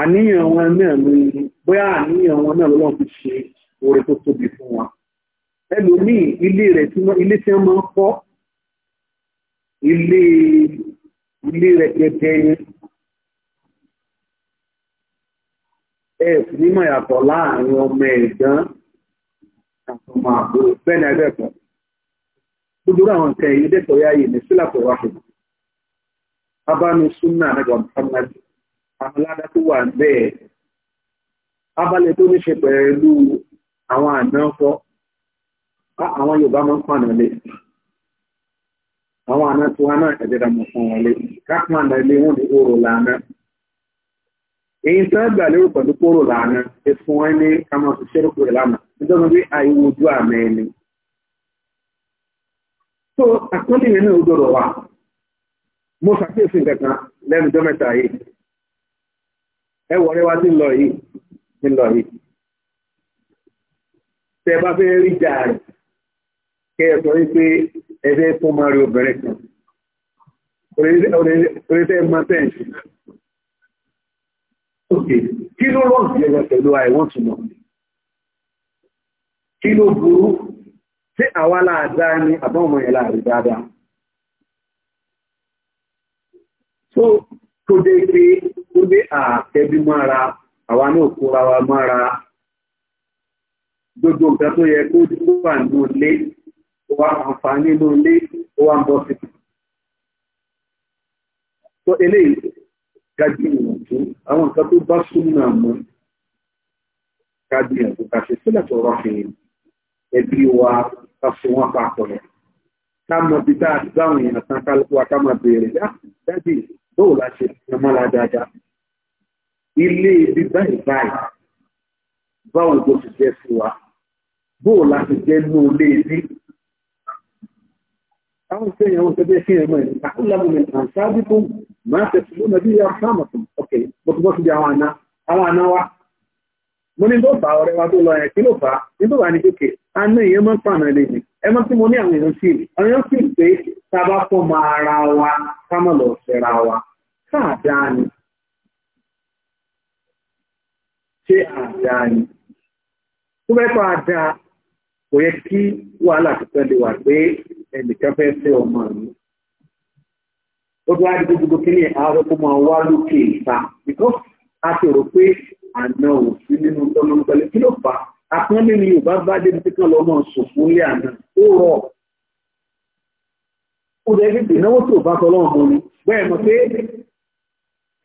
àníyàn wọn náà ní bóyá àníyàn wọn náà lọ́wọ́ fi ṣe oore tó tóbi fún wọn ẹlòmíì ilé rẹ̀ tí ilé tí wọ́n máa ń ilé ilé rẹ̀ gẹ́gẹ́ yẹn ẹ sì ní mọ̀ yàtọ̀ láàrin ọmọ ẹ̀gbọ́n ọmọ àbúrò bẹ́ẹ̀ ni àwọn nǹkan ya ní àmàládá tó wà bẹ́ẹ̀ abalẹ̀ tó ní ṣe pẹ̀lú àwọn àdánfọ́ àwọn Yorùbá máa ń pànà lé àwọn àna tó wá náà ẹ̀jẹ̀ dàmọ̀ fún wọn lé kápánà lé wọn ní oòrò làánà èyí tán gbà lérò pẹ̀lú kóró làánà ẹ̀fún wọn ní ká máa fi ṣẹ́rù kúrò lánà nítorí bí àìwò ojú àmì ẹni. tó àkọlé yẹn náà ó dọ̀rọ̀ wa mo ṣàkíyèsí nǹkan kan lẹ́nu jọ́mẹ́ta yìí ẹ wọ̀rẹ́ wa ti ń lọ yìí ti ń lọ yìí tẹ bá fẹ́ rí jà rẹ̀ kẹ ẹ sọ wípé ẹ fẹ́ fún mari obìnrin kan oríṣẹ́ máa tẹ̀ ń ṣe kí ló rọ̀ sí ẹgbẹ́ pẹ̀lú àìwọ̀n túnmọ̀ kí ló burú tí àwa láàdá ní àbọ̀mọ̀ yẹn láàrin dáadáa tó tó dé pé ó dé àtẹ́bí mára àwa náà kóra wa mára gbogbo nǹkan tó yẹ kó wà nínú ilé ó wá àǹfààní nínú ilé ó wá ń bọ́ sí. tó eléyìí gájú ìwọ̀ntú àwọn nǹkan tó bá súnmọ́ àmọ́ gájú ìwọ̀ntú ká ṣe sílẹ̀ tó rọ́ọ̀fin ẹbí wa ká so wọn papọ̀ rẹ̀ ká mọ bí tá a èèyàn tán kálukú wa ká máa béèrè dájú bóòlù àṣẹ ìyẹn mọ́ra dáadáa ilé ibi báyìí báyìí báwo ló ti jẹ́ fún wa bóò láti jẹ́ ní olé ibi. Àwọn ìṣẹ́ yẹn wọ́n tẹ́lẹ̀ sí ẹ̀mọ́ ẹ̀ àwọn lábùmẹ̀ àǹsáájú tó máa tẹ̀sí lónà bí ìyá ọ̀sáàmù tó ọ̀kẹ́ bọ́tubọ́ ti àwọn àná àwọn àná wa. Mo ní ló bá ọ̀rẹ́ wa tó lọ yẹn kí ló bá ní tó wà ní kéèké aná ìyẹn máa ń pàànà lè ní ẹ máa tí mo ní àwọn èèyàn fìlì àwọn èèyàn fìlì pé tá a bá fọ́ máa ra wa ká má lọ fẹ́ra wa sáà ni ṣé àdá ni tó fẹ́ kọ́ àdá kò yẹ kí wàhálà tuntun lè wà pé ẹnìkan fẹ́ fẹ́ ọmọ mi ó tún wá di gbogbo kíní àárọ̀ kó máa wá lókè ìta because a ti rò pé àna ò sí nínú tọ́nà kí ló fà àpọ́nlé ni yorùbá bá débi tí kan lọ́mọ sòfún lé àná ó rọ̀ ó dẹ̀ fi ìnáwó tó bá tọ́lọ́ ọmọ ni bẹ́ẹ̀ mọ̀ pé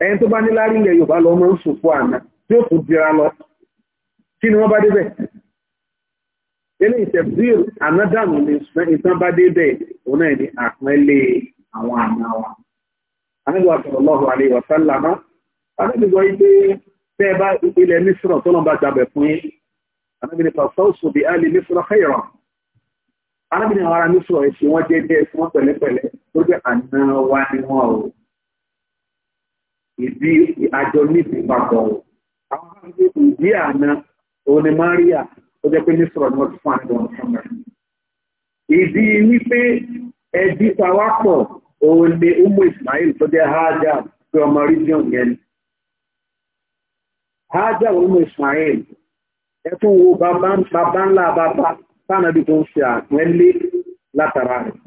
ẹni tó bá ní lárí ilẹ̀ yorùbá lọ́mọ sòfún àná tí ó kù jìra lọ kí ni wọ́n bá débẹ̀ ilé ìtẹ̀bíl anádàmù ni ìtàn bá débẹ̀ òun náà ni àpẹẹlẹ àwọn àna wa anábì wa sọ̀rọ̀ lọ́hùn àlè wàsálàmá anábì sọ pé tẹ́ ẹ bá ilẹ̀ mísírọ̀ tó lọ́n bá gbàbẹ̀ fún yín anábì ni pàṣọ́ọ̀sù bí alì mísírọ̀ kẹ́yọ̀rọ̀ anábì ni àwọn ará mísírọ̀ ẹ̀ ṣe wọ́n fún wọn pẹ̀lẹ́pẹ̀lẹ́ tó jẹ́ àna wa ni wọ́n o ìdí àjọ níbi papọ̀ o àwọn méjèèjì ìdí àná òun ni Maria ó jẹ́ pé ní sọ̀rọ̀ ní ọdún fún àjọ ọ̀sánmọ̀ ìdí wípé ẹbí pawápọ̀ òun ni umu Ismail tó jẹ́ hajj pé ọmọ region yẹn hajj umu Ismail ẹtún wo bàbá ńlá bàbá sánàbí tó ń ṣe àpẹẹlẹ látara rẹ̀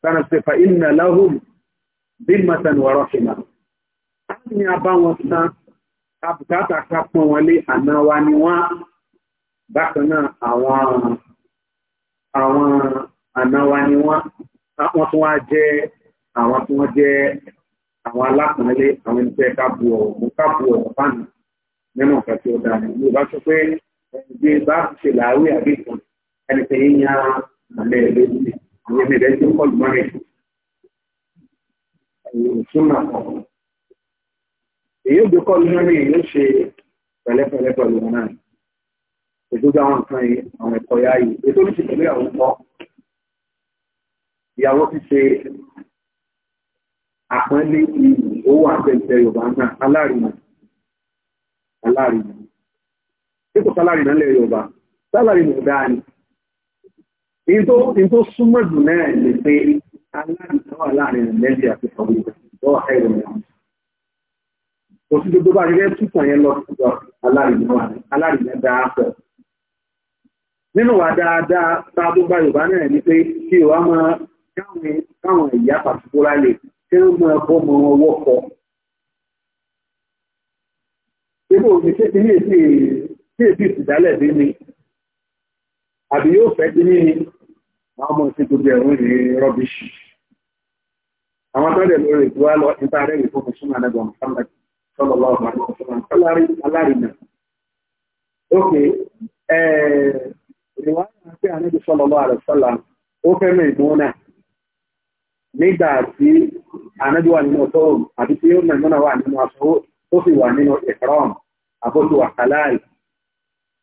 sánà sí fa inna lahum bí matan wà rọ́ṣìnà á ní abáwọn san àbùkátà ká pọ́n wọn lé àná wa ni wọ́n bákan náà àwọn àwọn àná wa ni wọ́n wọ́n tún wá jẹ́ àwọn tí wọ́n jẹ́ àwọn alákùnrinlé àwọn ẹni tẹ́ ká bu ọ̀rọ̀ ká bu ọ̀rọ̀ fáànù nínú nǹkan tí ó dáa ní ìlú bá sọ pé ẹni gbé bá ṣe làáwí àbí ìtàn ẹni tẹ́ yín yan àlẹ́ lórí àwọn ẹni rẹ̀ tó kọ́ lùmọ́rin ìṣúná ọ̀hún èyí òjò kọ́ lóyún ní yóò ṣe pẹ̀lẹ́pẹ̀lẹ́ pẹ̀lú wọn náà ìdúgbò àwọn nǹkan yìí àwọn ẹ̀kọ́ yá yìí ètò ìṣe pẹ̀lú ìyàwó ń kọ́ ìyàwó ti ṣe àpọ́nlé ìlú owó àtẹ̀tẹ̀ Yorùbá náà alárinà alárinà dípò sálárìnà lẹ̀ Yorùbá sálárìnà ọ̀gá ni in tó súnmọ́ jù náà lè pé alárinà wà láàrin Nàìjíríà àti ọ̀gbìn lọ́wọ́ ẹ̀rọ ìyàwó kò sí gbogbo bá gẹ́gẹ́ tútàn yẹn lọ sí alárìnà dáàpọ̀ nínú wa dáadáa sáàbó bá yorùbá náà ní pé kí o wá máa káwọn ìyá pàtàkùrá lè kí wọ́n máa bọ́ mọ ọwọ́ kọ ebó òní ṣé ti ní èsì èsì ìsìdálẹ̀ bí ni àbí yóò fẹ́ ti ní ni àwọn ọmọ ìṣètò bí ẹ̀rọ ní rọ́bìṣì àwọn tó dẹ̀ lórí ìtura lọ nípa rẹ̀ ìfowópamọ́ sínú àdàgbọ̀n sáńdàkì sallallahu alaihi wasallam alárinà ok ìwádìí àti àníbi sallallahu alaihi wasallam ó fẹ́ mẹ́ ìmúnà nígbà tí ànábì wà nínú tóun àti tí ó mẹ́mọ́nà wà nínú aṣọ tó sì wà nínú ìkram àbójú wà kàláì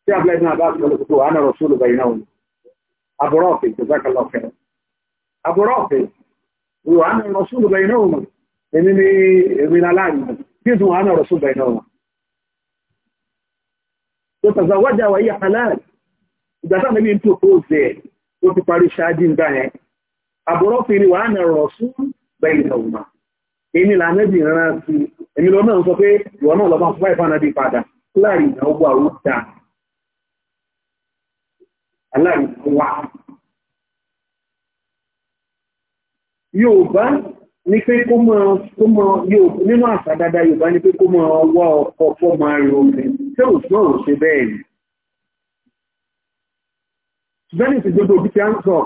tí a bẹ́ẹ̀ náà bá sọ lókùtù wà náà rọ̀ṣúlù bẹ̀yìn náà àbúrọ̀ ọ̀fẹ́ ìjọsákàlọ̀ ọ̀fẹ́ àbúrọ̀ ọ̀fẹ́ ìwà náà كيف معانا رسول بينهما تتزوجها وهي حلال إذا كان النبي أنتو توزي وتقاري شادين بها àbúrọ́ fi rí wàá nàrọ̀ fún bẹ́yìn ọ̀gbà èmi lànàbì rán sí èmi lọ náà sọ pé ìwọ náà lọ bá fún yóò bá ní pé kó mọ kó mọ yóò nínú àṣà dáadáa yorùbá ní pé kó mọ wá ọkọ fọ máa rí obìnrin tí ò sọ ò ṣe bẹ́ẹ̀ ni. ṣùgbọ́n ní ìṣèjọba òbí ti á ń sọ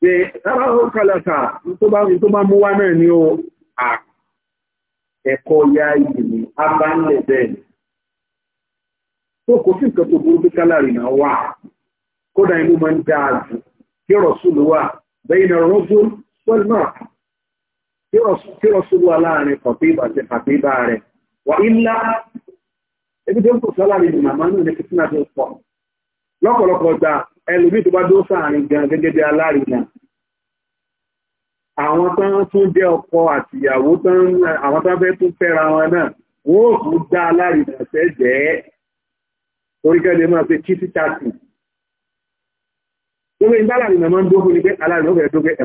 pé rárá ó kàlàkà tó bá tó bá mú wá náà ni ó à ẹ̀kọ́ ya ìgbìmọ̀ abánlẹ̀ bẹ́ẹ̀ ni. tó kò sí nǹkan tó burú pé kálárì náà wà kódà inú máa ń dáa jù kí ọ̀rọ̀ sùn ló wà bẹ́ẹ̀ ni ọ̀rọ̀ tó náà tí ó ṣubú aláàrin kọ̀tíbà àti kàtíbà rẹ̀ wà ilá ebi tó ń kò sọ́lá ní màmá náà ní kìtìnà tó pọ̀ lọ́pọ̀lọpọ̀ gba ẹlòmí tó bá dó sáàrin gan gẹ́gẹ́ bí alárinà àwọn tán tún jẹ́ ọkọ àtìyàwó tán àwọn tán fẹ́ tún fẹ́ra wọn náà wọ́n ò tún dá alárinà fẹ́ jẹ́ torí kẹ́lẹ́ máa fi kìtì tàkì lórí ìgbà alárinà máa ń dógún ní pé alárinà ó fẹ́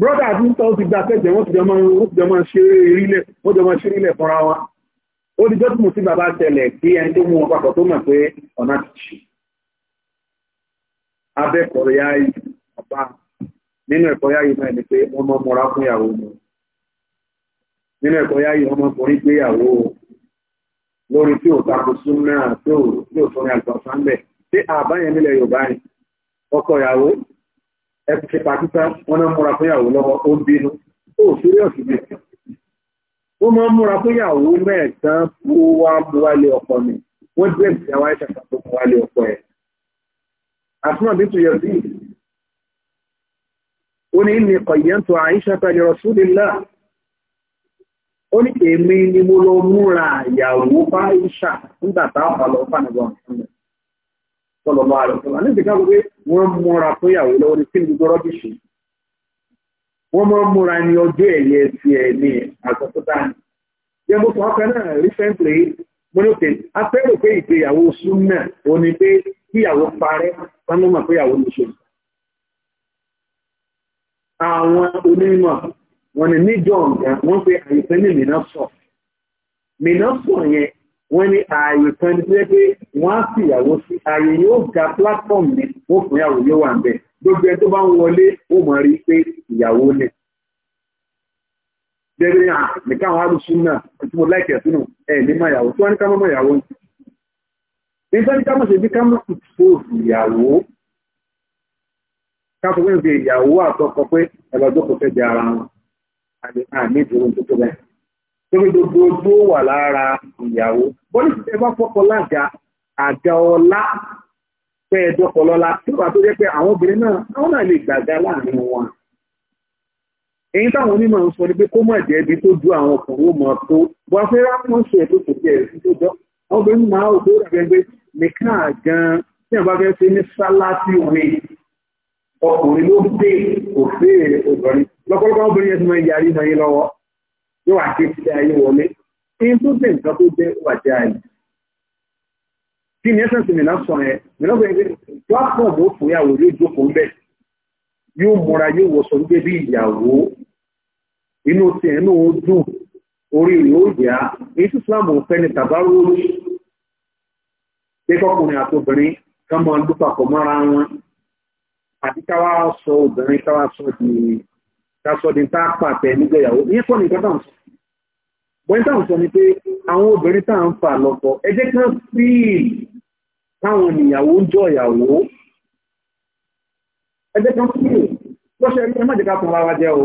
brọ́dà àti ń tọ́ ti gba tẹ́jẹ̀ wọ́n ti jọ máa wọ́n ti jọ máa ṣeré rílẹ̀ wọ́n jọ máa ṣeré rílẹ̀ fúnra wa ó di jọ́tí mo sí bàbá tẹ̀lẹ̀ kí ẹni tó mú wọn papọ̀ tó mọ̀ pé ọ̀nà ti ṣe abẹ́kọ̀ọ́ ya bàbá nínú ẹ̀kọ́ ya yìí náà ni pé wọ́n máa mọra fún ìyàwó mi nínú ẹ̀kọ́ ya yìí wọ́n máa forí pé ìyàwó lórí tí ò tako sún náà tí ò sọ ní àgbà sáńbẹ̀ tí àbáyẹn nílẹ̀ Yorùbá ni ọkọ ìyàwó ẹ̀kù ṣe pàtútà wọn náà múra fúnyàwó lọ́wọ́ ó ń bínú ó sórí ọ̀sùn bí wọ́n máa ń múra fúnyàwó mẹ́ẹ̀ẹ́dán tó wá mú wálé ọkọ mi wọ́n dé ẹ̀sìn àwọn ẹ̀ṣẹ̀ kan tó mú wálé ọkọ ẹ̀. àtúnà bí tó yẹ sí ó ní ní kọ̀yẹ́ntò àyíṣà tàbí rọ̀ṣúlélà ó ní èmi ni mo lọ múra ìyàwó bá ìṣà nígbà táwọn àlọ́ fànàbọ̀ sọ̀rọ̀ bá rẹ̀ sọ̀rọ̀ àní ìdíkà gbogbo wọ́n múra tó yàwó lọ́wọ́ ní kí n gbogbo rọ́bìṣì wọ́n máa ń múra ní ọjọ́ ẹ̀yẹ ti ẹ̀ ní àgbàkúta ni yẹ mo sọ ọkọ náà recently mo ní pé afẹ́rò pé ìgbéyàwó súnmọ́ ò ní pé kíyàwó parẹ́ sánúmọ̀ pé ìyàwó ní ṣe àwọn onímọ̀ wọn ni níjọ́ ọ̀gá wọ́n pe àyíkẹ́ ní mìíràn sọ mìíràn sọ yẹn wọ́n ní ààyè kan ní pé pé wọ́n á sì ìyàwó sí ààyè yóò ga platform ni wọ́n fún ìyàwó yóò wà níbẹ̀ gbogbo ẹ tó bá ń wọlé ó mọ̀ rí pé ìyàwó ni. Dẹ́gbẹ́ à nìkan àwọn alùsùn náà tí mo láìkẹ̀ sínú ẹ̀ ní máa yàwó tí wọ́n ní ká mọ́ ìyàwó ni. Nígbà tí ká mọ̀ ṣe bí ká mọ̀ ìfòòfù ìyàwó ká sọ pé ìyàwó àtọkọ pé ẹ̀lọ́dọ́kọ̀ fẹ́ di ara wọn àní ìdúró tó tó bẹ́ẹ̀. Torí gbogbo tó wà lára ìyàwó. Bọ́lí ti tẹ́gbà fọ́pọ̀ lájà àga ọlá pẹ́ ẹ̀dọ́pọ̀ lọ́la tí wà tó jẹ́ pé àwọn obìnrin náà àwọn náà lè gbàgbá láàrin wọn. Èyí táwọn onímọ̀ ń sọ ni pé kó mọ̀ jẹ́ ibi tó ju àwọn ọkùnrin ó mọ̀ tó. Wọ́n fẹ́ ráwọn ṣe ètò kò tiẹ̀ sí tó jọ. Àwọn obìnrin máa ò tó rẹ̀gbẹ̀gbẹ̀ nìkan àgan tí wọ́n bá fẹ́ ṣe ní sálátì orin ọkùnrin ló dé òfin obìnrin. Lọ́pọ̀lọpọ̀ obìnrin yẹn ti máa ń yarí mọ́ yín lọ́wọ́ yóò wá sí ilé ayé wọlé kí n tó dé nǹkan tó dé wà jẹ́ àyè. kí ni ẹsẹ̀ sì mìíràn sọ yẹn mìíràn bẹ̀rẹ̀ pé platform ó fún ìyàwó yóò jókòó ń bẹ̀ yóò múra yóò wọṣọ ń gbé bí ìyàwó inú tiẹ̀ inú ó dùn orí rẹ̀ ó yá èyí tó Islam ò fẹ́ ni tàbárò lórí kékọ́kùnrin àtobìnrin kan máa ń dúpàpọ̀ wọn àti káwá sọ obìnrin káwá sọ di ká tá a pàtẹ nígbẹ̀yàwó ìyẹn kọ́ ni nǹkan tó ń sọ bọ́n táwọn sọ ni pé àwọn obìnrin tá à ń fà lọ́pọ̀ ẹ jẹ́ kí wọ́n fíìl táwọn ìyàwó ń jọ ìyàwó ẹ jẹ́ kí wọ́n fíìl lọ́sẹ̀ ẹ má jẹ́ ká tan ara jẹ́ o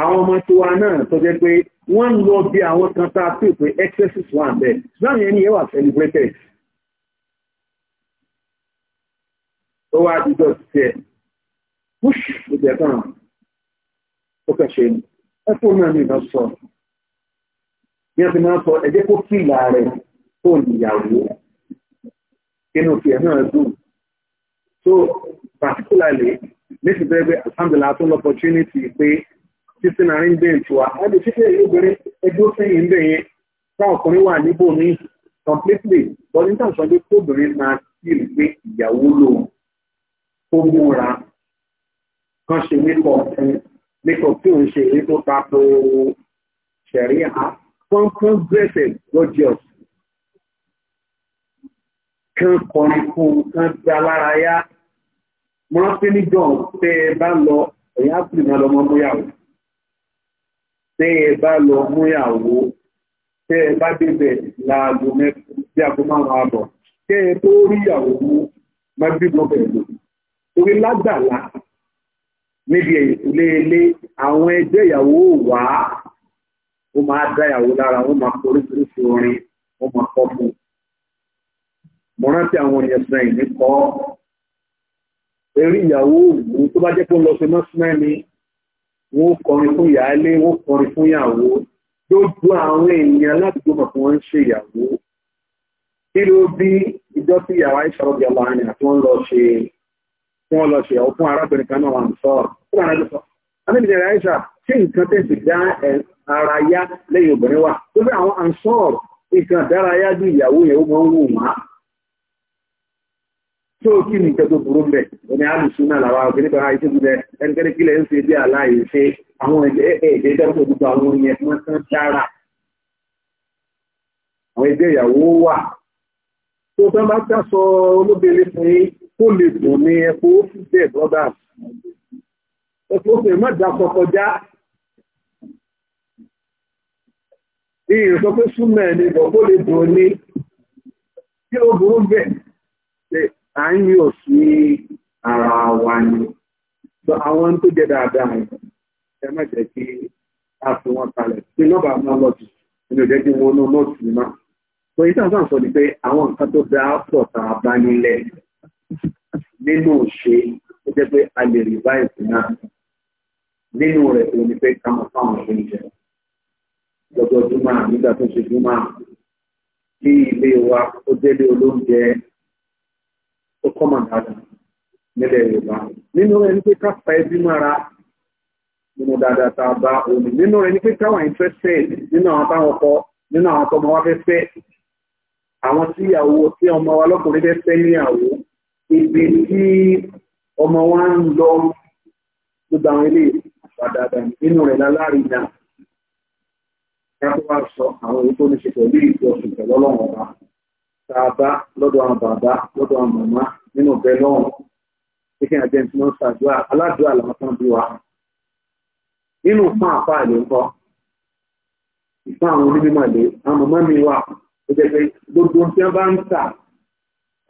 àwọn ọmọ tiwa náà tó jẹ́ pé wọ́n ń lọ bí àwọn kan tá a pè pé excesses wà bẹ́ẹ̀ ṣùgbọ́n yẹn ni ẹ wà celebrated ó wá àdúgbò tiẹ̀ push ìjẹ̀kan ó kẹ̀ ṣe ẹ̀fọ́ náà ní ìdán bí wọ́n ti máa ń sọ ẹ̀jẹ̀ kó fìlà rẹ̀ tó níyàwó inú tiẹ̀ náà dùn so particularly nítorí bẹ́ẹ̀ bẹ́ẹ̀ alhamdulilah tó lọ opportunity pé títí náà ń bẹ́ẹ̀ tiwa wọ́n lè ṣe pé obìnrin ẹgbẹ́ òfin bẹ́ẹ̀ yẹn táwọn ọkùnrin wà níbò ní completely but nígbà tó ṣe pé obìnrin máa sì rí pé ìyàwó lò ó múra kan ṣe nípa ọ̀sìn nípa tí òun ṣe èyí tó ta ko ṣẹ̀rí àá wọ́n kún gbẹ̀sẹ̀ lọ́jọ́ kan kọrin fún kan dá lára yá mọ́ sí níjọ́ tẹ́ ẹ bá lọ ẹ̀yà pìlì máa lọ mọ́ múyàwó tẹ́ ẹ bá lọ múyàwó tẹ́ ẹ bá débẹ̀ láago mẹ́fà bí aago márùn-ún àbọ̀ tẹ́ ẹ tó rí ìyàwó mú máa bí bọ́ bẹ̀rẹ̀ lò torí lágbàlá níbi ẹ̀yìnkùlé ilé àwọn ẹgbẹ́ ìyàwó wàá wọ́n máa dá ìyàwó lára wọ́n máa oríṣiríṣi orin wọ́n máa kọ́ fún un. mo rántí àwọn èèyàn sọ ẹ̀yìn kọ́ eré ìyàwó òògùn tó bá jẹ́ pé ó lọ sí nọ́ọ̀sìmẹ́ ni wọ́n kọrin fún ìyáálé wọ́n kọrin fún ìyàwó lójú àwọn èèyàn láti gbọ́mọ̀ fún wọn ń ṣe ìyàwó kí ló bí ìjọ tí ìyàwó àìsàrọ̀ bí ọlọ́run ni àti wọ́n lọ ṣe wọ́n lọ ṣe ọ̀fún arábìnrin kan náà wà ń sọ ọ́ kí ló ń sọ ọ́ ara yá lẹ́yìn obìnrin wà tó bí àwọn ansọ́ọ̀rọ̀ nǹkan dárayá bí ìyàwó yẹn ó máa ń wù wá tó kí ni nǹkan tó burú mbẹ ẹni àlùsùn náà làwọn àwọn kìnìkan àìsí gbígbẹ ẹnikẹ́ni kílẹ̀ ń ṣe bí aláìṣe àwọn ẹ̀ẹ́dẹ́ dẹ́kun gbogbo àwọn yẹn wọ́n tán dára àwọn ẹgbẹ́ ìyàwó wà tó bá bá sọ olóbìnrin fún yín kó lè dùn ní ẹ̀kọ́ fífẹ́ brọ́dà ẹ̀kọ́ ní ìrìnsọ pé súnmọ̀ ẹni bọ̀bọ̀ lè dùn ní tí ó burú bẹ̀ pé à ń yọ sí ara wa ni sọ àwọn tó jẹ dáadáa ẹ má jẹ́ kí a fi wọn kalẹ̀ pé nọ́bà máa lọ jù nínú jẹ́ kí wọn náà jù náà sọ yìí sáà sọ ni pé àwọn nǹkan tó dáa pọ̀ tá a bá nílẹ̀ nínú ṣe ó jẹ́ pé a lè rí báyìí náà nínú rẹ̀ òun ni pé ká mọ̀ fáwọn oúnjẹ lọ́jọ́ júmọ́ nígbà tó ṣe júmọ́ kí ilé wa ó délé olóúnjẹ tó kọ́mọ̀ dáadáa nílẹ̀ Yorùbá nínú rẹ̀ ní pé ká pa ẹbí mọ́ra nínú dáadáa tá a bá òní nínú rẹ̀ ní pé káwọn interested nínú àwọn táwọn kọ nínú àwọn tọmọ wa fẹ́ fẹ́ àwọn tí ìyàwó tí ọmọ wa lọ́kùnrin fẹ́ fẹ́ níyàwó ibi tí ọmọ wa ń lọ gbogbo àwọn ilé ìpàdàdà nínú rẹ̀ lálárin náà kí wọ́n sọ àwọn èyí tó ní ṣe pẹ̀lú ìjọsìn pẹ̀lú ọlọ́run ọba tá a bá lọ́dọ̀ àwọn bàbá lọ́dọ̀ àwọn màmá nínú ọ̀bẹ lọ́rùn pé kí àjẹ́ tí wọ́n ṣàdúrà aládùúrà làwọn kan bí wa. nínú fún àpá ìlú ńkọ ìfún àwọn onímọ̀ lé àwọn màmá mi wà ó jẹ́ pé gbogbo tí wọ́n bá ń tà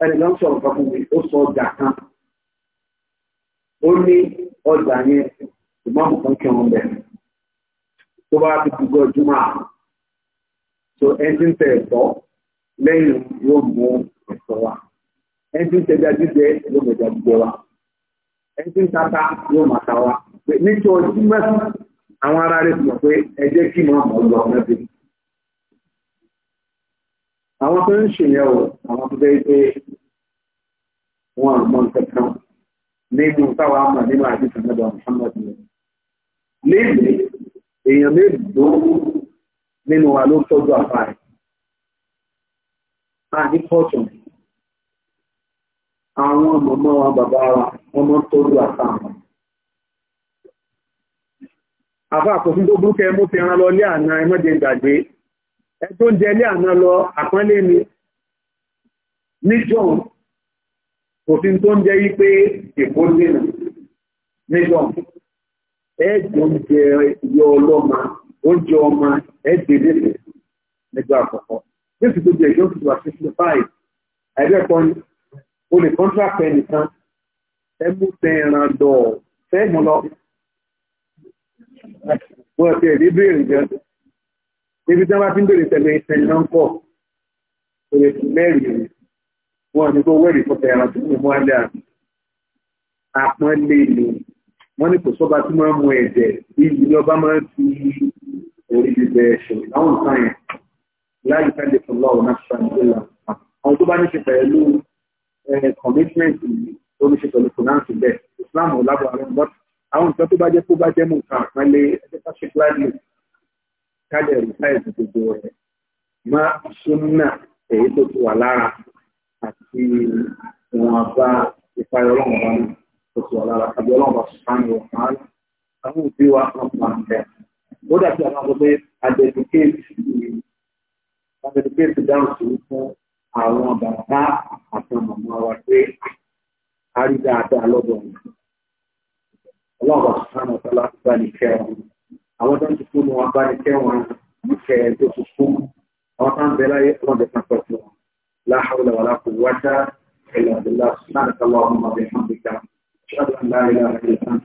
ẹni lọ́n sọ̀rọ̀ kan fún mi ó sọ ọjà kan ó ní ọjà yẹn ìmọ̀ tó bá ti dùgbò jùmọ̀ so ẹni tẹ ẹ̀tọ́ lẹ́yìn yóò mú ẹ̀tọ́ wa ẹni tí ń tẹja jíjẹ yóò mẹja jíjẹ wa ẹni tí ń tata yóò máa ta wa nítorí jùmọ̀ àwọn ará rẹ̀ sọ pé ẹ jẹ́ kí màá mọ̀ lọ mẹ́bí. àwọn tó ń ṣèyẹn o àwọn tó fẹ́ pé wọn àmọ́ nǹkan kan nínú táwọn àmọ̀ nínú àdìsàn náà lọ Muhammad lẹ́yìn èèyàn mélòó nínú wa ló tọ́jú àpá rẹ̀ àní pọ̀tùn àwọn mọ̀mọ́ wa bàbá wa wọ́n mọ́ tọ́jú àpá wọn àbá àkọsí tó burúkẹ mú fi ẹran lọ ilé àná ẹmọ́dé gbàgbé ẹ tó ń jẹ ilé àná lọ àpọ́nlé ni níjọ́n kò sí tó ń jẹ́ yí pé èkó dènà níjọ́n ẹ̀ẹ́dì oúnjẹ ìyá ọlọ́mà oúnjẹ ọmọ ẹ̀ẹ́dì lẹ́fẹ̀ẹ́ nígbà àkọ́kọ́. Jésù tó jẹ́ ìjọ tuntun àti simplified ẹ̀ẹ́dẹ́kọ́ ni o lè contract ẹnìkan ẹ mú tẹ̀ràn dọ̀ fẹ́ẹ̀mù lọ. Mo ti ẹ̀rí béèrè jẹ́ níbi tí wọ́n bá ti ń béèrè tẹ̀lé ìsẹ̀yìn náà ń pọ̀ kò lè tún mẹ́rin rẹ̀ wọ́n ní kó wẹ́rì fún tẹ̀ràn tó mú mọ́ àpọ́nlé nìyí wọ́n ní kò sọ́ba tí máa ń mu ẹ̀jẹ̀ bí ilé ọba máa ń fi orí bíbẹ̀ ṣe láwọn nǹkan yẹn láyé ká lè fún lọ́wọ́ náà ṣáà nílẹ̀ àwọn tó bá ní ṣe pẹ̀lú commitment tó ní ṣe pẹ̀lú finance bẹ́ẹ̀ Islam ò lábọ̀ àwọn ọmọ àwọn nǹkan tó bá jẹ́ kó bá jẹ́ mú nǹkan àpọ́nlé ẹgbẹ́ ká ṣe gladly ká lè rí sáìsì gbogbo rẹ̀ má súnà èyí tó ti wà lára àti ìwọ̀nba ìpayọ̀ ọlọ́run wa oṣù ọ̀lára àbí ọlọ́run sùpánì ọ̀hán àwọn òbí wa kan fún àǹfẹ́. ó dàbí àwọn sọ pé àdẹ̀dùkéètì àdẹ̀dùkéètì dáhùn أشهد أن لا إله إلا أنت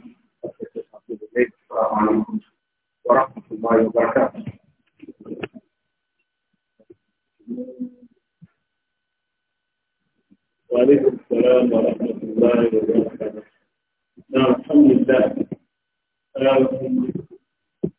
أستغفرك وأتوب إليك السلام عليكم ورحمة الله وبركاته وعليكم السلام ورحمة الله وبركاته نعم الحمد لله